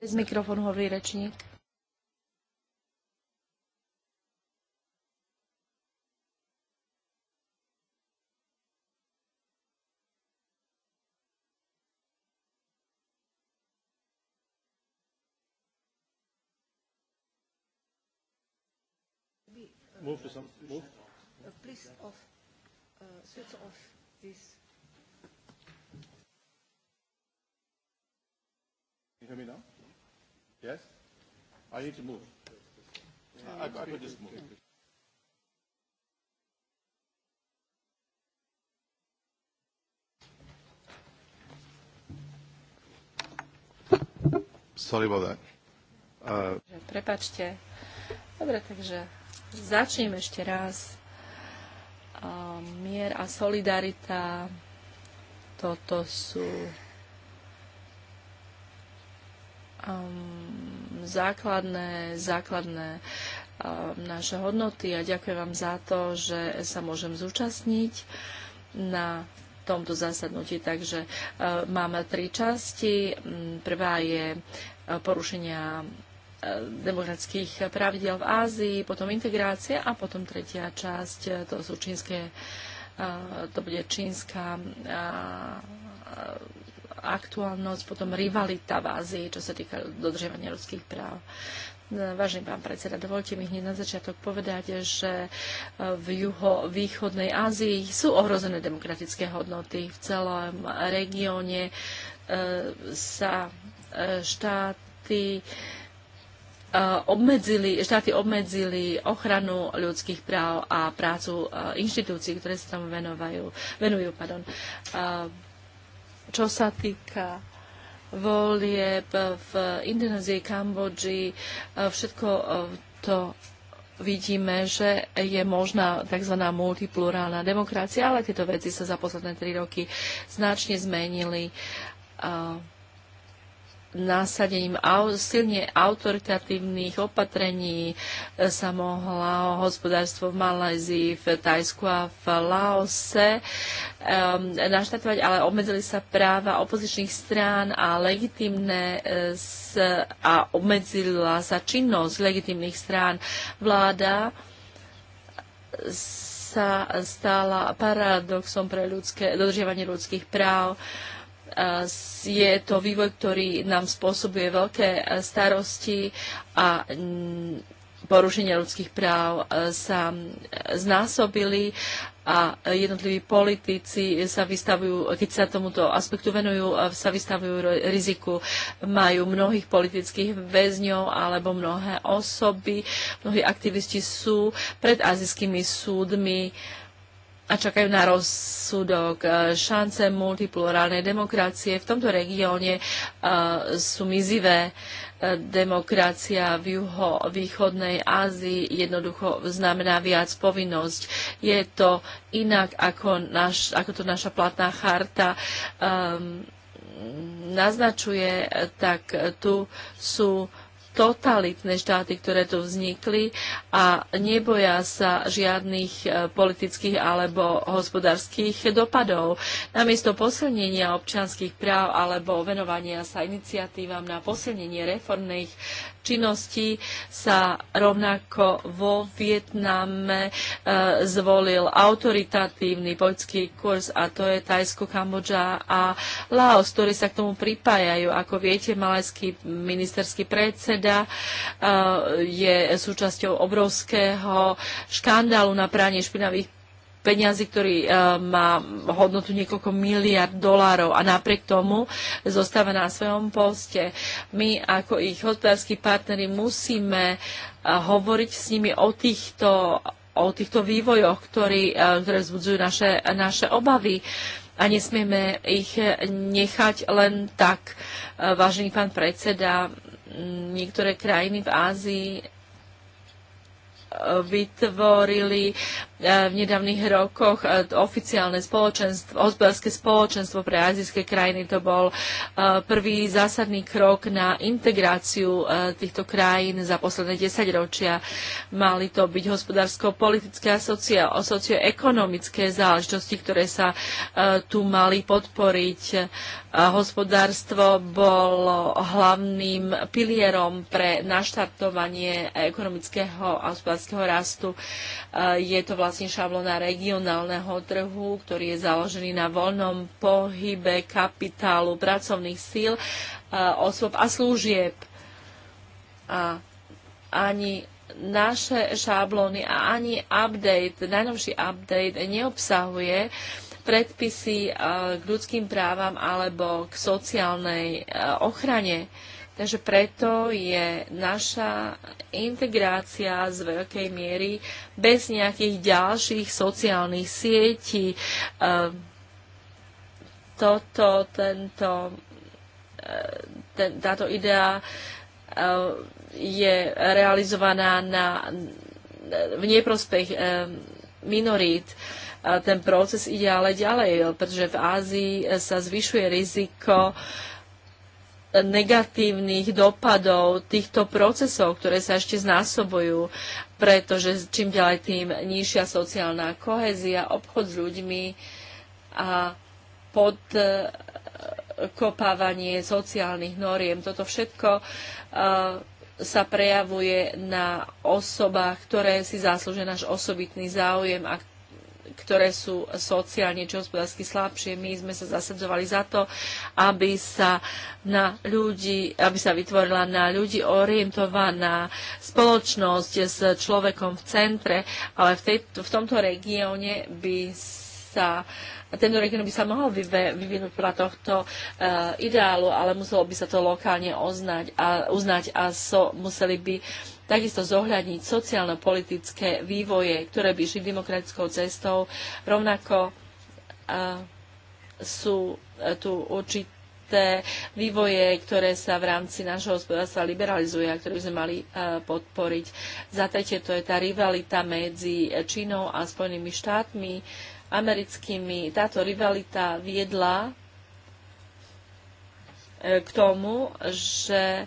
Z mikrofónu hovorí rečník. Move to some. Move. Uh, please off. Uh, switch off this. You hear me now? Yes. I need to move. I, I, I could just move. Sorry about that. Uh, Prepačte. Dobre, takže Začnem ešte raz. Mier a solidarita, toto sú um, základné, základné um, naše hodnoty a ďakujem vám za to, že sa môžem zúčastniť na tomto zasadnutí. Takže um, máme tri časti. Mm, prvá je uh, porušenia Eh, demokratických pravidel v Ázii, potom integrácia a potom tretia časť, eh, to sú čínske, eh, to bude čínska aktuálnosť, potom rivalita v Ázii, čo sa týka dodržiavania ľudských práv. Vážený pán predseda, dovolte mi hneď na začiatok povedať, že v juho-východnej Ázii sú ohrozené demokratické hodnoty. V celom regióne sa štáty Eh, obmedzili, štáty obmedzili ochranu ľudských práv a prácu eh, inštitúcií, ktoré sa tam venovajú, venujú. Pardon. Eh, čo sa týka volieb v Indonézii, Kambodži, všetko to vidíme, že je možná tzv. multiplurálna demokracia, ale tieto veci sa za posledné tri roky značne zmenili. Uh, násadením silne autoritatívnych opatrení e, sa mohla hospodárstvo v Malézii, v Tajsku a v Laose um, ale obmedzili sa práva opozičných strán a legitimné e, s, a obmedzila sa činnosť legitimných strán. Vláda sa stala paradoxom pre ľudské, dodržiavanie ľudských práv. Uh, Eh, je to vývoj, ktorý nám spôsobuje veľké eh, starosti a mm, porušenia ľudských práv eh, sa znásobili a jednotliví politici sa vystavujú, keď sa tomuto aspektu venujú, sa vystavujú riziku. Majú mnohých politických väzňov alebo mnohé osoby, mnohí aktivisti sú pred azijskými súdmi a čakajú na rozsudok. E, šance multiplurálnej demokracie v tomto regióne e, sú mizivé. E, demokracia v juho-východnej Ázii jednoducho znamená viac povinnosť. Je to inak ako, naš, ako to naša platná charta um, naznačuje, tak tu sú totalitné štáty, ktoré tu vznikli a neboja sa žiadnych e, politických alebo hospodárskych dopadov. Namiesto posilnenia občanských práv alebo venovania sa iniciatívam na posilnenie reformných činnosti sa rovnako vo Vietname e, zvolil autoritatívny poľský kurz a to je Tajsko, Kambodža a Laos, ktorí sa k tomu pripájajú. Ako viete, malajský ministerský predseda e, je súčasťou obrovského škandálu na pranie špinavých peniazy, ktorý eh, má hodnotu niekoľko miliard dolárov a napriek tomu zostáva na svojom poste. My ako ich hospodárskí partnery musíme eh, hovoriť s nimi o týchto, o týchto vývojoch, ktorý, eh, ktoré vzbudzujú naše, naše obavy a nesmieme ich nechať len tak. Vážený pán predseda, niektoré krajiny v Ázii vytvorili E, v nedávnych rokoch e, oficiálne spoločenstvo, hospodárske spoločenstvo pre azijské krajiny. To bol e, prvý zásadný krok na integráciu týchto krajín za posledné 10 ročia. Mali to byť hospodársko-politické a socioekonomické záležitosti, ktoré sa tu mali podporiť. Hospodárstvo bolo hlavným pilierom pre naštartovanie ekonomického a hospodárskeho rastu. Je to vlastne vlastne šablona regionálneho trhu, ktorý je založený na voľnom pohybe kapitálu, pracovných síl, osôb a služieb. A ani naše šablóny a ani update, najnovší update neobsahuje predpisy k ľudským právam alebo k sociálnej ochrane Takže preto je naša integrácia z veľkej miery bez nejakých ďalších sociálnych sietí. Ehm, toto, tento, eh, ten, táto idea eh, je realizovaná na, v neprospech eh, minorít ten proces ide ale ďalej, pretože v Ázii sa zvyšuje riziko negatívnych dopadov týchto procesov, ktoré sa ešte znásobujú, pretože čím ďalej tým nižšia sociálna kohézia, obchod s ľuďmi a podkopávanie sociálnych noriem. Toto všetko uh, sa prejavuje na osobách, ktoré si zaslúžia náš osobitný záujem a ktoré sú sociálne či hospodársky slabšie. My sme sa zasadzovali za to, aby sa, na ľudí, aby sa vytvorila na ľudí orientovaná spoločnosť s človekom v centre, ale v, tej, v tomto regióne by sa ten region by sa mohol vyvinúť podľa tohto eh, ideálu, ale muselo by sa to lokálne oznať a, uznať a so, museli by takisto zohľadniť sociálno-politické vývoje, ktoré by šli demokratickou cestou. Rovnako e, sú e, tu určité vývoje, ktoré sa v rámci nášho hospodárstva liberalizuje a ktoré by sme mali e, podporiť. Za tretie to je tá rivalita medzi Čínou a Spojenými štátmi americkými. Táto rivalita viedla k tomu, že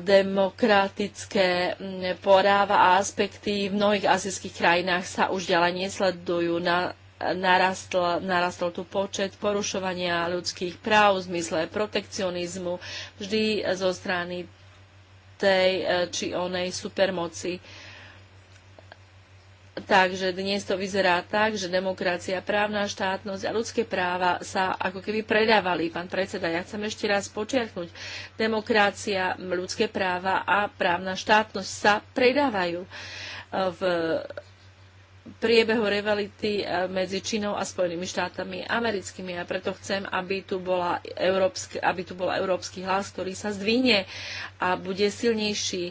demokratické mm, poráva a aspekty v mnohých azijských krajinách sa už ďalej nesledujú. Na, narastl, narastl tu počet porušovania ľudských práv v zmysle protekcionizmu vždy zo strany tej eh, či onej supermoci Takže dnes to vyzerá tak, že demokracia, právna štátnosť a ľudské práva sa ako keby predávali. Pán predseda, ja chcem ešte raz počiarknúť. Demokracia, ľudské práva a právna štátnosť sa predávajú. V priebehu revality e, medzi Čínou a Spojenými štátami americkými. A preto chcem, aby tu, bola európsky, aby tu európsky hlas, ktorý sa zdvihne a bude silnejší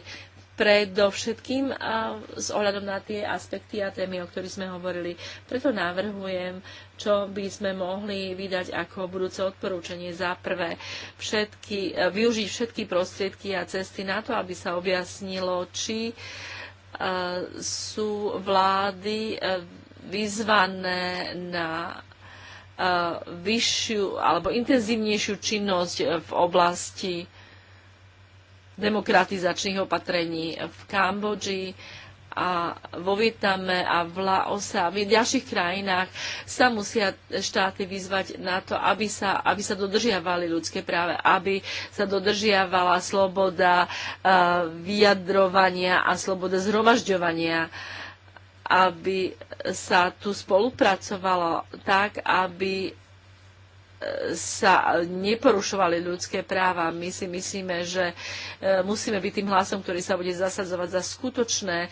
predovšetkým a s ohľadom na tie aspekty a témy, o ktorých sme hovorili. Preto navrhujem, čo by sme mohli vydať ako budúce odporúčanie. Za prvé, všetky, e, využiť všetky prostriedky a cesty na to, aby sa objasnilo, či e, sú vlády e, vyzvané na vyššiu alebo intenzívnejšiu činnosť v oblasti demokratizačných opatrení v Kambodži a vo Vietname a v Laose a v ďalších krajinách sa musia štáty vyzvať na to, aby sa, aby sa dodržiavali ľudské práve, aby sa dodržiavala sloboda uh, vyjadrovania a sloboda zhromažďovania aby sa tu spolupracovalo tak, aby sa neporušovali ľudské práva. My si myslíme, že e, musíme byť tým hlasom, ktorý sa bude zasadzovať za skutočné e,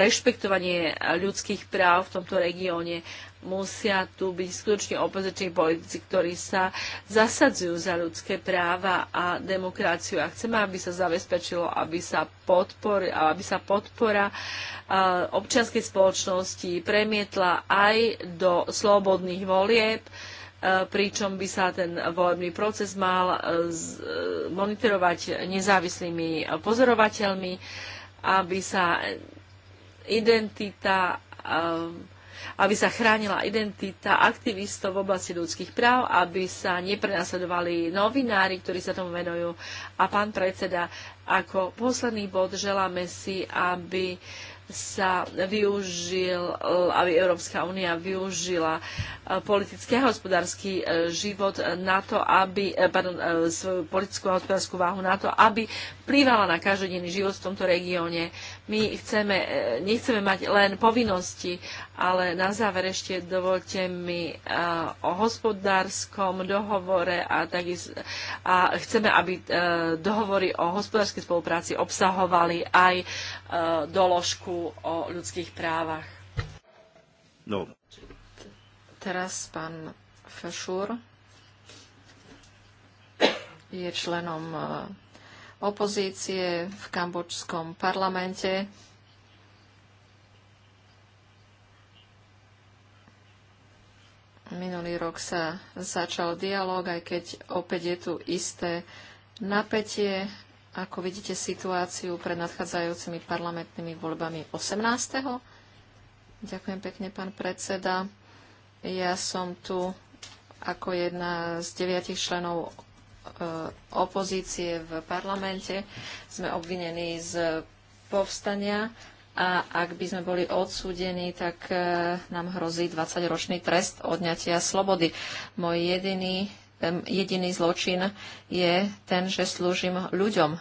rešpektovanie ľudských práv v tomto regióne. Musia tu byť skutočne opoziční politici, ktorí sa zasadzujú za ľudské práva a demokraciu. A chceme, aby sa zabezpečilo, aby sa, podpor, aby sa podpora e, občianskej spoločnosti premietla aj do slobodných volieb, E, pričom by sa ten volebný proces mal e, e, monitorovať nezávislými pozorovateľmi, aby sa identita aby sa chránila identita aktivistov v oblasti ľudských práv, aby sa neprenasledovali novinári, ktorí sa tomu venujú. A pán predseda, ako posledný bod želáme si, aby uh, sa využil, aby Európska únia využila e, politický a hospodársky e, život na to, aby, e, pardon, svoju politickú a hospodárskú váhu na to, aby vplývala na každodenný život v tomto regióne, my chceme, e, nechceme mať len povinnosti, ale na záver ešte dovolte mi e, o hospodárskom dohovore a, takisto, a chceme, aby e, dohovory o hospodárskej spolupráci obsahovali aj doložku o ľudských právach. No. Teraz pán Fešúr je členom opozície v kambočskom parlamente. Minulý rok sa začal dialog, aj keď opäť je tu isté napätie. Ako vidíte situáciu pred nadchádzajúcimi parlamentnými voľbami 18. Ďakujem pekne, pán predseda. Ja som tu ako jedna z deviatich členov Eh, opozície v parlamente. Sme obvinení z povstania a ak by sme boli odsúdení, tak eh, nám hrozí 20-ročný trest odňatia slobody. Môj jediný, jediný zločin je ten, že slúžim ľuďom.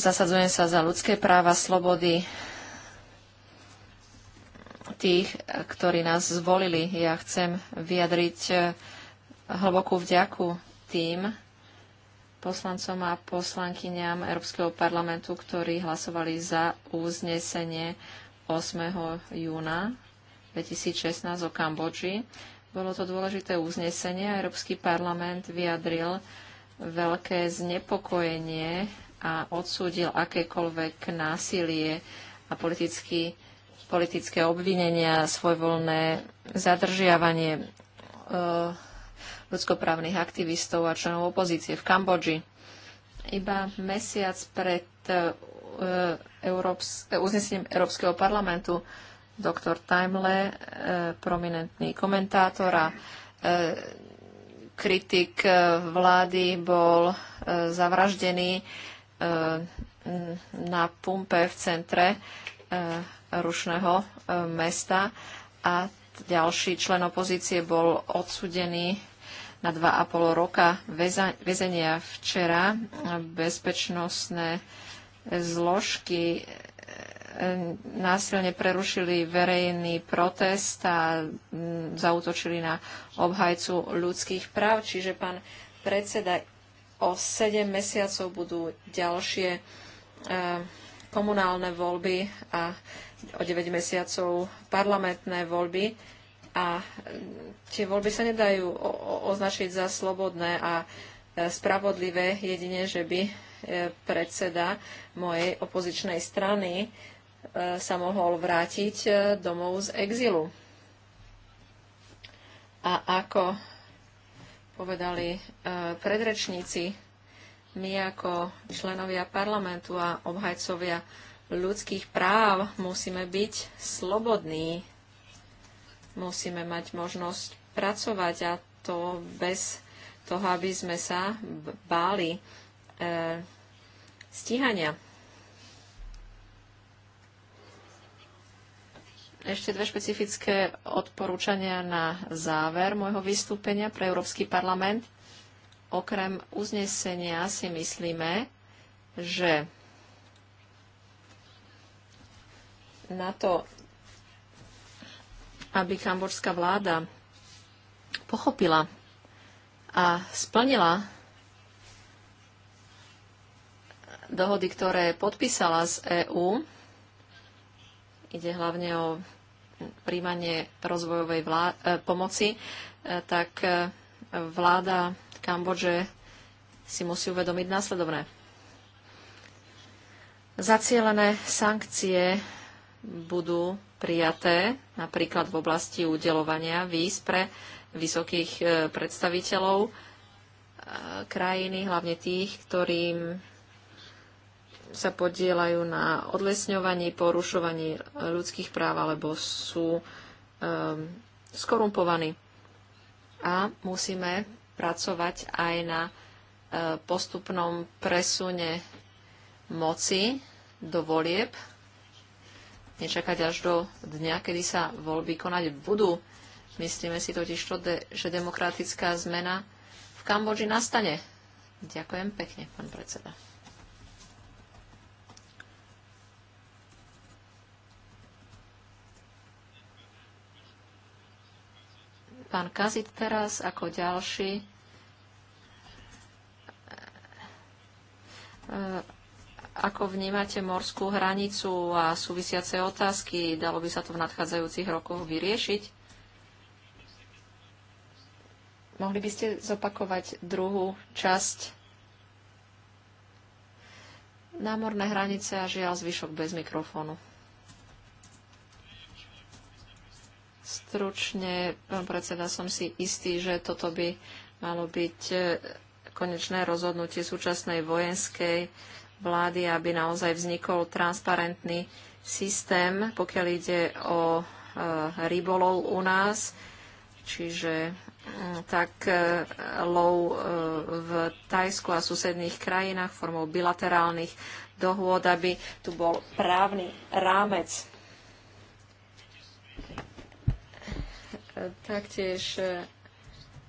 Zasadzujem sa za ľudské práva, slobody tých, ktorí nás zvolili. Ja chcem vyjadriť eh, hlbokú vďaku tým poslancom a poslankyňam Európskeho parlamentu, ktorí hlasovali za uznesenie 8. júna 2016 o Kambodži. Bolo to dôležité uznesenie a Európsky parlament vyjadril veľké znepokojenie a odsúdil akékoľvek násilie a politicky, politické obvinenia, svojvoľné zadržiavanie. E ľudskoprávnych aktivistov a členov opozície v Kambodži. Iba mesiac pred e, Európs- e, uznesením Európskeho parlamentu doktor Timele, e, prominentný komentátor a kritik vlády bol zavraždený na pumpe v centre rušného mesta a ďalší člen opozície bol odsudený na 2,5 roka väzenia včera. Bezpečnostné zložky e, násilne prerušili verejný protest a mm, zautočili na obhajcu ľudských práv. Čiže pán predseda, o 7 mesiacov budú ďalšie e, komunálne voľby a o 9 mesiacov parlamentné voľby a tie voľby sa nedajú označiť za slobodné a e, spravodlivé jedine, že by e, predseda mojej opozičnej strany e, sa mohol vrátiť domov z exilu. A ako povedali predrečníci, my ako členovia parlamentu a obhajcovia ľudských práv musíme byť slobodní Musíme mať možnosť pracovať a to bez toho, aby sme sa báli e, stíhania. Ešte dve špecifické odporúčania na záver môjho vystúpenia pre Európsky parlament. Okrem uznesenia si myslíme, že na to, aby kamborská vláda pochopila a splnila dohody, ktoré podpísala z EÚ. Ide hlavne o príjmanie rozvojovej vlá- e, pomoci, e, tak e, vláda Kambodže si musí uvedomiť následovné. Zacielené sankcie budú prijaté, napríklad v oblasti udelovania víz pre vysokých e, predstaviteľov e, krajiny, hlavne tých, ktorým sa podielajú na odlesňovaní, porušovaní ľudských práv alebo sú um, skorumpovaní. A musíme pracovať aj na uh, postupnom presune moci do volieb nečakať až do dňa, kedy sa voľby konať budú. Myslíme si totiž, to, že demokratická zmena v Kambodži nastane. Ďakujem pekne, pán predseda. Pán Kazit teraz ako ďalší ako vnímate morskú hranicu a súvisiace otázky? Dalo by sa to v nadchádzajúcich rokoch vyriešiť? Mohli by ste zopakovať druhú časť? Námorné hranice a žiaľ zvyšok bez mikrofónu. Stručne, pán predseda, som si istý, že toto by malo byť eh, konečné rozhodnutie súčasnej vojenskej vlády, aby naozaj vznikol transparentný systém, pokiaľ ide o eh, rybolov u nás, čiže hm, tak eh, lov eh, v Tajsku a susedných krajinách formou bilaterálnych dohôd, aby tu bol právny rámec. Taktiež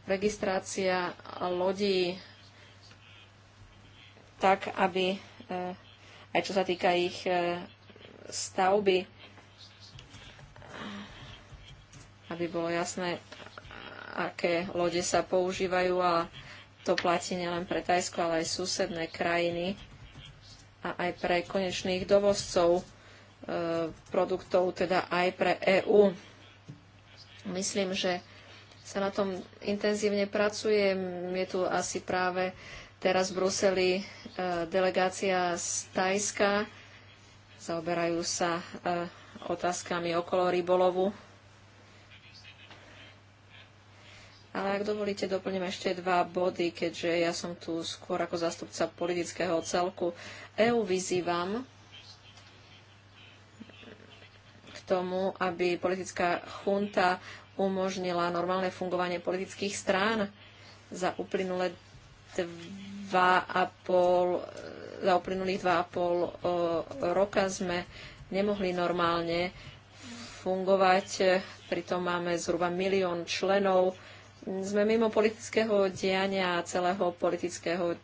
registrácia lodí tak, aby E, aj čo sa týka ich e, stavby, aby bolo jasné, aké lode sa používajú a to platí nielen pre Tajsko, ale aj susedné krajiny a aj pre konečných dovozcov e, produktov, teda aj pre EÚ. Myslím, že sa na tom intenzívne pracuje. Je tu asi práve Teraz v Bruseli e, delegácia z Tajska. Zaoberajú sa e, otázkami okolo rybolovu. Ale ak dovolíte, doplním ešte dva body, keďže ja som tu skôr ako zástupca politického celku. EU vyzývam k tomu, aby politická chunta umožnila normálne fungovanie politických strán. Za uplynulé 2,5, za uplynulých 2,5 eh, roka sme nemohli normálne fungovať. Pritom máme zhruba milión členov. Sme mimo politického diania a celého politického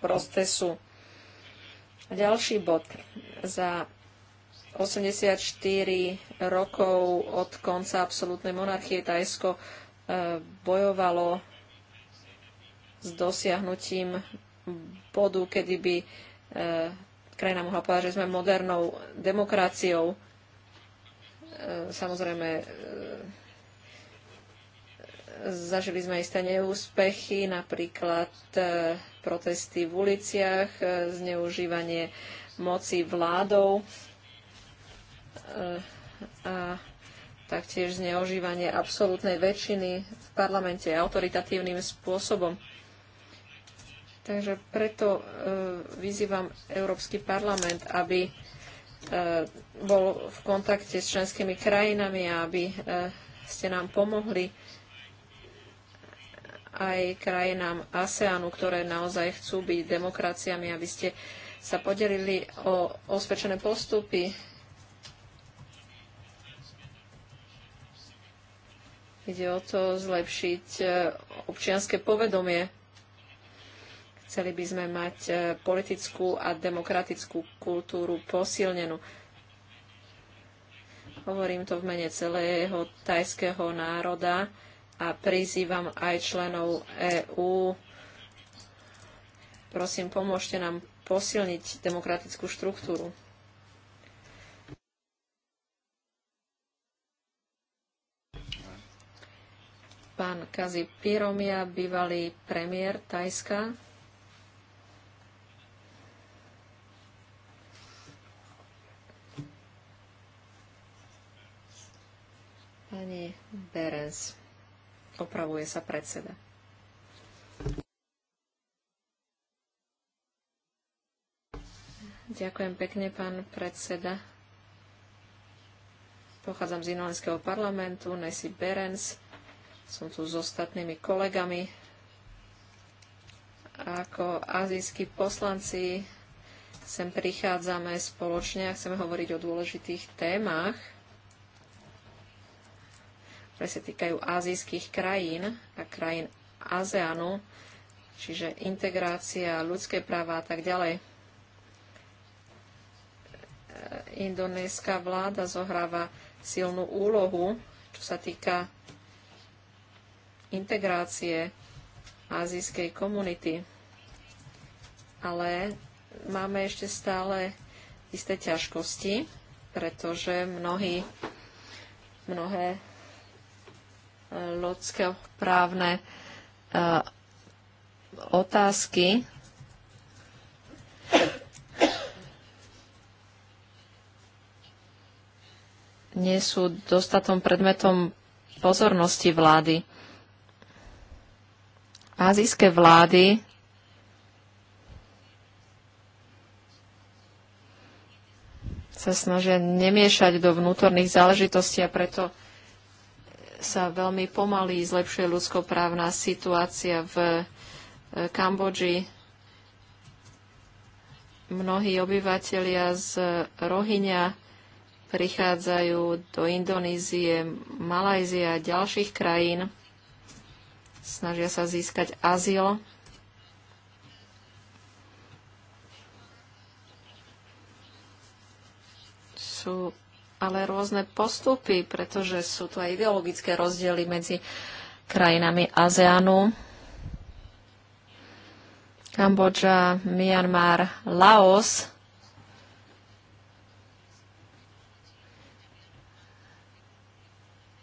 procesu. Ďalší bod. Za 84 rokov od konca absolútnej monarchie Tajsko eh, bojovalo s dosiahnutím bodu, kedy by e, krajina mohla povedať, že sme modernou demokraciou. E, samozrejme, e, zažili sme isté neúspechy, napríklad e, protesty v uliciach, e, zneužívanie moci vládou e, a taktiež zneužívanie absolútnej väčšiny v parlamente autoritatívnym spôsobom. Takže preto e, vyzývam Európsky parlament, aby e, bol v kontakte s členskými krajinami a aby e, ste nám pomohli aj krajinám ASEANu, ktoré naozaj chcú byť demokraciami, aby ste sa podelili o osvedčené postupy. Ide o to zlepšiť občianské povedomie Chceli by sme mať e, politickú a demokratickú kultúru posilnenú. Hovorím to v mene celého tajského národa a prizývam aj členov EÚ. Prosím, pomôžte nám posilniť demokratickú štruktúru. Pán Kazi Piromia, bývalý premiér Tajska. Pani Berens, opravuje sa predseda. Ďakujem pekne, pán predseda. Pochádzam z Inolenského parlamentu, Nessie Berens. Som tu s ostatnými kolegami. Ako azijskí poslanci sem prichádzame spoločne a chceme hovoriť o dôležitých témach ktoré sa týkajú azijských krajín a krajín ASEANu, čiže integrácia, ľudské práva a tak ďalej. E, indonéska vláda zohráva silnú úlohu, čo sa týka integrácie azijskej komunity. Ale máme ešte stále isté ťažkosti, pretože mnohí, mnohé ľudskoprávne e, otázky. nie sú dostatom predmetom pozornosti vlády. Azijské vlády sa snažia nemiešať do vnútorných záležitostí a preto sa veľmi pomaly zlepšuje ľudskoprávna situácia v e, Kambodži. Mnohí obyvateľia z Rohyňa prichádzajú do Indonézie, Malajzie a ďalších krajín. Snažia sa získať azyl. Sú ale rôzne postupy, pretože sú tu aj ideologické rozdiely medzi krajinami ASEANu. Kambodža, Myanmar, Laos.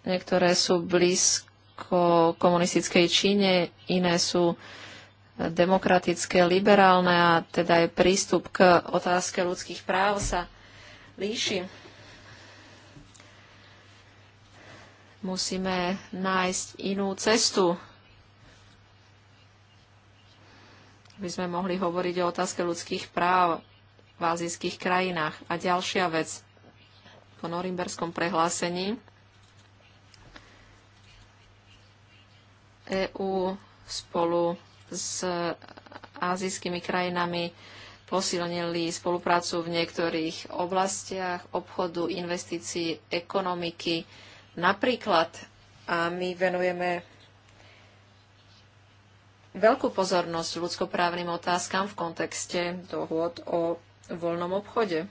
Niektoré sú blízko komunistickej Číne, iné sú demokratické, liberálne a teda aj prístup k otázke ľudských práv sa líši. Musíme nájsť inú cestu, aby sme mohli hovoriť o otázke ľudských práv v azijských krajinách. A ďalšia vec. Po norimberskom prehlásení EÚ spolu s azijskými krajinami posilnili spoluprácu v niektorých oblastiach obchodu, investícií, ekonomiky, Napríklad, a my venujeme veľkú pozornosť ľudskoprávnym otázkam v kontexte dohôd o voľnom obchode.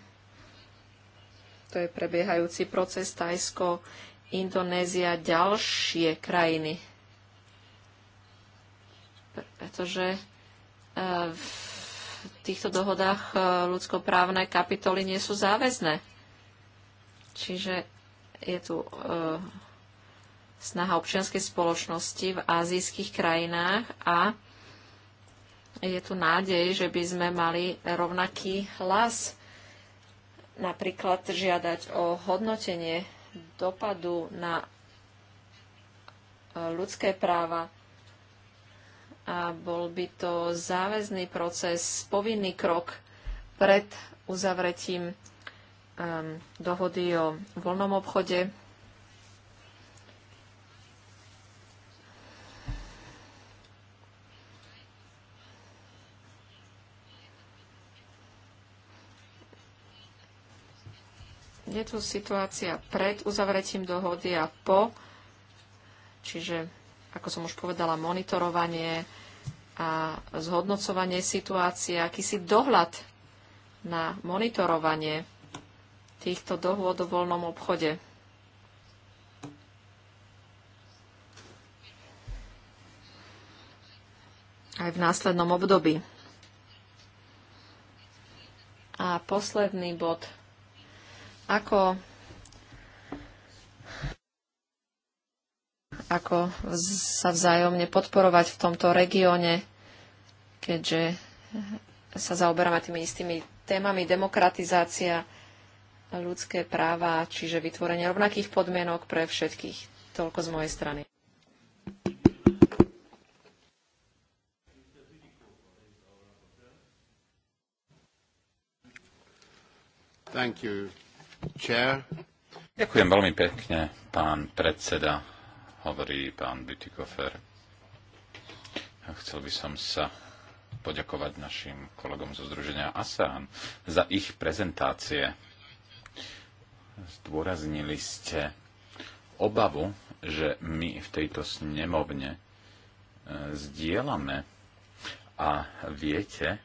To je prebiehajúci proces Tajsko, Indonézia, ďalšie krajiny. Pretože e, v týchto dohodách e, ľudskoprávne kapitoly nie sú záväzné. Čiže je tu e, snaha občianskej spoločnosti v azijských krajinách a je tu nádej, že by sme mali rovnaký hlas, napríklad žiadať o hodnotenie dopadu na e, ľudské práva a bol by to záväzný proces, povinný krok pred uzavretím dohody o voľnom obchode. Je tu situácia pred uzavretím dohody a po, čiže, ako som už povedala, monitorovanie a zhodnocovanie situácie, akýsi dohľad na monitorovanie týchto dohôd o voľnom obchode. Aj v následnom období. A posledný bod. Ako ako sa vzájomne podporovať v tomto regióne, keďže sa zaoberáme tými istými témami demokratizácia, ľudské práva, čiže vytvorenie rovnakých podmienok pre všetkých. Toľko z mojej strany. Thank you, chair. Ďakujem veľmi pekne, pán predseda, hovorí pán Bütikofer. A chcel by som sa poďakovať našim kolegom zo Združenia ASEAN za ich prezentácie. Zdôraznili ste obavu, že my v tejto snemovne e, zdieľame a viete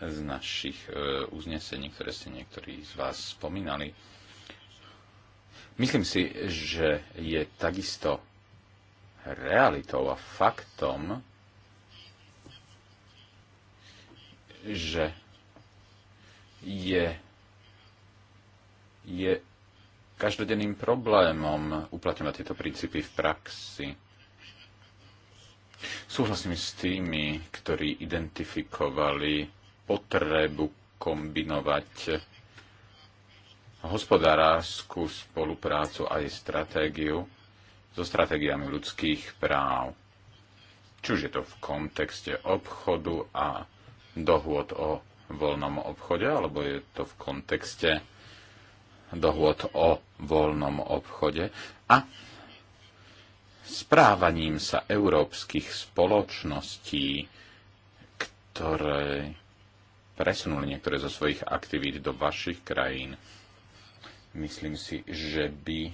z našich e, uznesení, ktoré ste niektorí z vás spomínali, myslím si, že je takisto realitou a faktom, že je je každodenným problémom uplatňovať tieto princípy v praxi. Súhlasím s tými, ktorí identifikovali potrebu kombinovať hospodárskú spoluprácu aj stratégiu so stratégiami ľudských práv. Či už je to v kontexte obchodu a dohôd o voľnom obchode, alebo je to v kontexte dohôd o voľnom obchode a správaním sa európskych spoločností, ktoré presunuli niektoré zo svojich aktivít do vašich krajín. Myslím si, že by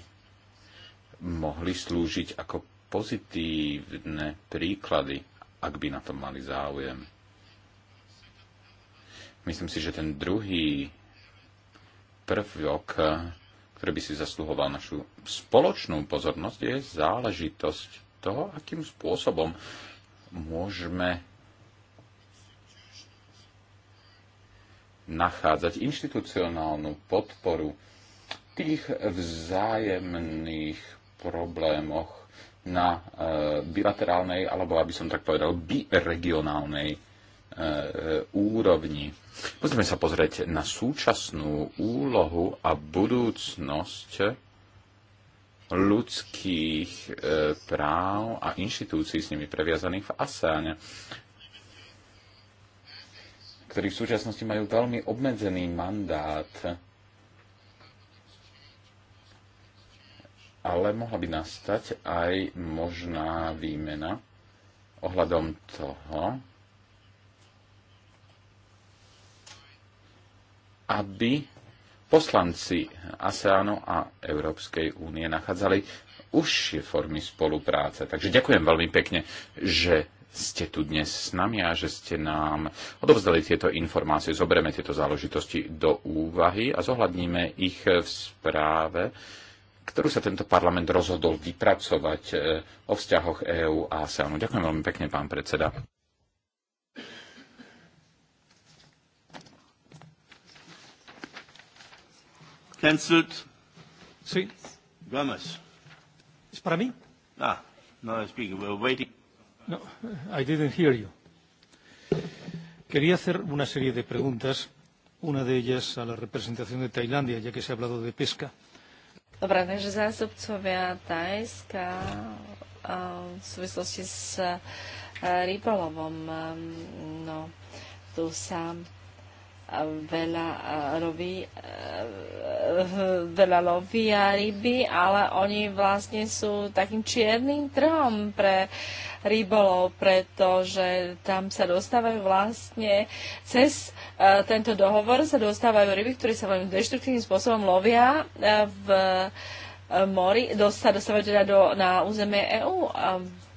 mohli slúžiť ako pozitívne príklady, ak by na to mali záujem. Myslím si, že ten druhý prvok, eh, ktorý by si zasluhoval našu spoločnú pozornosť, je záležitosť toho, akým spôsobom môžeme nachádzať inštitucionálnu podporu tých vzájemných problémoch na eh, bilaterálnej, alebo aby som tak povedal, biregionálnej Eh, úrovni. Pozrieme sa pozrieť na súčasnú úlohu a budúcnosť ľudských eh, práv a inštitúcií s nimi previazaných v Asáne. ktorí v súčasnosti majú veľmi obmedzený mandát, ale mohla by nastať aj možná výmena ohľadom toho, aby poslanci ASEANu a Európskej únie nachádzali užšie formy spolupráce. Takže ďakujem veľmi pekne, že ste tu dnes s nami a že ste nám odovzdali tieto informácie. Zoberieme tieto záležitosti do úvahy a zohľadníme ich v správe, ktorú sa tento parlament rozhodol vypracovať eh, o vzťahoch EÚ a ASEANu. Ďakujem veľmi pekne, pán predseda. Cancelled. Sí. Gomez. ¿Es para mí? Ah, no speaking. We're waiting. No, I didn't hear you. Quería hacer una serie de preguntas, una de ellas a la representación de Tailandia, ya que se ha hablado de pesca. Dobre, takže zástupcovia Tajska eh, v súvislosti s eh, rybolovom, ehm, no, tu sa veľa e, robí, e, veľa lovia ryby, ale oni vlastne sú takým čiernym trhom pre rybolov, pretože tam sa dostávajú vlastne cez e, tento dohovor sa dostávajú ryby, ktoré sa veľmi deštruktívnym spôsobom lovia v mori, sa dostávajú teda do, na územie EÚ.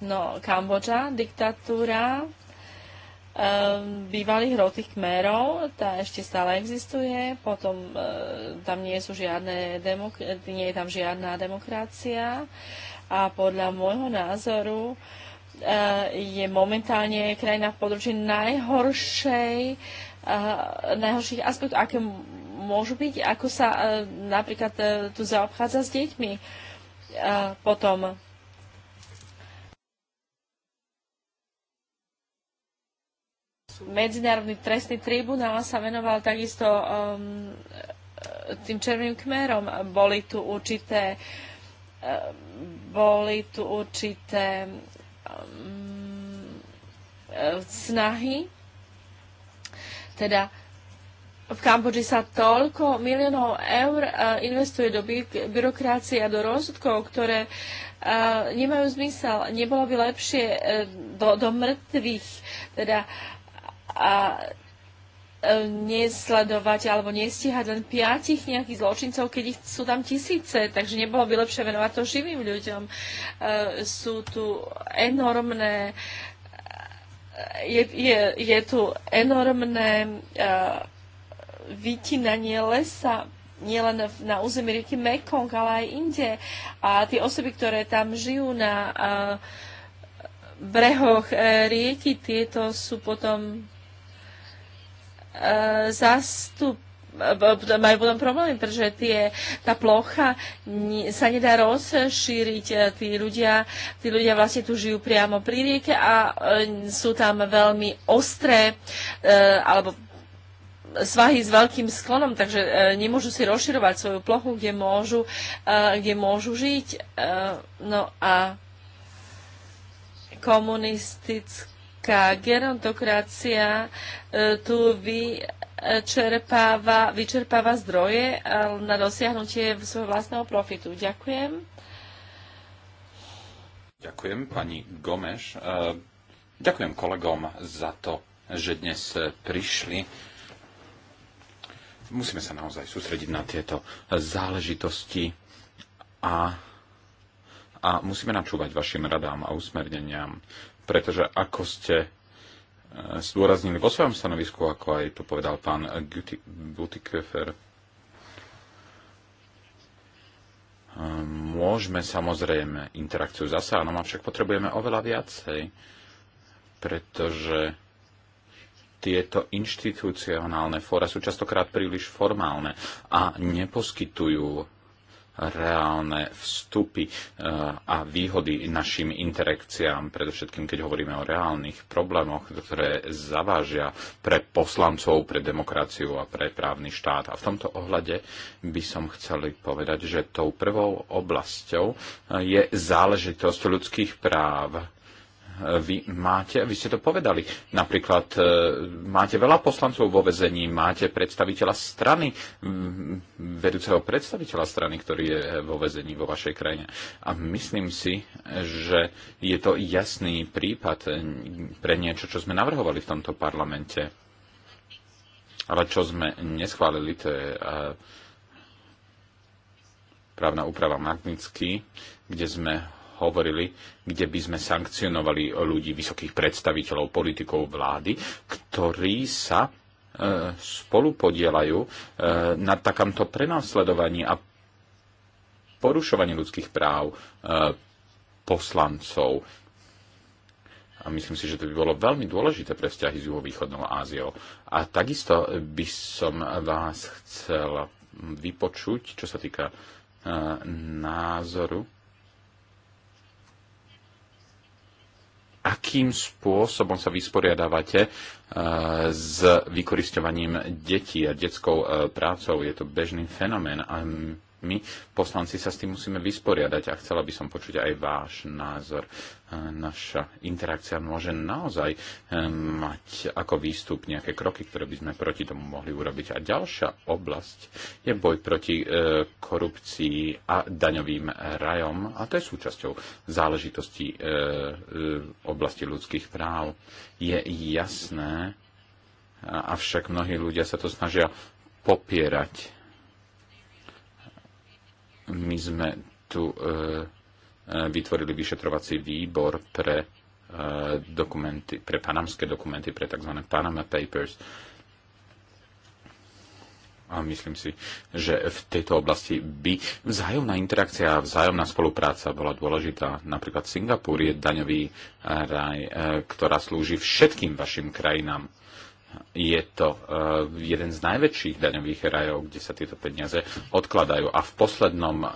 No, Kambodža, diktatúra, bývalých rotých kmerov, tá ešte stále existuje, potom e, tam nie, sú žiadne demok- nie je tam žiadna demokracia a podľa môjho názoru e, je momentálne krajina v područí najhoršej, e, najhorších aspektov, aké môžu byť, ako sa e, napríklad e, tu zaobchádza s deťmi. E, potom Medzinárodný trestný tribunál sa venoval takisto um, tým červeným kmerom. Boli tu určité um, boli tu určité um, snahy teda v Kambodži sa toľko miliónov eur uh, investuje do by byrokracie a do rozsudkov, ktoré uh, nemajú zmysel. Nebolo by lepšie uh, do, do mŕtvych, teda a e, nesledovať alebo nestíhať len piatich nejakých zločincov, keď ich sú tam tisíce, takže nebolo by lepšie venovať to živým ľuďom. E, sú tu enormné e, je, je, je tu enormné e, vytínanie lesa, nielen na území rieky Mekong, ale aj inde. A tie osoby, ktoré tam žijú na e, brehoch rieky, tieto sú potom zastup majú potom problémy, pretože tie, tá plocha sa nedá rozšíriť. E, tí ľudia, tí ľudia vlastne tu žijú priamo pri rieke a e, sú tam veľmi ostré e, alebo svahy s veľkým sklonom, takže nemôžu si rozširovať svoju plochu, kde môžu, kde môžu žiť. no a komunistické taká gerontokracia e, tu vyčerpáva, vyčerpáva zdroje e, na dosiahnutie svojho vlastného profitu. Ďakujem. Ďakujem pani Gomeš. E, ďakujem kolegom za to, že dnes prišli. Musíme sa naozaj sústrediť na tieto záležitosti a, a musíme načúvať vašim radám a usmerneniam pretože ako ste e, zdôraznili vo svojom stanovisku, ako aj to povedal pán Butikofer, e, môžeme samozrejme interakciu zase, áno, avšak potrebujeme oveľa viacej, pretože tieto inštitucionálne fóra sú častokrát príliš formálne a neposkytujú reálne vstupy eh, a výhody našim interakciám, predovšetkým keď hovoríme o reálnych problémoch, ktoré zavážia pre poslancov, pre demokraciu a pre právny štát. A v tomto ohľade by som chcel povedať, že tou prvou oblasťou eh, je záležitosť ľudských práv vy máte, vy ste to povedali, napríklad e, máte veľa poslancov vo vezení, máte predstaviteľa strany, vedúceho predstaviteľa strany, ktorý je vo vezení vo vašej krajine. A myslím si, že je to jasný prípad e, pre niečo, čo sme navrhovali v tomto parlamente. Ale čo sme neschválili, to je e, právna úprava Magnitsky, kde sme hovorili, kde by sme sankcionovali ľudí, vysokých predstaviteľov, politikov vlády, ktorí sa e, spolupodielajú e, na takomto prenasledovaní a porušovaní ľudských práv e, poslancov. A myslím si, že to by bolo veľmi dôležité pre vzťahy s juhovýchodnou Áziou. A takisto by som vás chcel vypočuť, čo sa týka názoru akým spôsobom sa vysporiadávate eh, s vykoristovaním detí a detskou eh, prácou. Je to bežný fenomén a my, poslanci, sa s tým musíme vysporiadať a chcela by som počuť aj váš názor. E, naša interakcia môže naozaj e, mať ako výstup nejaké kroky, ktoré by sme proti tomu mohli urobiť. A ďalšia oblasť je boj proti e, korupcii a daňovým rajom a to je súčasťou záležitosti oblasti ľudských práv. Je jasné, avšak mnohí ľudia sa to snažia popierať my sme tu e, e, vytvorili vyšetrovací výbor pre e, dokumenty, pre panamské dokumenty, pre tzv. Panama Papers. A myslím si, že v tejto oblasti by vzájomná interakcia a vzájomná spolupráca bola dôležitá. Napríklad Singapur je daňový raj, ktorá slúži všetkým vašim krajinám je to eh, jeden z najväčších daňových rajov, kde sa tieto peniaze odkladajú. A v poslednom eh,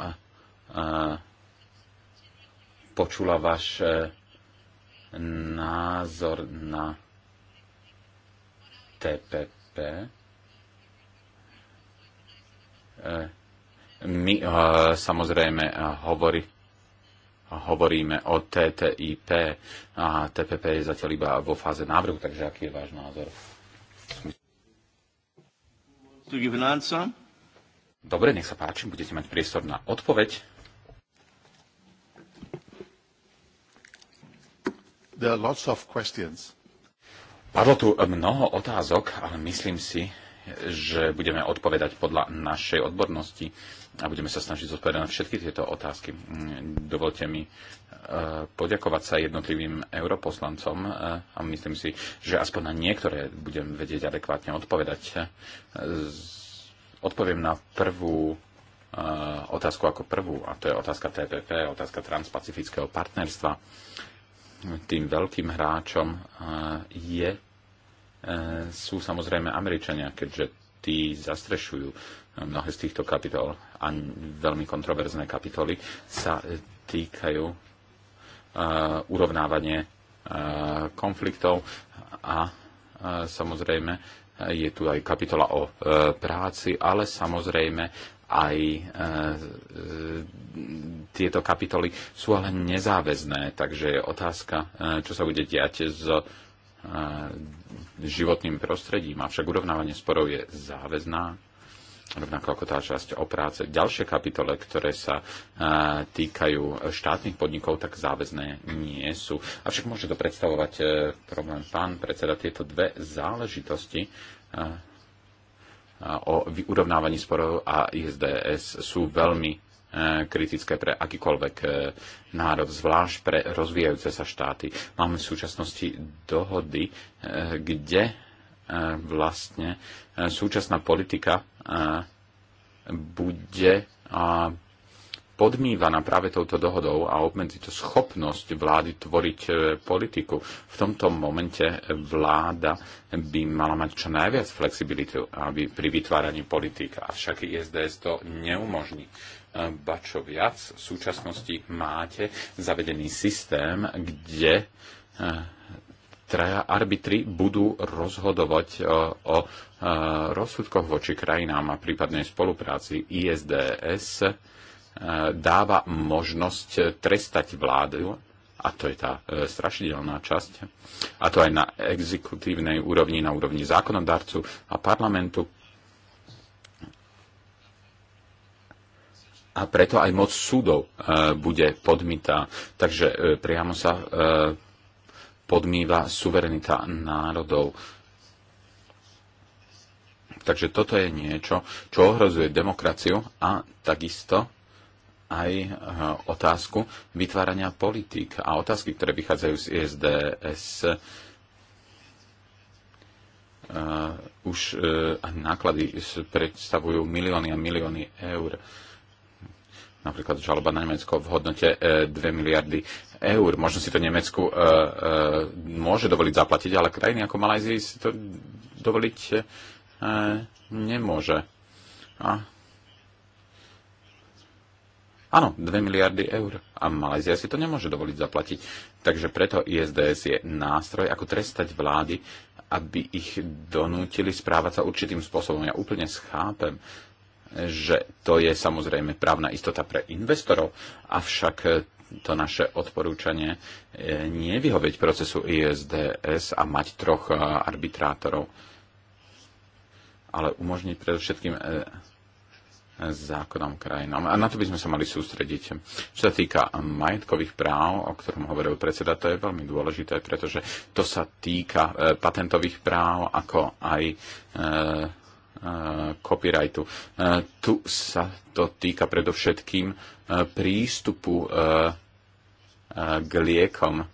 eh, počula váš názor na TPP. My samozrejme hovorí, hovoríme o TTIP a TPP je zatiaľ iba vo fáze návrhu, takže aký je váš názor? to give an answer. Dobre, nech sa páči, budete mať priestor na odpoveď. There are lots of questions. Padlo tu mnoho otázok, ale myslím si, že budeme odpovedať podľa našej odbornosti a budeme sa snažiť zodpovedať na všetky tieto otázky. Mm, dovolte mi e, poďakovať sa jednotlivým europoslancom e, a myslím si, že aspoň na niektoré budem vedieť adekvátne odpovedať. E, odpoviem na prvú otázku ako prvú, a to je otázka TPP, otázka transpacifického partnerstva. Tým veľkým hráčom je, sú samozrejme Američania, keďže tí zastrešujú Mnohé z týchto kapitol a veľmi kontroverzné kapitoly sa týkajú e, urovnávanie e, konfliktov a e, samozrejme je tu aj kapitola o práci, ale samozrejme aj e, tieto kapitoly sú ale nezáväzné, takže je otázka, e, čo sa bude diať s e, životným prostredím. Avšak urovnávanie sporov je záväzná rovnako ako tá časť o práce. Ďalšie kapitole, ktoré sa týkajú štátnych podnikov, tak záväzné nie sú. Avšak môže to predstavovať e, problém pán predseda. Tieto dve záležitosti o urovnávaní sporov a ISDS sú veľmi e, kritické pre akýkoľvek e, národ, zvlášť pre rozvíjajúce sa štáty. Máme v súčasnosti dohody, kde vlastne súčasná politika bude podmývaná práve touto dohodou a obmedzi to schopnosť vlády tvoriť e, politiku. V tomto momente vláda by mala mať čo najviac flexibilitu aby pri vytváraní politik, avšak ISDS to neumožní. E, ba čo viac, v súčasnosti máte zavedený systém, kde e, traja arbitri budú rozhodovať e, o e, rozsudkoch voči krajinám a prípadnej spolupráci ISDS e, dáva možnosť trestať vládu, a to je tá strašidelná časť, a to aj na exekutívnej úrovni, na úrovni zákonodarcu a parlamentu, a preto aj moc súdov bude podmitá. Takže priamo sa podmýva suverenita národov. Takže toto je niečo, čo ohrozuje demokraciu a takisto aj e, otázku vytvárania politík a otázky, ktoré vychádzajú z ISDS uh, e, už uh, náklady predstavujú milióny a milióny eur. Napríklad žaloba na Nemecko v hodnote uh, 2 miliardy eur. Možno si to Nemecku uh, uh, môže dovoliť zaplatiť, ale krajiny ako Malajzii si to dovoliť uh, nemôže. A... Áno, 2 miliardy eur. A Malajzia si to nemôže dovoliť zaplatiť. Takže preto ISDS je nástroj, ako trestať vlády, aby ich donútili správať sa určitým spôsobom. Ja úplne schápem, že to je samozrejme právna istota pre investorov, avšak to naše odporúčanie e, nevyhovieť procesu ISDS a mať troch e, arbitrátorov, ale umožniť predovšetkým e, zákonom krajinám. A na to by sme sa mali sústrediť. Čo sa týka majetkových práv, o ktorom hovoril predseda, to je veľmi dôležité, pretože to sa týka patentových práv, ako aj copyrightu. Tu sa to týka predovšetkým prístupu k liekom.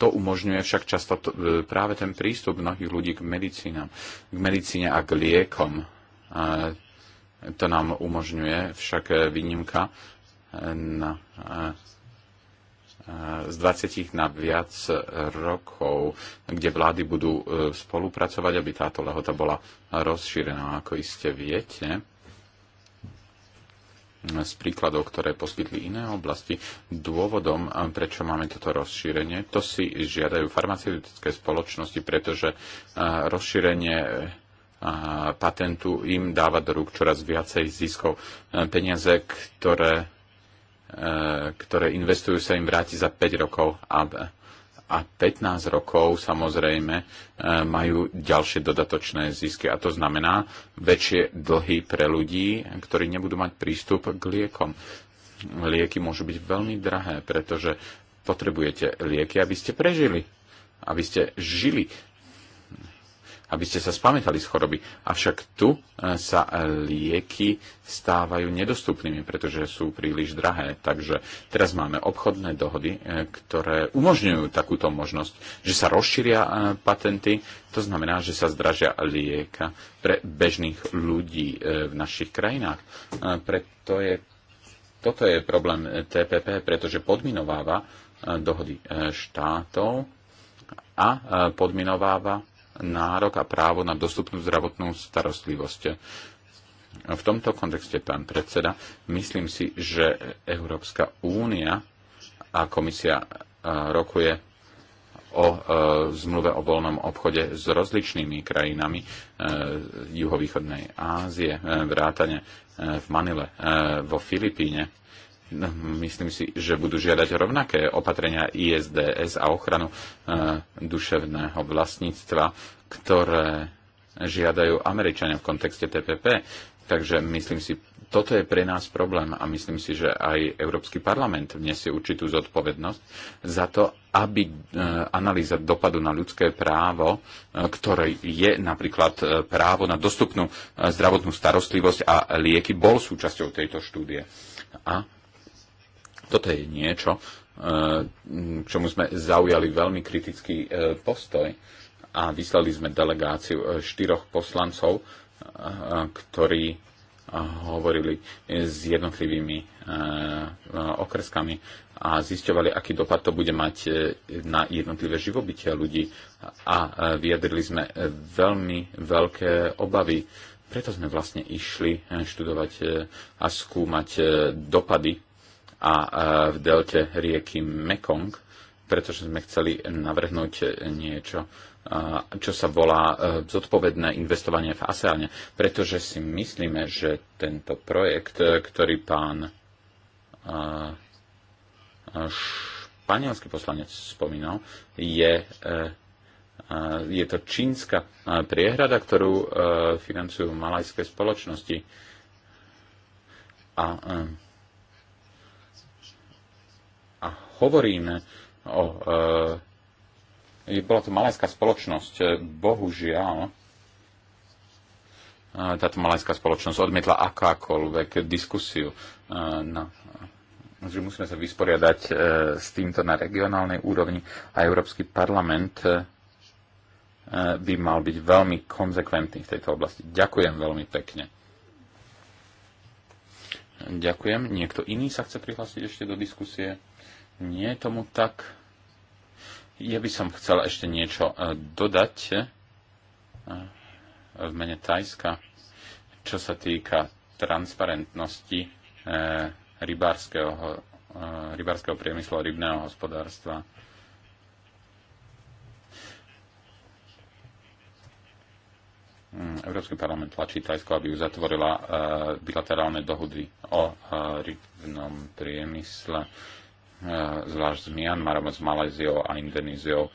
To umožňuje však často e, práve ten prístup mnohých ľudí k medicínám, k medicíne a k liekom. To nám umožňuje však výnimka e, na z 20 na viac rokov, kde vlády budú e, spolupracovať, aby táto lehota bola rozšírená. Ako iste viete, z príkladov, ktoré poskytli iné oblasti, dôvodom, e, prečo máme toto rozšírenie, to si žiadajú farmaceutické spoločnosti, pretože e, rozšírenie patentu im dáva do rúk čoraz viacej ziskov peniaze, ktoré Eh, ktoré investujú, sa im vráti za 5 rokov a, a 15 rokov samozrejme eh, majú ďalšie dodatočné zisky a to znamená väčšie dlhy pre ľudí, ktorí nebudú mať prístup k liekom. Lieky môžu byť veľmi drahé, pretože potrebujete lieky, aby ste prežili, aby ste žili aby ste sa spamätali z choroby. Avšak tu e, sa e, lieky stávajú nedostupnými, pretože sú príliš drahé. Takže teraz máme obchodné dohody, e, ktoré umožňujú takúto možnosť, že sa rozšíria patenty, to znamená, že sa zdražia lieka pre bežných ľudí v našich krajinách. Preto je, toto je problém TPP, pretože podminováva dohody štátov a podminováva nárok a právo na dostupnú zdravotnú starostlivosť. V tomto kontexte, pán predseda, myslím si, že Európska únia a komisia e, rokuje o e, zmluve o voľnom obchode s rozličnými krajinami e, juhovýchodnej Ázie, vrátane v Manile, vo Filipíne No, myslím si, že budú žiadať rovnaké opatrenia ISDS a ochranu e, duševného vlastníctva, ktoré žiadajú Američania v kontexte TPP. Takže myslím si, toto je pre nás problém a myslím si, že aj Európsky parlament vniesie určitú zodpovednosť za to, aby e, analýza dopadu na ľudské právo, e, ktoré je napríklad právo na dostupnú zdravotnú starostlivosť a lieky, bol súčasťou tejto štúdie. A toto je niečo, e, k čomu sme zaujali veľmi kritický e, postoj a vyslali sme delegáciu e, štyroch poslancov, ktorí hovorili s jednotlivými okreskami a zisťovali, aký dopad to bude mať na jednotlivé živobytia ľudí a vyjadrili sme veľmi veľké obavy. Preto sme vlastne išli študovať a skúmať dopady a v delte rieky Mekong, pretože sme chceli navrhnúť niečo, čo sa volá e, zodpovedné investovanie v ASEANe, pretože si myslíme, že tento projekt, e, ktorý pán e, španielský poslanec spomínal, je, je to čínska priehrada, ktorú financujú malajské spoločnosti. A hovoríme o... E, bola to malajská spoločnosť. E, bohužiaľ, e, táto malajská spoločnosť odmietla akákoľvek diskusiu. E, na, že musíme sa vysporiadať s týmto na regionálnej úrovni a Európsky parlament by mal byť veľmi konzekventný v tejto oblasti. Ďakujem veľmi pekne. Ďakujem. Niekto iný sa chce prihlásiť ešte do diskusie? Nie je tomu tak. Ja by som chcel ešte niečo e, dodať e, v mene Tajska, čo sa týka transparentnosti e, rybárskeho, rybárskeho priemyslu a rybného hospodárstva. Mm, Európsky parlament tlačí Tajsko, aby uzatvorila bilaterálne dohody o rybnom priemysle E, zvlášť s Myanmarom, s Maléziou a Indonéziou,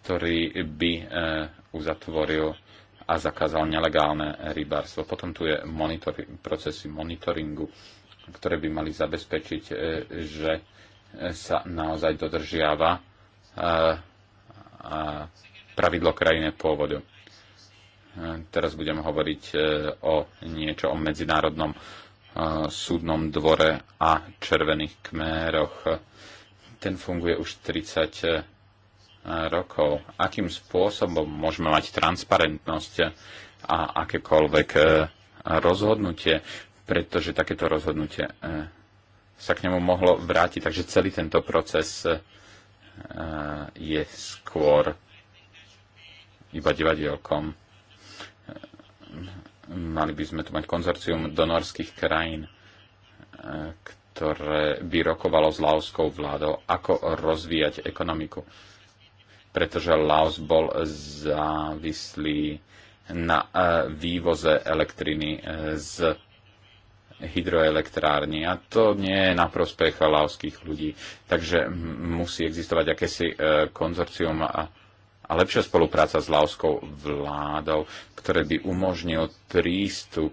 ktorý by e, uzatvoril a zakázal nelegálne rybárstvo. Potom tu je monitori- procesy monitoringu, ktoré by mali zabezpečiť, e, že sa naozaj dodržiava pravidlo krajine pôvodu. Teraz budem hovoriť o niečo o medzinárodnom súdnom dvore a červených kméroch. Ten funguje už 30 e, rokov. Akým spôsobom môžeme mať transparentnosť a akékoľvek e, rozhodnutie, pretože takéto rozhodnutie e, sa k nemu mohlo vrátiť. Takže celý tento proces je skôr iba divadielkom Mali by sme tu mať konzorcium donorských krajín, e, ktoré by rokovalo s laoskou vládou, ako rozvíjať ekonomiku. Pretože Laos bol závislý na e, vývoze elektriny e, z hydroelektrárny, a to nie je na prospech laoských ľudí. Takže musí existovať akési konzorcium a a lepšia spolupráca s laoskou vládou, ktoré by umožnil prístup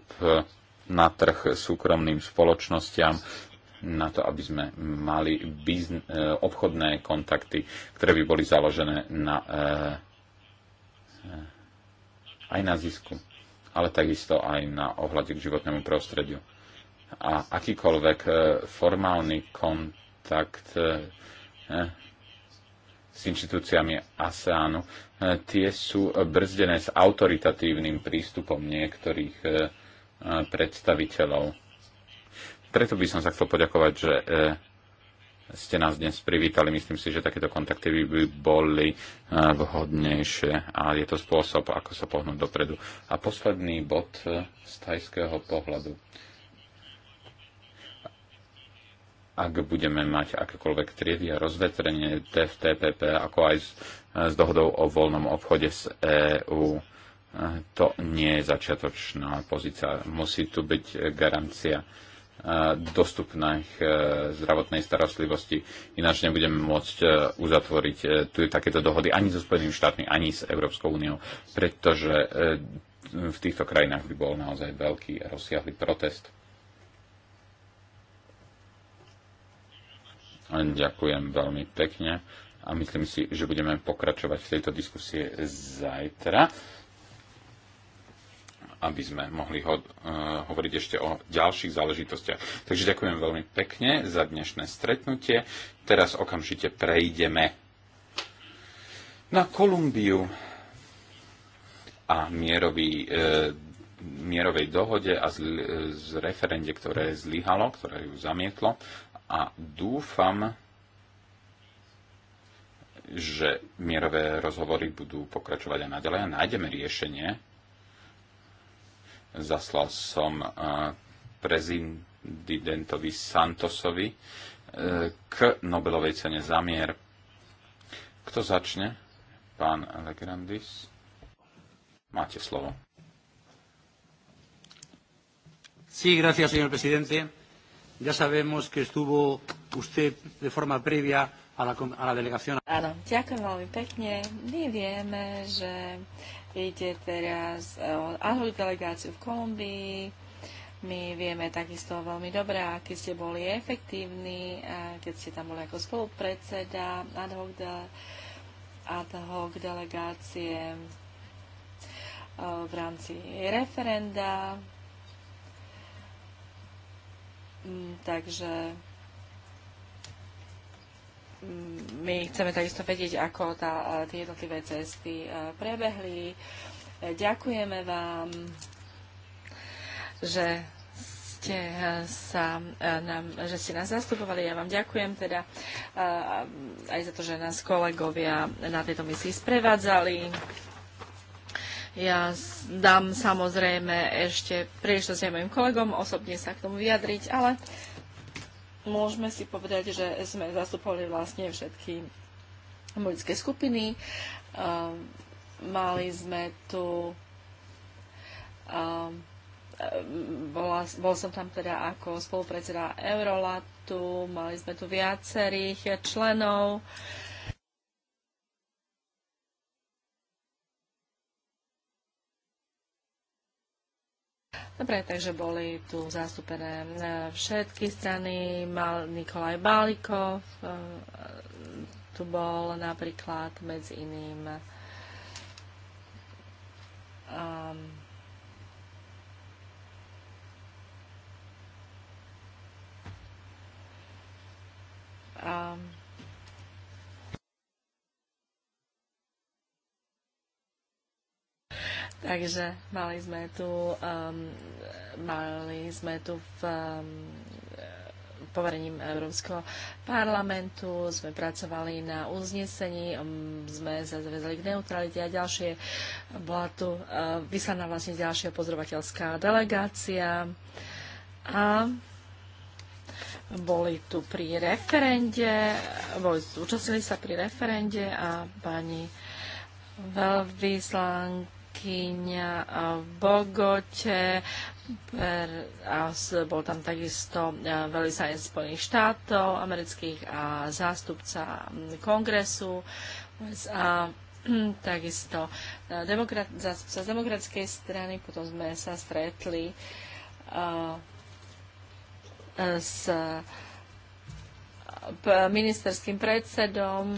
na trh súkromným spoločnosťam na to, aby sme mali bizn- e, obchodné kontakty, ktoré by boli založené na, e, e, aj na zisku, ale takisto aj na ohľade k životnému prostrediu. A akýkoľvek formálny kontakt s inštitúciami ASEANu, e, tie sú brzdené s autoritatívnym prístupom niektorých e, e, predstaviteľov. Preto by som sa chcel poďakovať, že ste nás dnes privítali. Myslím si, že takéto kontakty by boli vhodnejšie a je to spôsob, ako sa pohnúť dopredu. A posledný bod z tajského pohľadu. ak budeme mať akékoľvek triedy a rozvetrenie TFTPP, ako aj s, s dohodou o voľnom obchode s EÚ. To nie je začiatočná pozícia. Musí tu byť garancia dostupnej zdravotnej starostlivosti. Ináč nebudeme môcť e, uzatvoriť e, tu takéto dohody ani so Spojenými štátmi, ani s Európskou úniou, pretože e, v týchto krajinách by bol naozaj veľký rozsiahly protest. Ďakujem veľmi pekne a myslím si, že budeme pokračovať v tejto diskusie zajtra, aby sme mohli ho, uh, hovoriť ešte o ďalších záležitostiach. Takže ďakujem veľmi pekne za dnešné stretnutie. Teraz okamžite prejdeme na Kolumbiu a mierový, e, mierovej dohode a z, e, z referende, ktoré zlyhalo, ktoré ju zamietlo a dúfam, že mierové rozhovory budú pokračovať aj naďalej a nájdeme riešenie. Zaslal som eh, prezidentovi Santosovi eh, k Nobelovej cene za mier. Kto začne? Pán Legrandis. Máte slovo. Sí, gracias, señor presidente. Ya sabemos que estuvo usted de forma previa a la, a la delegación. Áno, ďakujem veľmi pekne. My vieme, že ide teraz o ažu delegáciu v Kolumbii. My vieme takisto veľmi dobre, aký ste boli efektívni, keď ste tam boli ako spolupredseda ad hoc, de, ad hoc delegácie e, v rámci referenda Mm, takže mm, my chceme takisto vedieť, ako tá, tie jednotlivé cesty prebehli. E, ďakujeme vám, že ste, e, sa, e, nám, že ste nás zastupovali. Ja vám ďakujem teda aj za to, že nás kolegovia na tejto misii sprevádzali. Ja dám samozrejme ešte príležitosť aj mojim kolegom osobne sa k tomu vyjadriť, ale môžeme si povedať, že sme zastupovali vlastne všetky mužské skupiny. Mali sme tu bola, bol som tam teda ako spolupredseda Eurolatu, mali sme tu viacerých členov Dobre, takže boli tu zastúpené e, všetky strany. Mal Nikolaj Balikov, e, tu bol napríklad medzi iným um, um, Takže mali sme tu, um, mali sme tu v um, poverením Európskeho parlamentu, sme pracovali na uznesení, um, sme sa zavezali k neutralite a ďalšie. Bola tu uh, vyslaná vlastne ďalšia pozorovateľská delegácia a boli tu pri referende, boli, zúčastnili sa pri referende a pani veľvyslank spravodajkyňa eh, v Bogote, a bol tam takisto eh, veľvyslanec Spojených štátov amerických a zástupca mm, kongresu USA, takisto eh, demokrat, zástupca z demokratickej strany, potom sme sa stretli a, s ministerským predsedom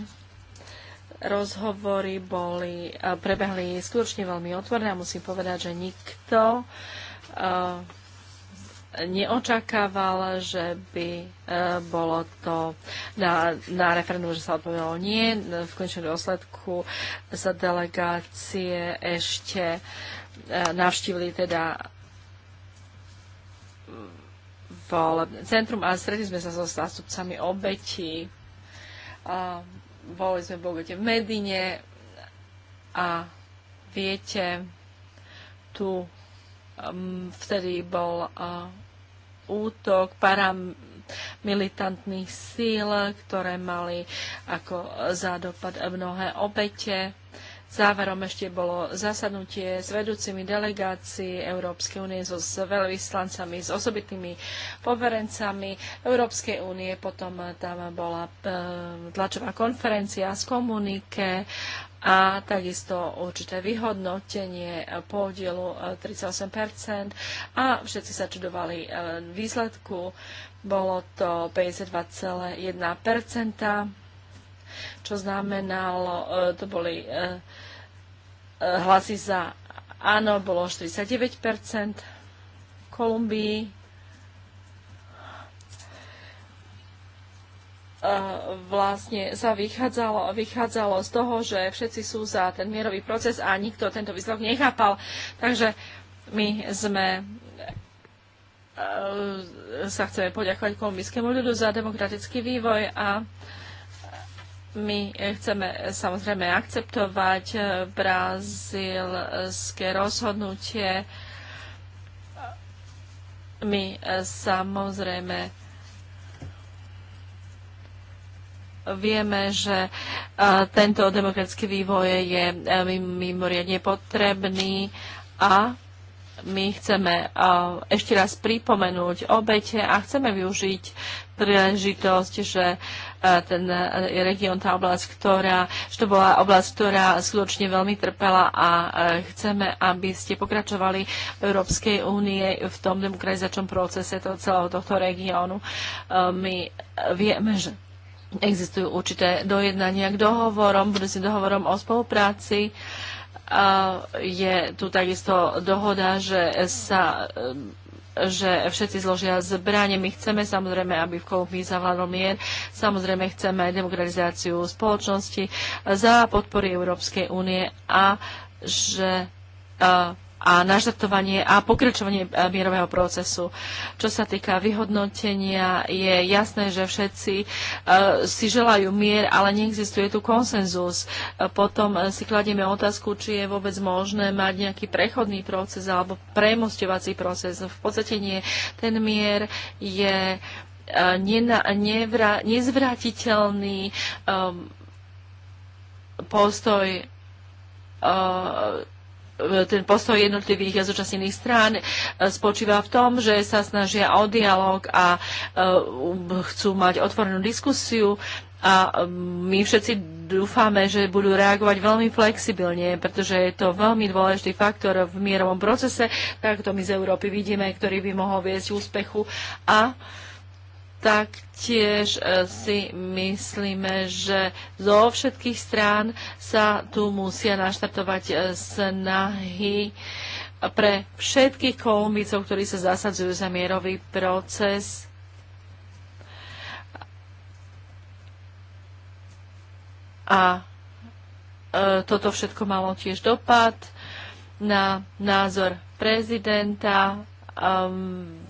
rozhovory boli, eh, prebehli skutočne veľmi otvorené a musím povedať, že nikto eh, neočakával, že by eh, bolo to na, na referendum, že sa odpovedalo nie. V konečnom dôsledku sa delegácie ešte navštívili teda volebné centrum a stretli sme sa so zástupcami obetí boli sme v Bogote v Medine a viete, tu um, vtedy bol uh, útok paramilitantných síl, ktoré mali ako za dopad mnohé obete. Záverom ešte bolo zasadnutie s vedúcimi delegácií Európskej únie so, s veľvyslancami, s osobitnými poverencami Európskej únie. Potom tam bola e, tlačová konferencia z komunike a takisto určité vyhodnotenie podielu 38 e, a všetci sa čudovali e, výsledku. Bolo to 52,1 čo znamenalo, e, to boli e, e, hlasy za áno, bolo 49%, v Kolumbii vlastne sa vychádzalo, vychádzalo z toho, že všetci sú za ten mierový proces a nikto tento výsledok nechápal. Takže my sme sa chceme poďakovať kolumbijskému ľudu za demokratický vývoj a my eh, chceme eh, samozrejme akceptovať eh, brazilské rozhodnutie. My samozrejme vieme, že tento demokratický vývoj je mimoriadne potrebný a my chceme ešte raz pripomenúť obete a chceme využiť príležitosť, že e, ten e, region, tá oblasť, ktorá, že to bola oblasť, ktorá skutočne veľmi trpela a e, chceme, aby ste pokračovali v Európskej únie v tom demokratizačnom procese toho celého tohto regiónu. My vieme, že existujú určité dojednania k dohovorom, si dohovorom o spolupráci. Je tu takisto dohoda, že sa že všetci zložia zbranie. My chceme samozrejme, aby v Kolumbii zavládol mier, samozrejme chceme aj demokratizáciu spoločnosti za podpory Európskej únie a že uh, a naštartovanie a pokračovanie e, mierového procesu. Čo sa týka vyhodnotenia, je jasné, že všetci e, si želajú mier, ale neexistuje tu konsenzus. E, potom si kladieme otázku, či je vôbec možné mať nejaký prechodný proces alebo premostovací proces. V podstate nie. Ten mier je nezvratiteľný postoj ten postoj jednotlivých a zúčastnených strán e, spočíva v tom, že sa snažia o dialog a e, chcú mať otvorenú diskusiu a e, my všetci dúfame, že budú reagovať veľmi flexibilne, pretože je to veľmi dôležitý faktor v mierovom procese, tak to my z Európy vidíme, ktorý by mohol viesť úspechu a uh, taktiež e, si myslíme, že zo všetkých strán sa tu musia naštartovať e, snahy pre všetkých kolumbicov, ktorí sa zasadzujú za mierový proces. A e, toto všetko malo tiež dopad na názor prezidenta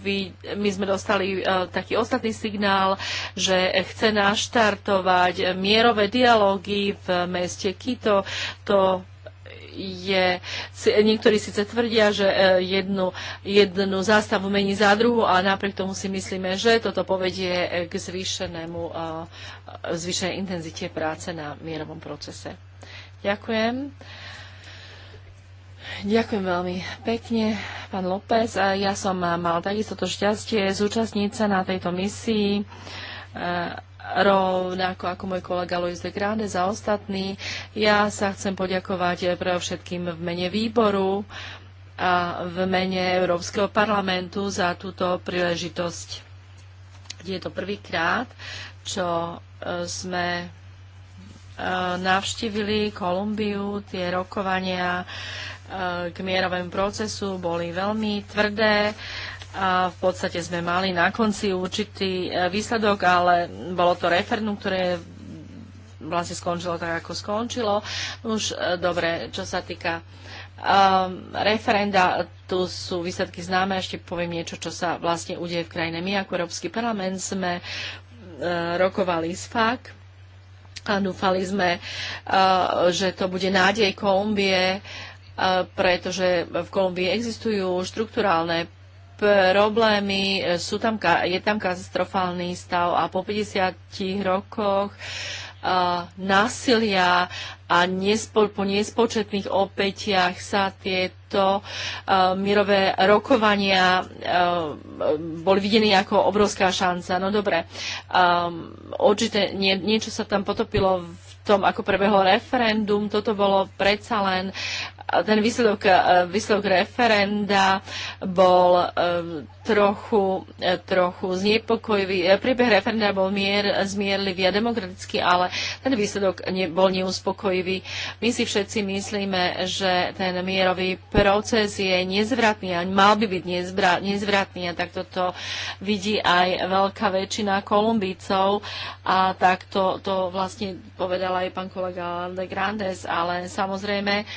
vy, my sme dostali uh, taký ostatný signál, že chce naštartovať mierové dialógy v meste Kito. To je, niektorí síce tvrdia, že e, jednu, jednu zástavu mení za druhú, a napriek tomu si myslíme, že toto povedie e, k zvýšenému, zvýšenej intenzite práce na mierovom procese. Ďakujem. Ďakujem veľmi pekne, pán López. Ja som mal takisto to šťastie zúčastniť sa na tejto misii e, rovnako ako môj kolega Luis de Grande za ostatný. Ja sa chcem poďakovať pre všetkým v mene výboru a v mene Európskeho parlamentu za túto príležitosť. Je to prvýkrát, čo e, sme e, navštívili Kolumbiu, tie rokovania Eh, k mierovému procesu boli veľmi tvrdé a v podstate sme mali na konci určitý eh, výsledok, ale bolo to referendum, ktoré vlastne skončilo tak, ako skončilo. Už eh, dobre, čo sa týka um, referenda, tu sú výsledky známe, ešte poviem niečo, čo sa vlastne udeje v krajine. My ako Európsky parlament sme uh, rokovali s FAK, a dúfali sme, že to bude nádej Kolumbie, pretože v Kolumbii existujú štruktúrálne problémy, sú tam, je tam katastrofálny stav a po 50 rokoch násilia a nespo, po nespočetných opätiach sa tieto uh, mirové rokovania uh, boli videné ako obrovská šanca. No dobre, um, určite nie, niečo sa tam potopilo v tom, ako prebehlo referendum. Toto bolo predsa len ten výsledok, e, výsledok referenda bol e, trochu, e, trochu znepokojivý. Priebeh referenda bol mier, zmierlivý a demokratický, ale ten výsledok ne, bol neuspokojivý. My si všetci myslíme, že ten mierový proces je nezvratný a mal by byť nezbra, nezvratný a takto to vidí aj veľká väčšina Kolumbícov a takto to vlastne povedal aj pán kolega De Grandes, ale samozrejme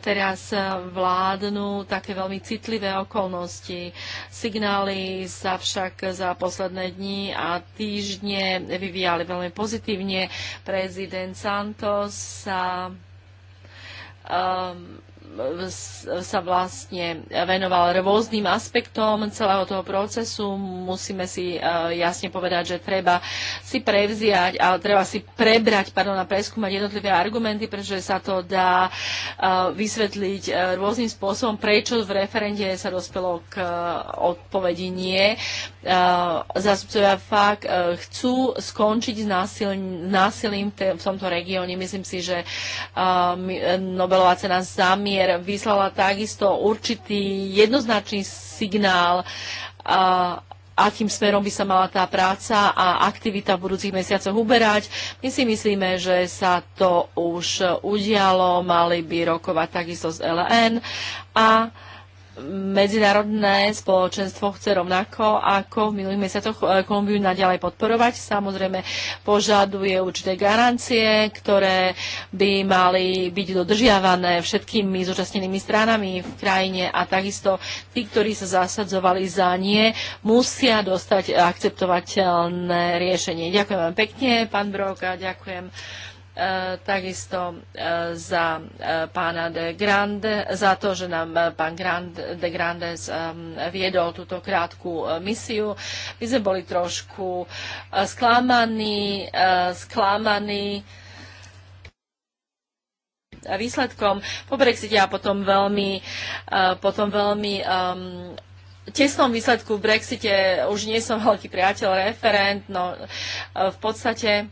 teraz vládnu také veľmi citlivé okolnosti. Signály sa však za posledné dni a týždne vyvíjali veľmi pozitívne. Prezident Santos sa um, sa vlastne venoval rôznym aspektom celého toho procesu. Musíme si eh, jasne povedať, že treba si prevziať, ale treba si prebrať, pardon, a preskúmať jednotlivé argumenty, pretože sa to dá eh, vysvetliť eh, rôznym spôsobom, prečo v referende sa dospelo k odpovedi nie. Eh, zástupcovia fakt eh, chcú skončiť s násilím, násilím v tomto regióne. Myslím si, že eh, Nobelová cena zamier vyslala takisto určitý jednoznačný signál akým smerom by sa mala tá práca a aktivita v budúcich mesiacoch uberať. My si myslíme, že sa to už udialo, mali by rokovať takisto z LN a uh, medzinárodné spoločenstvo chce rovnako ako v minulých mesiacoch e, Kolumbiu naďalej podporovať. Samozrejme požaduje určité garancie, ktoré by mali byť dodržiavané všetkými zúčastnenými stranami v krajine a takisto tí, ktorí sa zasadzovali za nie, musia dostať akceptovateľné riešenie. Ďakujem vám pekne, pán Brok, a ďakujem E, takisto e, za e, pána de Grande, za to, že nám pán Grand, de Grande viedol túto krátku misiu. My sme boli trošku sklamaní, sklamaní výsledkom po Brexite a potom veľmi, potom veľmi um, tesnom výsledku v Brexite už nie som veľký priateľ referent, no v podstate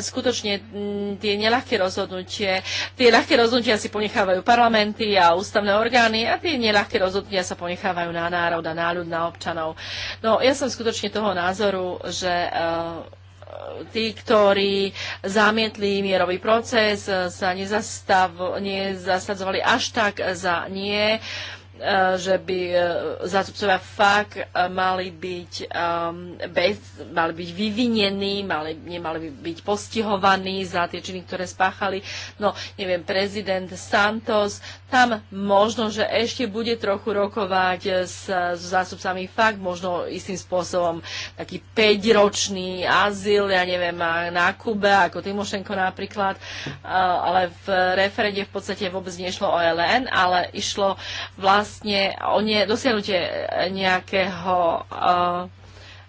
skutočne mm, tie neľahké rozhodnutie, tie ľahké rozhodnutia si ponechávajú parlamenty a ústavné orgány a tie neľahké rozhodnutia sa ponechávajú na národ a na ľud, na občanov. No ja som skutočne toho názoru, že eh, tí, ktorí zamietli mierový proces, eh, sa nezastav, nezasadzovali až tak za nie. Uh, Eh, že by eh, zástupcovia FAK eh, mali byť, ehm, bez, mali byť vyvinení, mali, nemali by byť postihovaní za tie činy, ktoré spáchali. No, neviem, prezident Santos, tam možno, že ešte bude trochu rokovať s, s zástupcami FAK, možno istým spôsobom taký 5-ročný azyl, ja neviem, na Kube, ako Timošenko napríklad, ale v referende v podstate vôbec nešlo o LN, ale išlo vlastne vlastne o ne, dosiahnutie nejakého uh,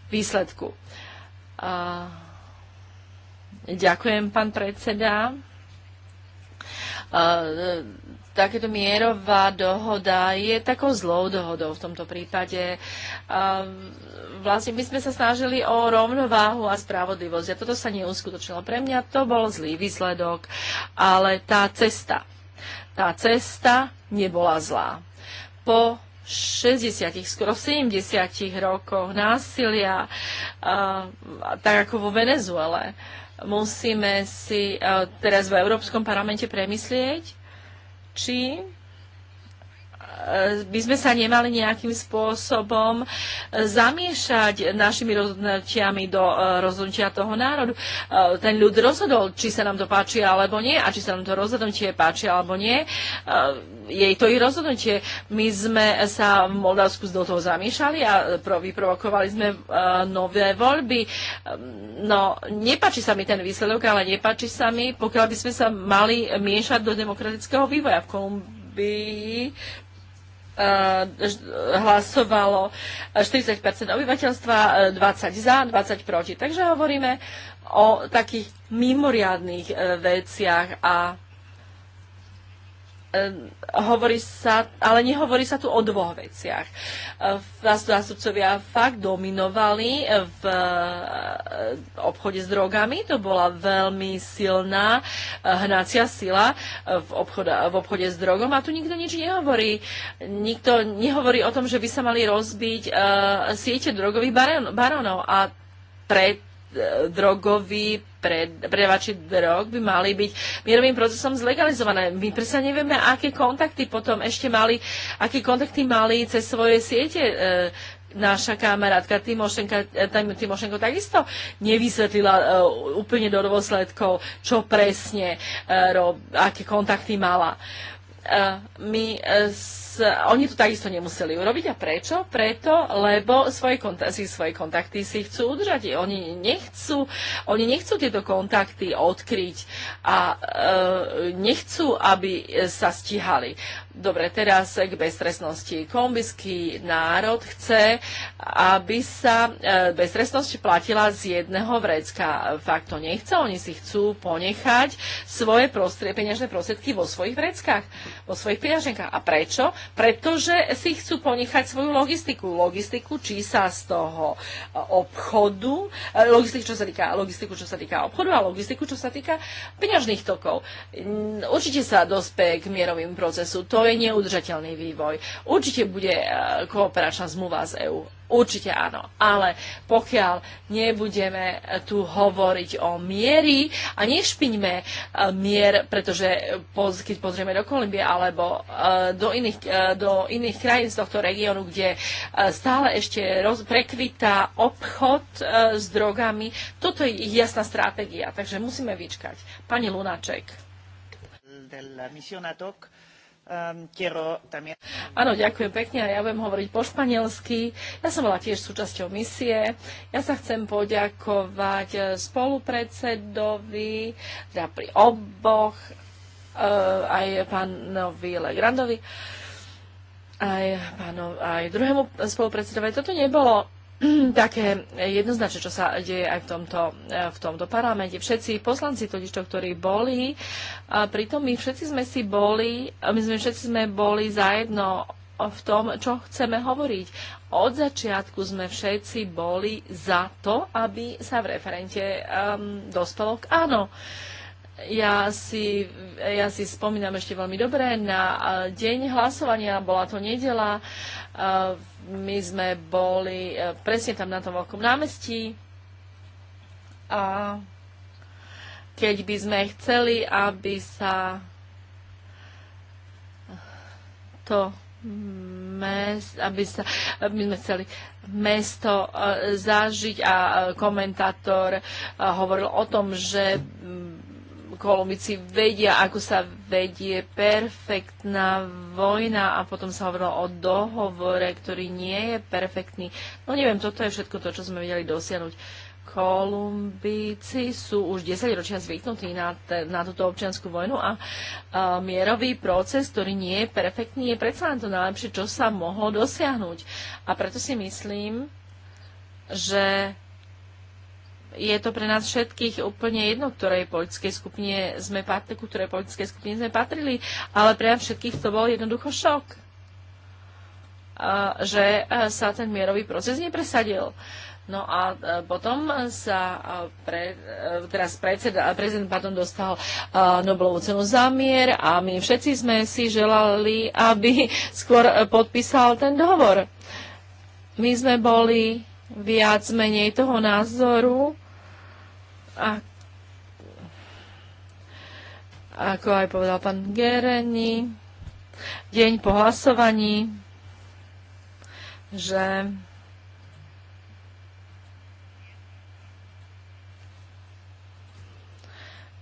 výsledku. Uh, ďakujem, pán predseda. Uh, takéto mierová dohoda je takou zlou dohodou v tomto prípade. Vlastne my sme sa snažili o rovnováhu a spravodlivosť a toto sa neuskutočnilo. Pre mňa to bol zlý výsledok, ale tá cesta, tá cesta nebola zlá po 60, skoro 70 rokoch násilia, tak ako vo Venezuele. Musíme si teraz v Európskom parlamente premyslieť, či E, by sme sa nemali nejakým spôsobom e, zamiešať našimi rozhodnutiami do e, rozhodnutia toho národu. Ten ľud rozhodol, či sa nám to páči alebo nie a či sa nám to rozhodnutie páči alebo nie. Jej to i rozhodnutie. My sme sa v Moldavsku do toho zamiešali a vyprovokovali sme nové voľby. No, nepáči sa mi ten výsledok, ale nepáči sa mi, pokiaľ by sme sa mali miešať do demokratického vývoja v Kolumbii, Eh, hlasovalo 40 obyvateľstva, 20 eh, za, 20 proti. Takže hovoríme o takých mimoriadných eh, veciach a Ehm, hovorí sa, ale nehovorí sa tu o dvoch veciach. Ehm, zástupcovia fakt dominovali v ehm, obchode s drogami, to bola veľmi silná hnacia sila v, obchoda, v obchode s drogom a tu nikto nič nehovorí. Nikto nehovorí o tom, že by sa mali rozbiť siete drogových baronov a preto drogoví predávači drog by mali byť mierovým procesom zlegalizované. My predsa nevieme, aké kontakty potom ešte mali, aké kontakty mali cez svoje siete e, naša kamarátka Timošenka, e, Timošenko takisto nevysvetlila e, úplne do dôsledkov, čo presne, aké kontakty mala. my oni to takisto nemuseli urobiť. A prečo? Preto, lebo svoje kontakty, si svoje kontakty si chcú udržať. Oni nechcú, oni nechcú tieto kontakty odkryť a e, nechcú, aby sa stíhali. Dobre, teraz k bezstresnosti. Kombiský národ chce, aby sa e, platila z jedného vrecka. Fakt to nechce, oni si chcú ponechať svoje prostrie, peňažné prostriedky vo svojich vreckách, vo svojich peňaženkách. A prečo? pretože si chcú ponechať svoju logistiku. Logistiku, či sa z toho e, obchodu, e, logistiku, čo sa týka, logistiku, čo sa týka obchodu a logistiku, čo sa týka peňažných tokov. Mm, určite sa dospe k mierovým procesu. To je neudržateľný vývoj. Určite bude e, kooperačná zmluva z EÚ Určite áno, ale pokiaľ nebudeme tu hovoriť o miery a nešpiňme e, mier, pretože keď pozrieme do Kolumbie alebo e, do iných, e, do iných krajín z tohto regiónu, kde stále ešte roz, prekvita obchod s drogami, toto je ich jasná stratégia, takže musíme vyčkať. Pani Lunaček. Ehm, Áno, ďakujem pekne a ja budem hovoriť po španielsky. Ja som bola tiež súčasťou misie. Ja sa chcem poďakovať eh, spolupredsedovi, teda pri oboch, eh, aj pánovi Legrandovi, aj, aj druhému spolupredsedovi. Toto nebolo také jednoznačne, čo sa deje aj v tomto, e, v tomto parlamente. Všetci poslanci to, ktorí boli, a pritom my všetci sme si boli, my sme všetci sme boli zajedno v tom, čo chceme hovoriť. Od začiatku sme všetci boli za to, aby sa v referente um, ehm, dospelo k áno. Ja si, ja si spomínam ešte veľmi dobre na e, deň hlasovania, bola to nedela. Uh, my sme boli e, presne tam na tom veľkom námestí a keď by sme chceli, aby sa to mesto, aby sa, aby sme chceli mesto e, zažiť a e, komentátor hovoril o tom, že Kolumbici vedia, ako sa vedie perfektná vojna a potom sa hovorilo o dohovore, ktorý nie je perfektný. No neviem, toto je všetko to, čo sme vedeli dosiahnuť. Kolumbici sú už 10 ročia zvyknutí na, te, na túto občianskú vojnu a, a mierový proces, ktorý nie je perfektný, je predsa len to najlepšie, čo sa mohlo dosiahnuť. A preto si myslím, že je to pre nás všetkých úplne jedno, ktorej politickej skupine sme patrili, ku ktorej politickej skupine sme patrili, ale pre nás všetkých to bol jednoducho šok, že sa ten mierový proces nepresadil. No a potom sa pre, teraz predseda, prezident potom dostal Nobelovú cenu za mier a my všetci sme si želali, aby skôr podpísal ten dohovor. My sme boli viac menej toho názoru, a, ako aj povedal pán Gereni, deň po hlasovaní, že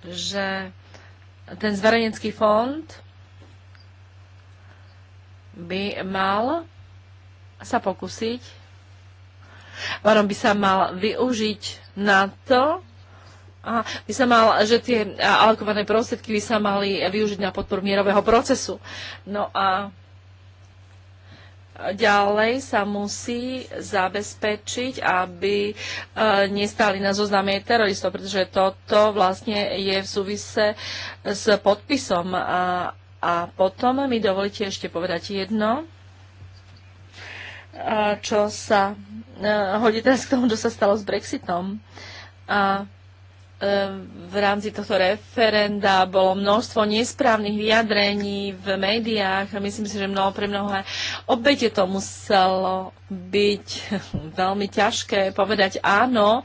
že ten zverejnecký fond by mal sa pokúsiť, varom by sa mal využiť na to, a by sa mal, že tie alokované prostriedky by sa mali využiť na podporu mierového procesu. No a ďalej sa musí zabezpečiť, aby e, nestali na zozname teroristov, pretože toto vlastne je v súvise s podpisom. A, a potom mi dovolíte ešte povedať jedno, e, čo sa e, hodí teraz k tomu, čo sa stalo s Brexitom. A v rámci tohto referenda bolo množstvo nesprávnych vyjadrení v médiách a myslím si, že mnoho pre mnohé obete to muselo byť veľmi ťažké povedať áno,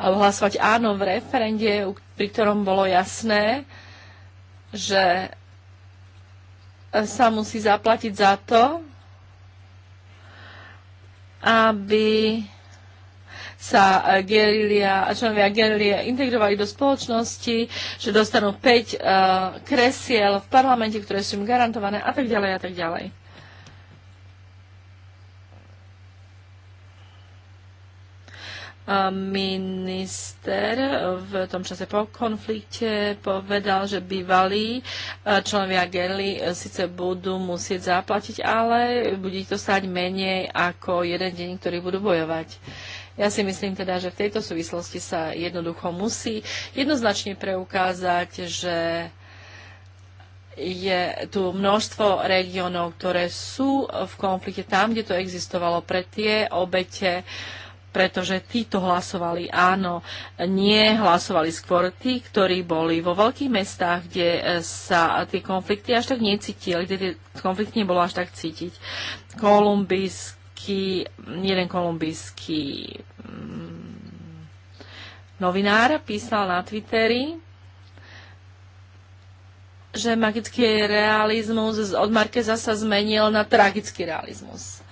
a hlasovať áno v referende, pri ktorom bolo jasné, že e, sa musí zaplatiť za to, aby sa e, gerilia, členovia gerilie integrovali do spoločnosti, že dostanú 5 uh, e, kresiel v parlamente, ktoré sú im garantované a tak ďalej a tak ďalej. minister v tom čase po konflikte povedal, že bývalí e, členovia Gerly síce budú musieť zaplatiť, ale bude to stať menej ako jeden deň, ktorý budú bojovať. Ja si myslím teda, že v tejto súvislosti sa jednoducho musí jednoznačne preukázať, že je tu množstvo regiónov, ktoré sú v konflikte tam, kde to existovalo pre tie obete, pretože títo hlasovali áno, nie hlasovali skôr tí, ktorí boli vo veľkých mestách, kde e, sa tie konflikty až tak necítili, kde tie konflikty nebolo až tak cítiť. Kolumbijsk kolumbijský, jeden kolumbijský mm, novinár písal na Twitteri, že magický realizmus od Markeza sa zmenil na tragický realizmus.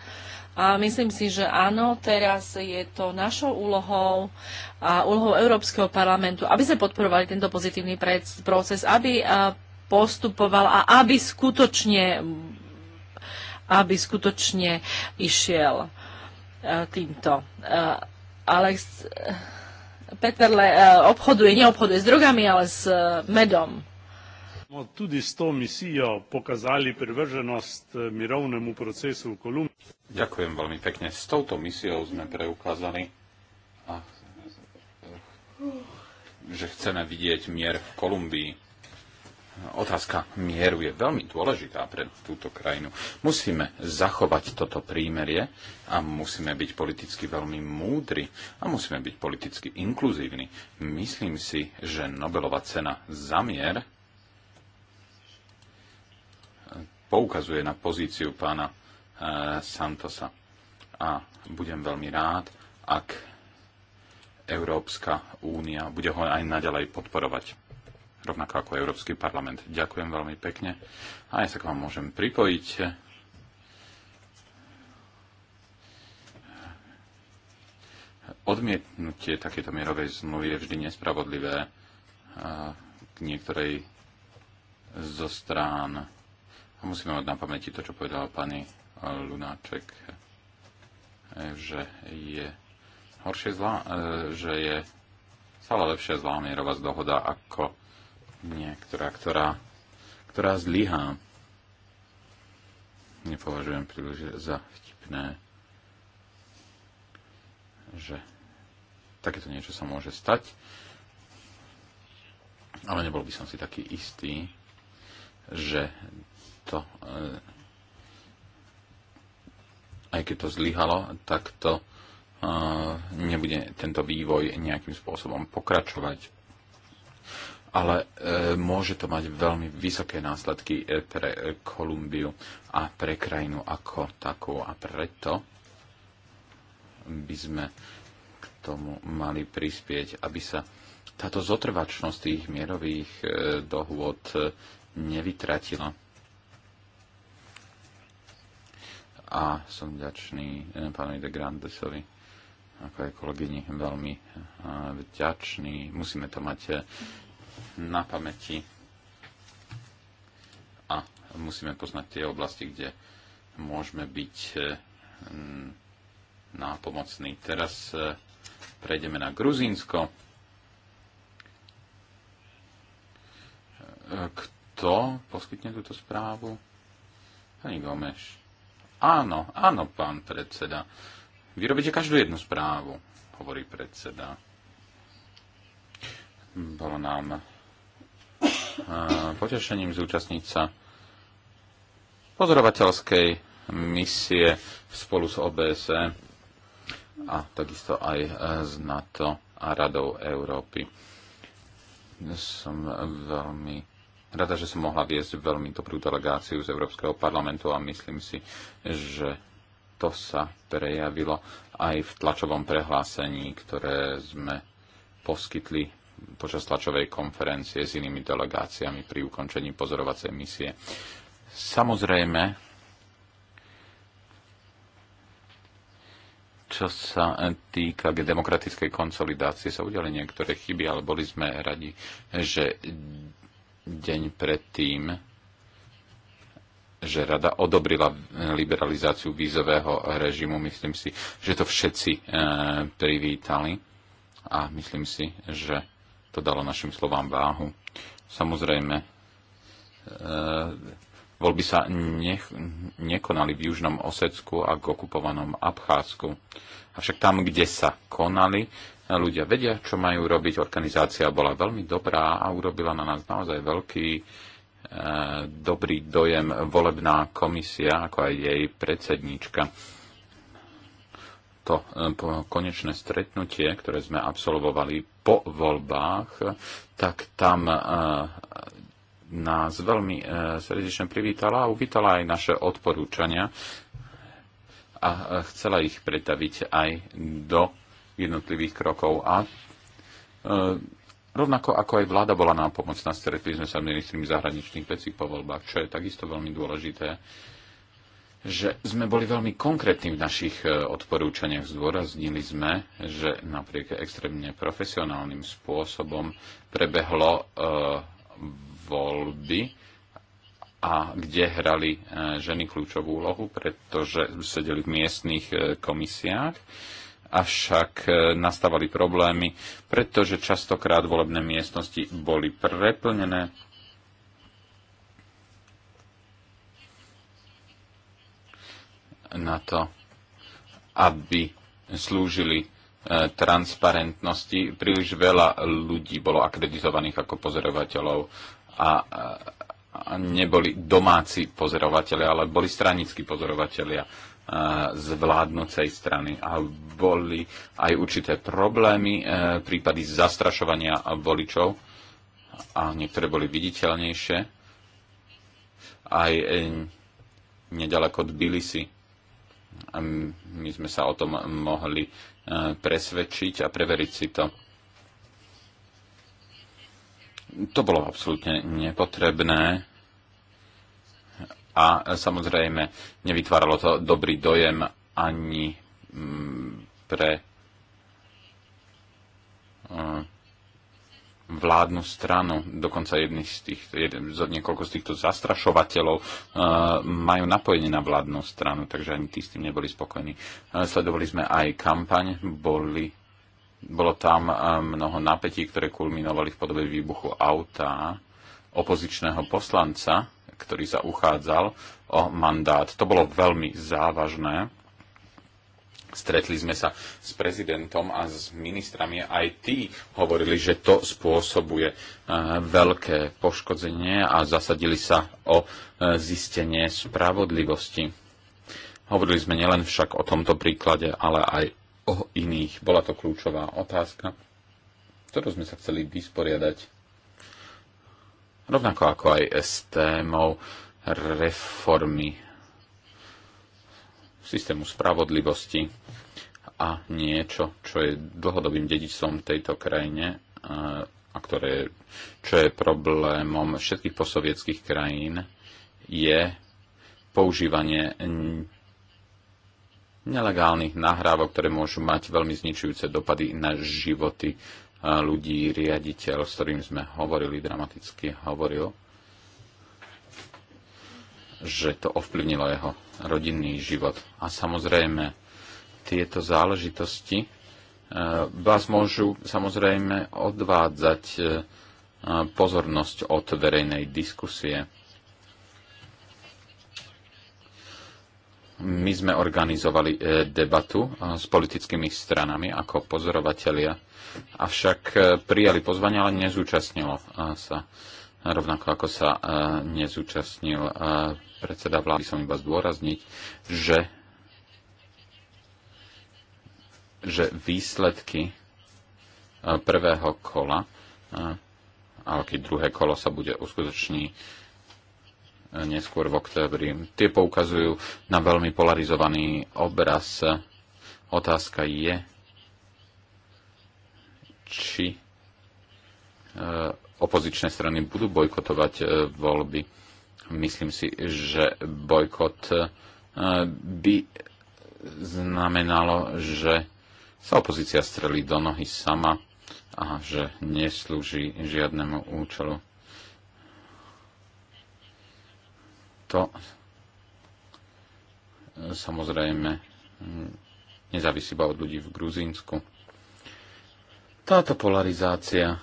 A myslím si, že áno, teraz je to našou úlohou a úlohou Európskeho parlamentu, aby sme podporovali tento pozitívny proces, aby postupoval a aby skutočne aby skutočne išiel e, týmto. E, Alex e, Le, obchoduje, neobchoduje s drogami, ale s medom. No, tudi s to misijo pokazali privrženost mirovnemu procesu v Kolumbii. Ďakujem veľmi pekne. S touto misiou sme preukázali, že chceme vidieť mier v Kolumbii otázka mieru je veľmi dôležitá pre túto krajinu. Musíme zachovať toto prímerie a musíme byť politicky veľmi múdri a musíme byť politicky inkluzívni. Myslím si, že Nobelová cena za mier poukazuje na pozíciu pána eh, Santosa. A budem veľmi rád, ak Európska únia bude ho aj naďalej podporovať rovnako ako Európsky parlament. Ďakujem veľmi pekne a ja sa k vám môžem pripojiť. Odmietnutie takéto mierovej zmluvy je vždy nespravodlivé k niektorej zo strán. A musíme mať na pamäti to, čo povedala pani Lunáček, že je horšie zlá, e, že je stále lepšia zlá mierová dohoda ako niektorá, ktorá, ktorá zlyhá. Nepovažujem príliš za vtipné, že takéto niečo sa môže stať, ale nebol by som si taký istý, že to, eh, aj keď to zlyhalo, tak to eh, nebude tento vývoj nejakým spôsobom pokračovať ale e, môže to mať veľmi vysoké následky e, pre e, Kolumbiu a pre krajinu ako takú. A preto by sme k tomu mali prispieť, aby sa táto zotrvačnosť tých mierových dohôd nevytratila. A som vďačný pánovi de Grandesovi, ako aj kolegyni, veľmi vďačný. Musíme to mať na pamäti a musíme poznať tie oblasti, kde môžeme byť eh, nápomocní. Teraz eh, prejdeme na Gruzínsko. Eh, kto poskytne túto správu? Pani Gomeš. Áno, áno, pán predseda. Vyrobíte každú jednu správu, hovorí predseda. Bolo nám eh, potešením zúčastniť sa pozorovateľskej misie spolu s OBSE a takisto aj z eh, NATO a Radou Európy. Som veľmi rada, že som mohla viesť veľmi dobrú delegáciu z Európskeho parlamentu a myslím si, že to sa prejavilo aj v tlačovom prehlásení, ktoré sme poskytli počas tlačovej konferencie s inými delegáciami pri ukončení pozorovacej misie. Samozrejme, čo sa týka k demokratickej konsolidácie, sa udiali niektoré chyby, ale boli sme radi, že deň predtým, že rada odobrila eh, liberalizáciu vízového režimu. Myslím si, že to všetci eh, privítali a myslím si, že to dalo našim slovám váhu. Samozrejme, e, voľby sa nech, nekonali v Južnom Osecku a k okupovanom Abcházsku. Avšak tam, kde sa konali, ľudia vedia, čo majú robiť. Organizácia bola veľmi dobrá a urobila na nás naozaj veľký e, dobrý dojem volebná komisia, ako aj jej predsedníčka. To e, konečné stretnutie, ktoré sme absolvovali po voľbách, tak tam e, nás veľmi e, srdečne privítala a uvítala aj naše odporúčania a e, chcela ich pretaviť aj do jednotlivých krokov. A Rovnako ako aj vláda bola nám pomocná, stretli sme sa ministrmi zahraničných vecí po voľbách, čo je takisto veľmi dôležité že sme boli veľmi konkrétni v našich e, odporúčaniach. Zdôraznili sme, že napriek extrémne profesionálnym spôsobom prebehlo e, voľby, a kde hrali e, ženy kľúčovú úlohu, pretože sedeli v miestných komisiách, avšak nastávali problémy, pretože častokrát volebné miestnosti boli preplnené na to, aby slúžili e, transparentnosti. Príliš veľa ľudí bolo akreditovaných ako pozorovateľov a neboli domáci pozorovateľia, ale boli stranickí pozorovateľia e, z vládnocej strany. A boli aj určité problémy, e, prípady zastrašovania voličov a niektoré boli viditeľnejšie. Aj nedaleko od Bilisi my sme sa o tom mohli e, presvedčiť a preveriť si to. To bolo absolútne nepotrebné a samozrejme nevytváralo to dobrý dojem ani mm, pre e, vládnu stranu. Dokonca jedný z tých, jeden, z niekoľko z týchto zastrašovateľov e, majú napojenie na vládnu stranu, takže ani tí s tým neboli spokojní. E, sledovali sme aj kampaň, boli, bolo tam e, mnoho napätí, ktoré kulminovali v podobe výbuchu auta opozičného poslanca, ktorý sa uchádzal o mandát. To bolo veľmi závažné Stretli sme sa s prezidentom a s ministrami. Aj tí hovorili, že to spôsobuje eh, veľké poškodzenie a zasadili sa o eh, zistenie spravodlivosti. Hovorili sme nielen však o tomto príklade, ale aj o iných. Bola to kľúčová otázka, ktorú sme sa chceli vysporiadať. Rovnako ako aj s témou reformy systému spravodlivosti a niečo, čo je dlhodobým dedičstvom tejto krajine a ktoré, čo je problémom všetkých posovietských krajín, je používanie nelegálnych nahrávok, ktoré môžu mať veľmi zničujúce dopady na životy ľudí, riaditeľ, s ktorým sme hovorili, dramaticky hovoril, že to ovplyvnilo jeho rodinný život. A samozrejme, tieto záležitosti e, vás môžu samozrejme odvádzať e, pozornosť od verejnej diskusie. My sme organizovali e, debatu s politickými stranami ako pozorovatelia, avšak prijali pozvanie, ale nezúčastnilo sa rovnako ako sa e, nezúčastnil e, predseda vlády, som iba zdôrazniť, že, že výsledky e, prvého kola, ale keď druhé kolo sa bude uskutoční neskôr v oktobri, tie poukazujú na veľmi polarizovaný obraz. Otázka je, či opozičné strany budú bojkotovať e, voľby. Myslím si, že bojkot e, by znamenalo, že sa opozícia strelí do nohy sama a že neslúži žiadnemu účelu. To samozrejme nezávisí iba od ľudí v Gruzínsku. Táto polarizácia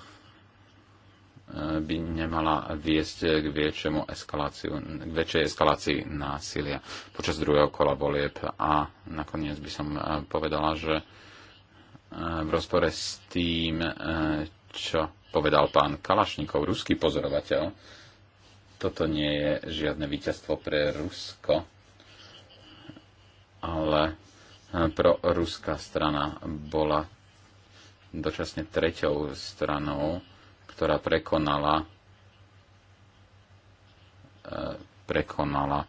by nemala viesť k, eskaláciu, k väčšej eskalácii násilia počas druhého kola volieb. A nakoniec by som eh, povedala, že eh, v rozpore s tým, eh, čo povedal pán Kalašnikov, ruský pozorovateľ, toto nie je žiadne víťazstvo pre Rusko, ale pro ruská strana bola dočasne treťou stranou, ktorá prekonala eh, prekonala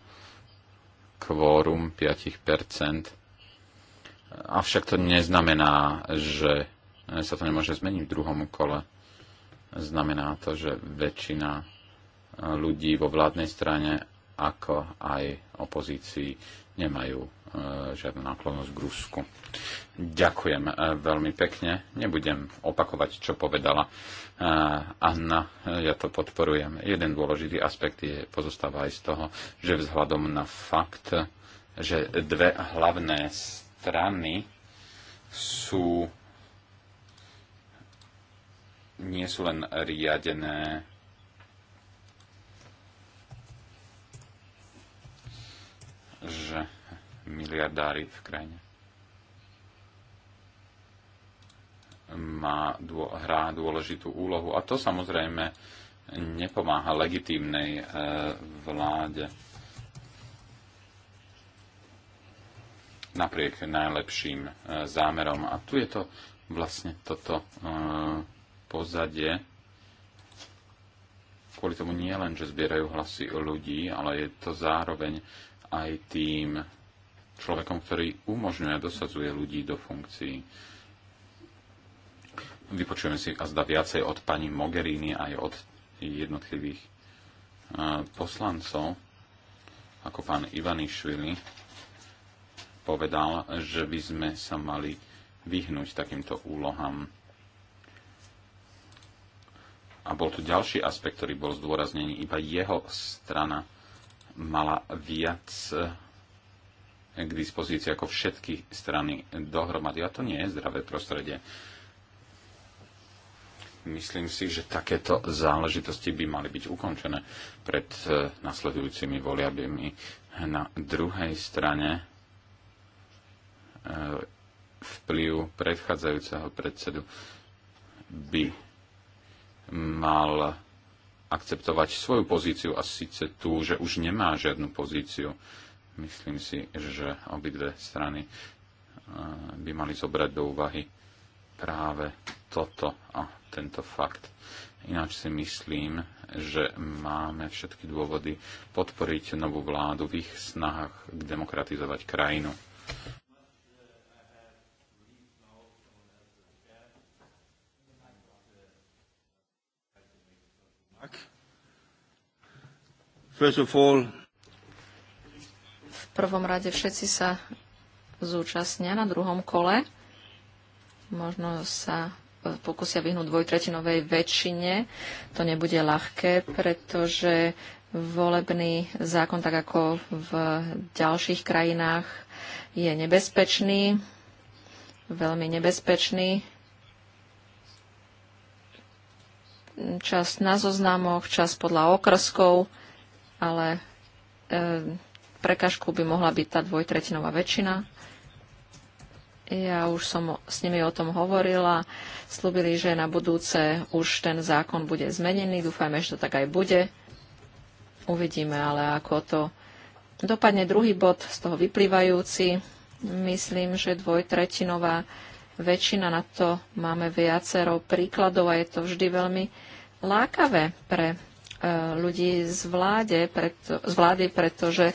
kvórum 5%. Avšak to neznamená, že sa to nemôže zmeniť v druhom kole. Znamená to, že väčšina ľudí vo vládnej strane ako aj opozícii nemajú eh, žiadnu náklonosť k Rusku. Ďakujem eh, veľmi pekne. Nebudem opakovať, čo povedala Anna, ja to podporujem. Jeden dôležitý aspekt je, pozostáva aj z toho, že vzhľadom na fakt, že dve hlavné strany sú nie sú len riadené že miliardári v krajine má, dô, hrá dôležitú úlohu. A to samozrejme nepomáha legitímnej e, vláde. napriek najlepším e, zámerom. A tu je to vlastne toto e, pozadie. Kvôli tomu nie len, že zbierajú hlasy o ľudí, ale je to zároveň aj tým človekom, ktorý umožňuje a dosadzuje ľudí do funkcií vypočujeme si azda viacej od pani Mogherini aj od jednotlivých poslancov, ako pán Ivanišvili povedal, že by sme sa mali vyhnúť takýmto úlohám. A bol tu ďalší aspekt, ktorý bol zdôraznený. Iba jeho strana mala viac e, k dispozícii ako všetky strany dohromady. A to nie je zdravé prostredie. Uh, Myslím si, že takéto záležitosti by mali byť ukončené pred e, nasledujúcimi voliabami. Na druhej strane e, vplyv predchádzajúceho predsedu by mal akceptovať svoju pozíciu a síce tú, že už nemá žiadnu pozíciu. Myslím si, že obidve strany e, by mali zobrať do úvahy práve toto a tento fakt. Ináč si myslím, že máme všetky dôvody podporiť novú vládu v ich snahách demokratizovať krajinu. V prvom rade všetci sa zúčastnia na druhom kole. Možno sa pokusia vyhnúť dvojtretinovej väčšine. To nebude ľahké, pretože volebný zákon, tak ako v ďalších krajinách, je nebezpečný, veľmi nebezpečný. Čas na zoznamoch, čas podľa okrskov, ale e, eh, prekažkou by mohla byť tá dvojtretinová väčšina ja už som s nimi o tom hovorila. Slúbili, že na budúce už ten zákon bude zmenený. Dúfajme, že to tak aj bude. Uvidíme ale, ako to dopadne. Druhý bod z toho vyplývajúci. Myslím, že dvojtretinová väčšina na to máme viacero príkladov a je to vždy veľmi lákavé pre e, ľudí z, vláde, preto, z vlády, pretože e,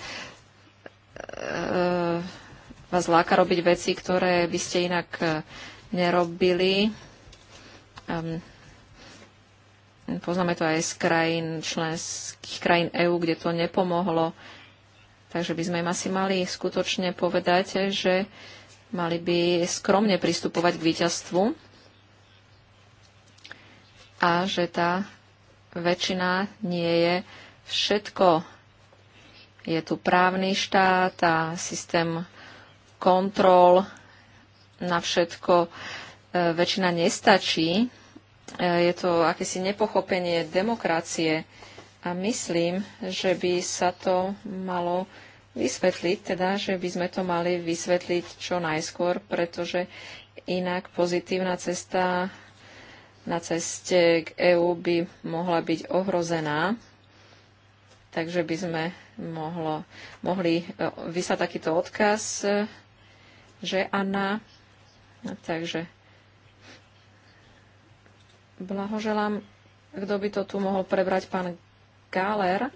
vás láka robiť veci, ktoré by ste inak e, nerobili. Um, poznáme to aj z krajín, členských krajín EÚ, kde to nepomohlo. Takže by sme im asi mali skutočne povedať, že mali by skromne pristupovať k víťazstvu a že tá väčšina nie je všetko. Je tu právny štát a systém kontrol na všetko e, väčšina nestačí. E, je to akési nepochopenie demokracie a myslím, že by sa to malo vysvetliť, teda, že by sme to mali vysvetliť čo najskôr, pretože inak pozitívna cesta na ceste k EÚ by mohla byť ohrozená. Takže by sme mohlo, mohli e, vyslať takýto odkaz že Anna. Takže blahoželám. Kto by to tu mohol prebrať? Pán Galer.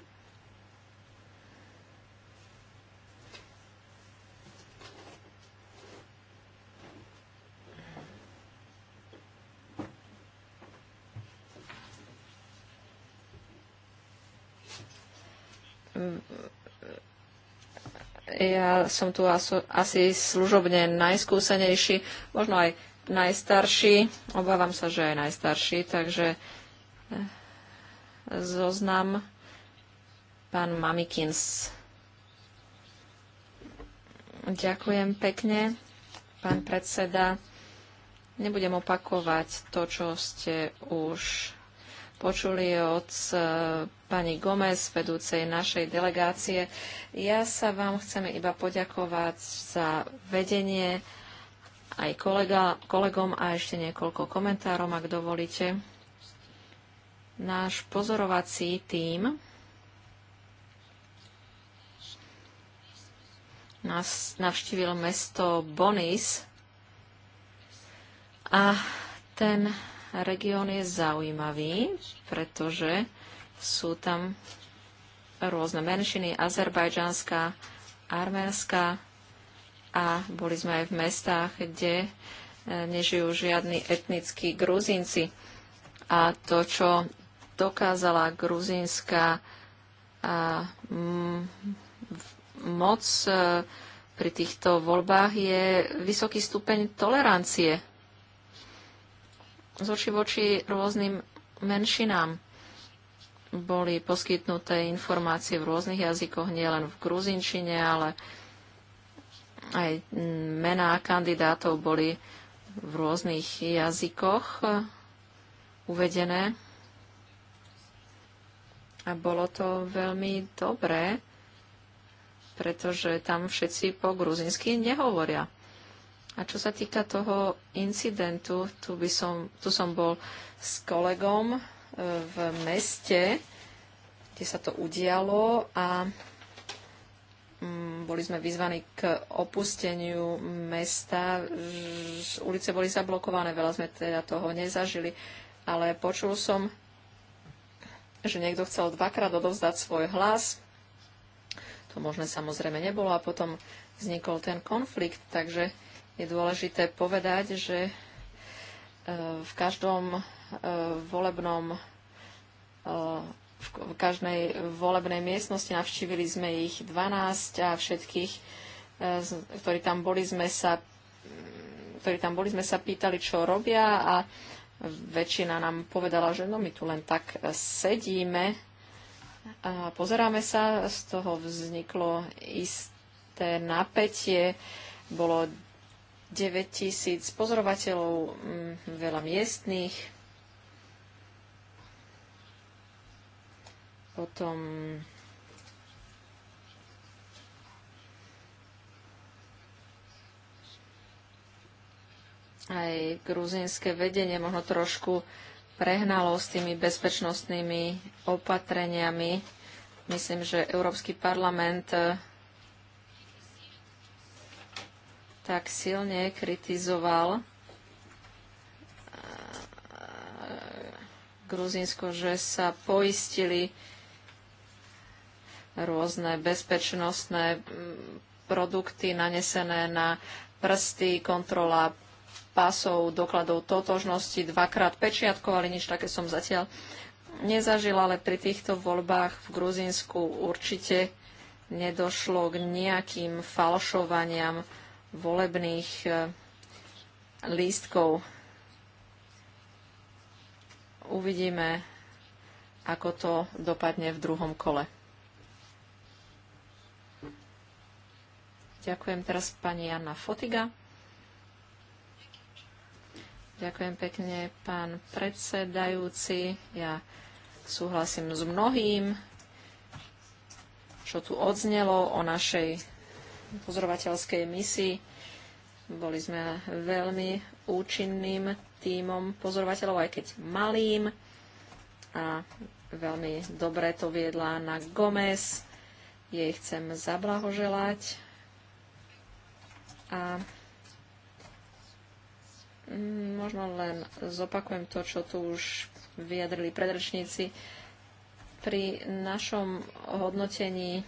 Mm-hmm. Ja som tu asi služobne najskúsenejší, možno aj najstarší. Obávam sa, že aj najstarší, takže eh, zoznam pán Mamikins. Ďakujem pekne, pán predseda. Nebudem opakovať to, čo ste už počuli od eh, pani Gomez, vedúcej našej delegácie. Ja sa vám chcem iba poďakovať za vedenie aj kolega, kolegom a ešte niekoľko komentárov, ak dovolíte. Náš pozorovací tím nás navštívil mesto Bonis a ten región je zaujímavý, pretože sú tam rôzne menšiny, azerbajdžanská, arménska a boli sme aj v mestách, kde e, nežijú žiadni etnickí gruzinci. A to, čo dokázala gruzínska moc e, pri týchto voľbách, je vysoký stupeň tolerancie z oči oči rôznym menšinám. Boli poskytnuté informácie v rôznych jazykoch, nielen v gruzinčine, ale aj mená kandidátov boli v rôznych jazykoch uvedené. A bolo to veľmi dobré, pretože tam všetci po gruzinsky nehovoria. A čo sa týka toho incidentu, tu, by som, tu som bol s kolegom e, v meste, kde sa to udialo a mm, boli sme vyzvaní k opusteniu mesta. Ulice boli zablokované, veľa sme teda toho nezažili, ale počul som, že niekto chcel dvakrát odovzdať svoj hlas. To možné samozrejme nebolo a potom vznikol ten konflikt, takže je dôležité povedať, že e, v každom e, volebnom e, v každej volebnej miestnosti navštívili sme ich 12 a všetkých, ktorí tam boli, sme sa ktorí tam boli, sme sa pýtali, čo robia a väčšina nám povedala, že no my tu len tak sedíme a pozeráme sa. Z toho vzniklo isté napätie. Bolo 9 tisíc pozorovateľov, mm, veľa miestných, potom aj gruzinské vedenie možno trošku prehnalo s tými bezpečnostnými opatreniami. Myslím, že Európsky parlament tak silne kritizoval eh, Gruzinsko, že sa poistili rôzne bezpečnostné produkty nanesené na prsty, kontrola pásov, dokladov totožnosti, dvakrát pečiatkovali, nič také som zatiaľ nezažila, ale pri týchto voľbách v Gruzinsku určite nedošlo k nejakým falšovaniam volebných e, lístkov. Uvidíme, ako to dopadne v druhom kole. Ďakujem teraz pani Jana Fotiga. Ďakujem pekne, pán predsedajúci. Ja súhlasím s mnohým, čo tu odznelo o našej pozorovateľskej misii. Boli sme veľmi účinným tímom pozorovateľov, aj keď malým. A veľmi dobre to viedla na Gomez. Jej chcem zablahoželať. A mm, možno len zopakujem to, čo tu už vyjadrili predrečníci. Pri našom hodnotení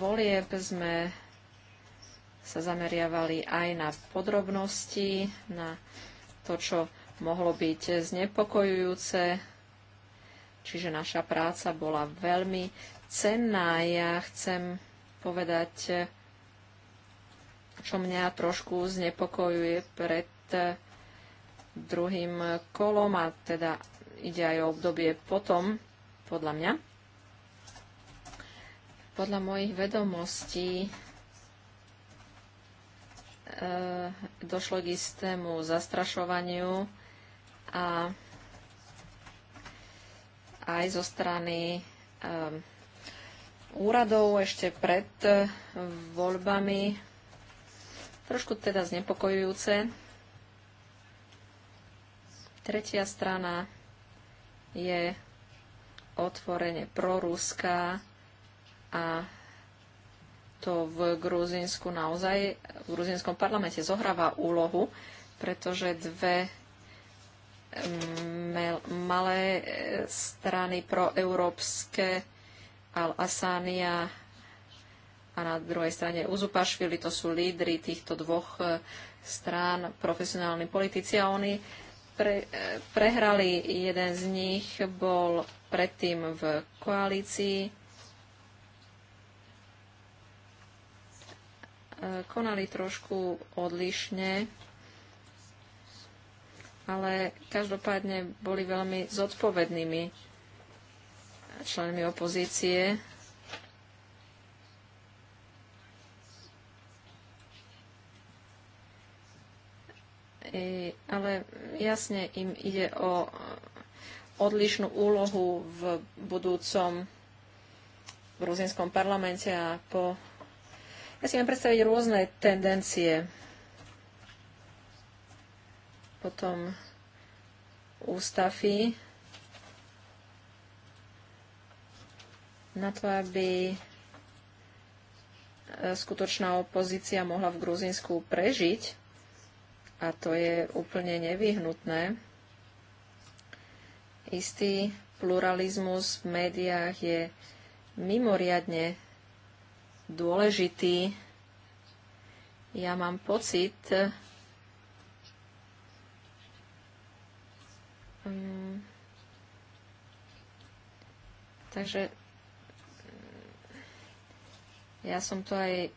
volieb sme sa zameriavali aj na podrobnosti, na to, čo mohlo byť znepokojujúce. Čiže naša práca bola veľmi cenná. Ja chcem povedať, čo mňa trošku znepokojuje pred druhým kolom a teda ide aj o obdobie potom, podľa mňa. Podľa mojich vedomostí e, došlo k istému zastrašovaniu a aj zo strany e, úradov ešte pred voľbami. Trošku teda znepokojujúce. Tretia strana je otvorene proruská a to v Gruzínsku naozaj, v gruzínskom parlamente zohráva úlohu, pretože dve mm, malé e, strany proeurópske Al-Asania a na druhej strane Uzupašvili, to sú lídry týchto dvoch e, strán, profesionálni politici a oni pre, e, prehrali. Jeden z nich bol predtým v koalícii konali trošku odlišne, ale každopádne boli veľmi zodpovednými členmi opozície. I, ale jasne im ide o odlišnú úlohu v budúcom gruzinskom parlamente a po ja si viem predstaviť rôzne tendencie. Potom ústavy na to, aby e, skutočná opozícia mohla v Gruzinsku prežiť. A to je úplne nevyhnutné. Istý pluralizmus v médiách je mimoriadne dôležitý. Ja mám pocit, um, takže mm, ja som to aj e,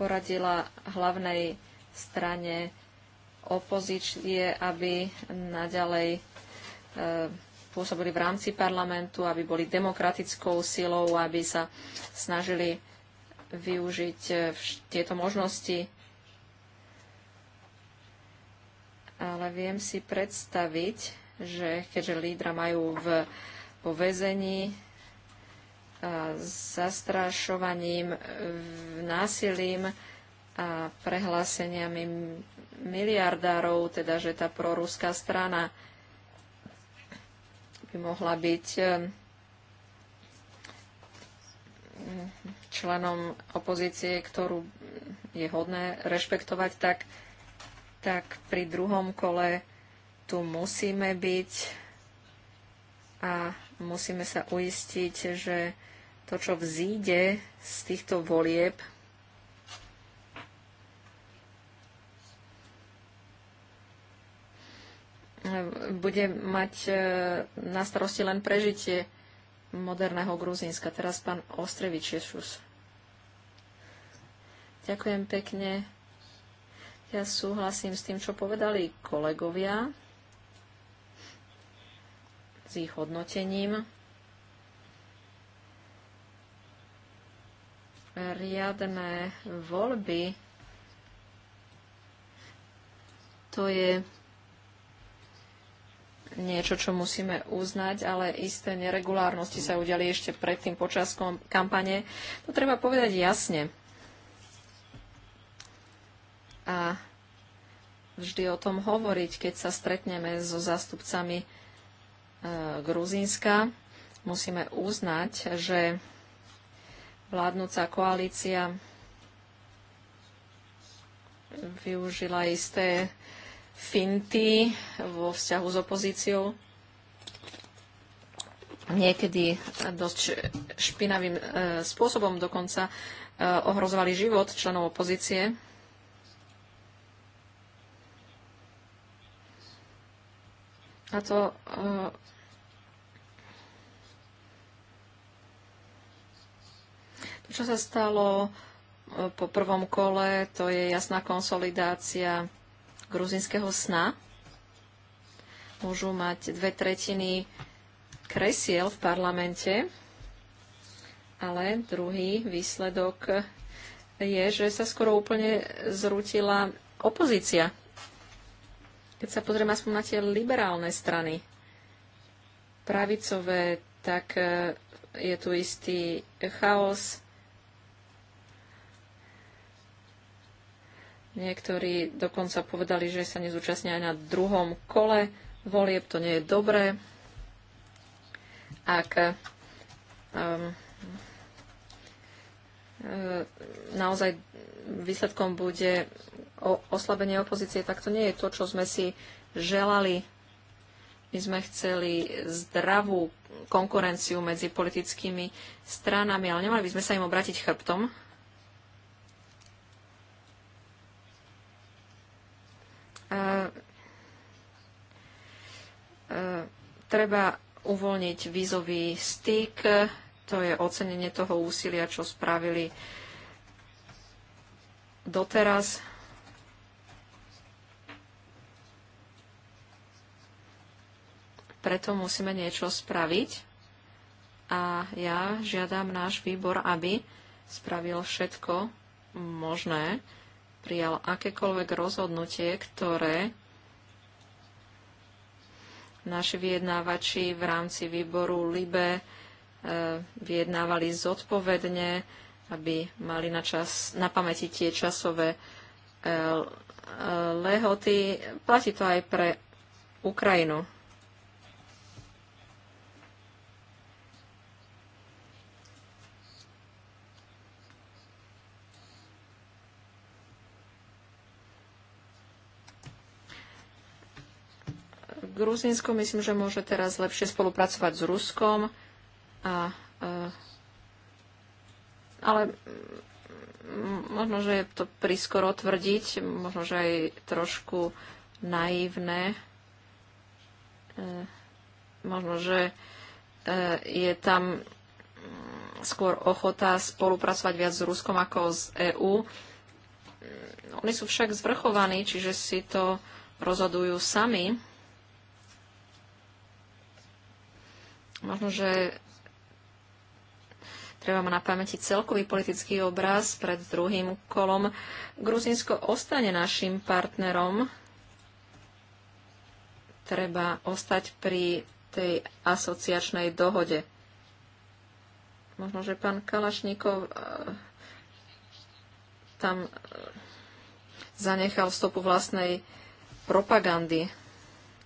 poradila hlavnej strane opozície, aby naďalej e, pôsobili v rámci parlamentu, aby boli demokratickou silou, aby sa snažili využiť e, tieto možnosti. Ale viem si predstaviť, že keďže lídra majú v, povezení a e, zastrašovaním, e, násilím a prehláseniami miliardárov, teda že tá proruská strana by mohla byť členom opozície, ktorú je hodné rešpektovať, tak, tak pri druhom kole tu musíme byť a musíme sa uistiť, že to, čo vzíde z týchto volieb, bude mať e, na starosti len prežitie moderného Gruzínska. Teraz pán Ostrevič Ješus. Ďakujem pekne. Ja súhlasím s tým, čo povedali kolegovia, s ich hodnotením. Riadne voľby, to je niečo, čo musíme uznať, ale isté neregulárnosti sa udiali ešte predtým počas kampane. To treba povedať jasne a vždy o tom hovoriť, keď sa stretneme so zástupcami e, Gruzínska. Musíme uznať, že vládnúca koalícia využila isté finty vo vzťahu s opozíciou. Niekedy dosť špinavým e, spôsobom dokonca e, ohrozovali život členov opozície. to... Eh, to, čo sa stalo eh, po prvom kole, to je jasná konsolidácia gruzinského sna. Môžu mať dve tretiny kresiel v parlamente, ale druhý výsledok je, že sa skoro úplne zrútila opozícia. Keď sa pozrieme aspoň na tie liberálne strany, pravicové, tak e, je tu istý chaos. Niektorí dokonca povedali, že sa nezúčastnia aj na druhom kole volieb, to nie je dobré. Ak e, um, e, naozaj výsledkom bude o oslabenie opozície, tak to nie je to, čo sme si želali. My sme chceli zdravú konkurenciu medzi politickými stranami, ale nemali by sme sa im obratiť chrbtom. E, e, treba uvoľniť vízový styk, to je ocenenie toho úsilia, čo spravili doteraz preto musíme niečo spraviť. A ja žiadam náš výbor, aby spravil všetko možné, prijal akékoľvek rozhodnutie, ktoré naši vyjednávači v rámci výboru LIBE e, vyjednávali zodpovedne, aby mali na, čas, na pamäti tie časové e, e, lehoty. Platí to aj pre Ukrajinu. Gruzínsko myslím, že môže teraz lepšie spolupracovať s Ruskom, a, e, ale mm, možno, že je to priskoro tvrdiť, možno, že aj trošku naivné. E, možno, že e, je tam mm, skôr ochota spolupracovať viac s Ruskom ako s EÚ. Oni sú však zvrchovaní, čiže si to rozhodujú sami. Možno, že treba ma na pamäti celkový politický obraz pred druhým kolom. Gruzinsko ostane našim partnerom. Treba ostať pri tej asociačnej dohode. Možno, že pán Kalašníkov e, tam e, zanechal stopu vlastnej propagandy.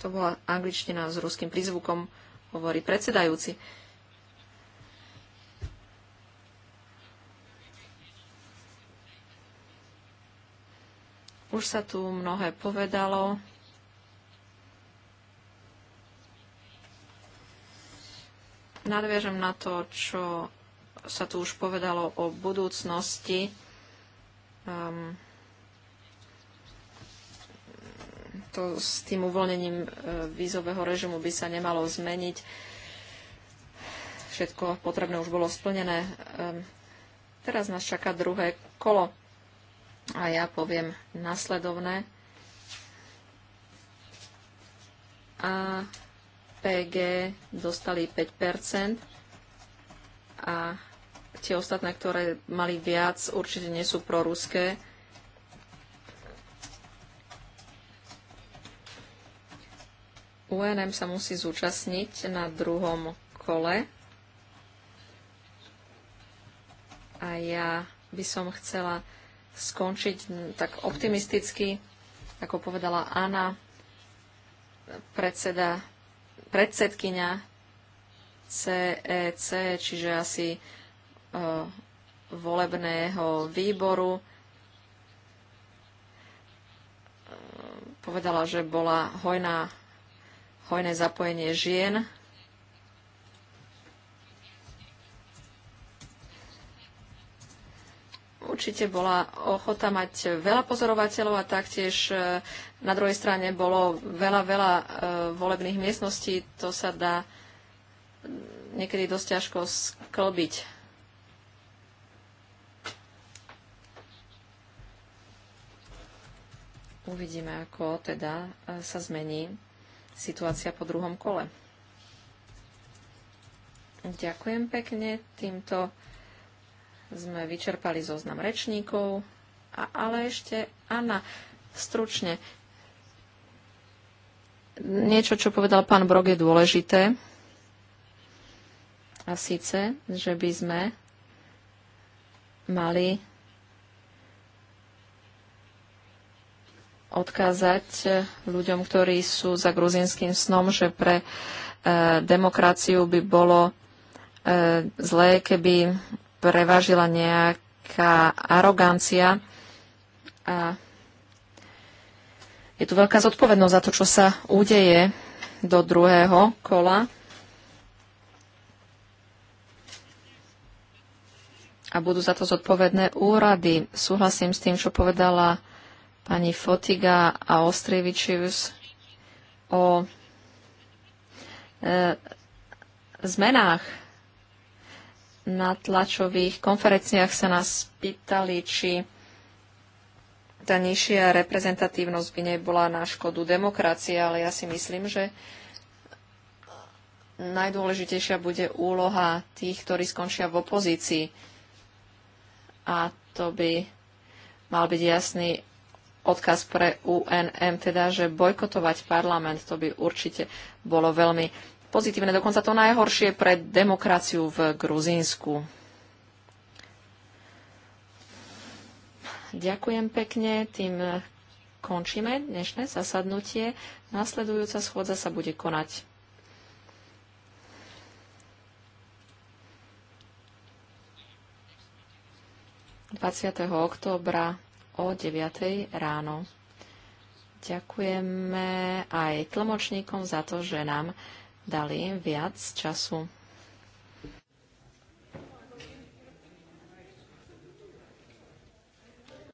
To bola angličtina s ruským prízvukom hovorí predsedajúci. Už sa tu mnohé povedalo. Nadviežem na to, čo sa tu už povedalo o budúcnosti. Um, to s tým uvoľnením e, vízového režimu by sa nemalo zmeniť. Všetko potrebné už bolo splnené. Ehm, teraz nás čaká druhé kolo a ja poviem nasledovné. A PG dostali 5% a tie ostatné, ktoré mali viac, určite nie sú proruské UNM sa musí zúčastniť na druhom kole. A ja by som chcela skončiť tak optimisticky, ako povedala Anna, predseda, predsedkynia CEC, e čiže asi e, volebného výboru. E, povedala, že bola hojná hojné zapojenie žien. Určite bola ochota mať veľa pozorovateľov a taktiež e, na druhej strane bolo veľa, veľa e, volebných miestností. To sa dá niekedy dosť ťažko sklbiť. uvidíme, ako teda e, sa zmení situácia po druhom kole. Ďakujem pekne. Týmto sme vyčerpali zoznam rečníkov. A, ale ešte, Anna, stručne. Niečo, čo povedal pán Brog, je dôležité. A síce, že by sme mali odkázať eh, ľuďom, ktorí sú za gruzinským snom, že pre e, demokraciu by bolo e, zlé, keby prevažila nejaká arogancia. A je tu veľká zodpovednosť za to, čo sa udeje do druhého kola. A budú za to zodpovedné úrady. Súhlasím s tým, čo povedala pani Fotiga a Ostrievičius o e, zmenách na tlačových konferenciách sa nás pýtali, či tá nižšia reprezentatívnosť by nebola na škodu demokracie, ale ja si myslím, že najdôležitejšia bude úloha tých, ktorí skončia v opozícii. A to by mal byť jasný odkaz pre UNM, teda, že bojkotovať parlament, to by určite bolo veľmi pozitívne, dokonca to najhoršie pre demokraciu v Gruzínsku. Ďakujem pekne, tým končíme dnešné zasadnutie. Nasledujúca schôdza sa bude konať 20. októbra o 9. ráno. Ďakujeme aj tlmočníkom za to, že nám dali viac času.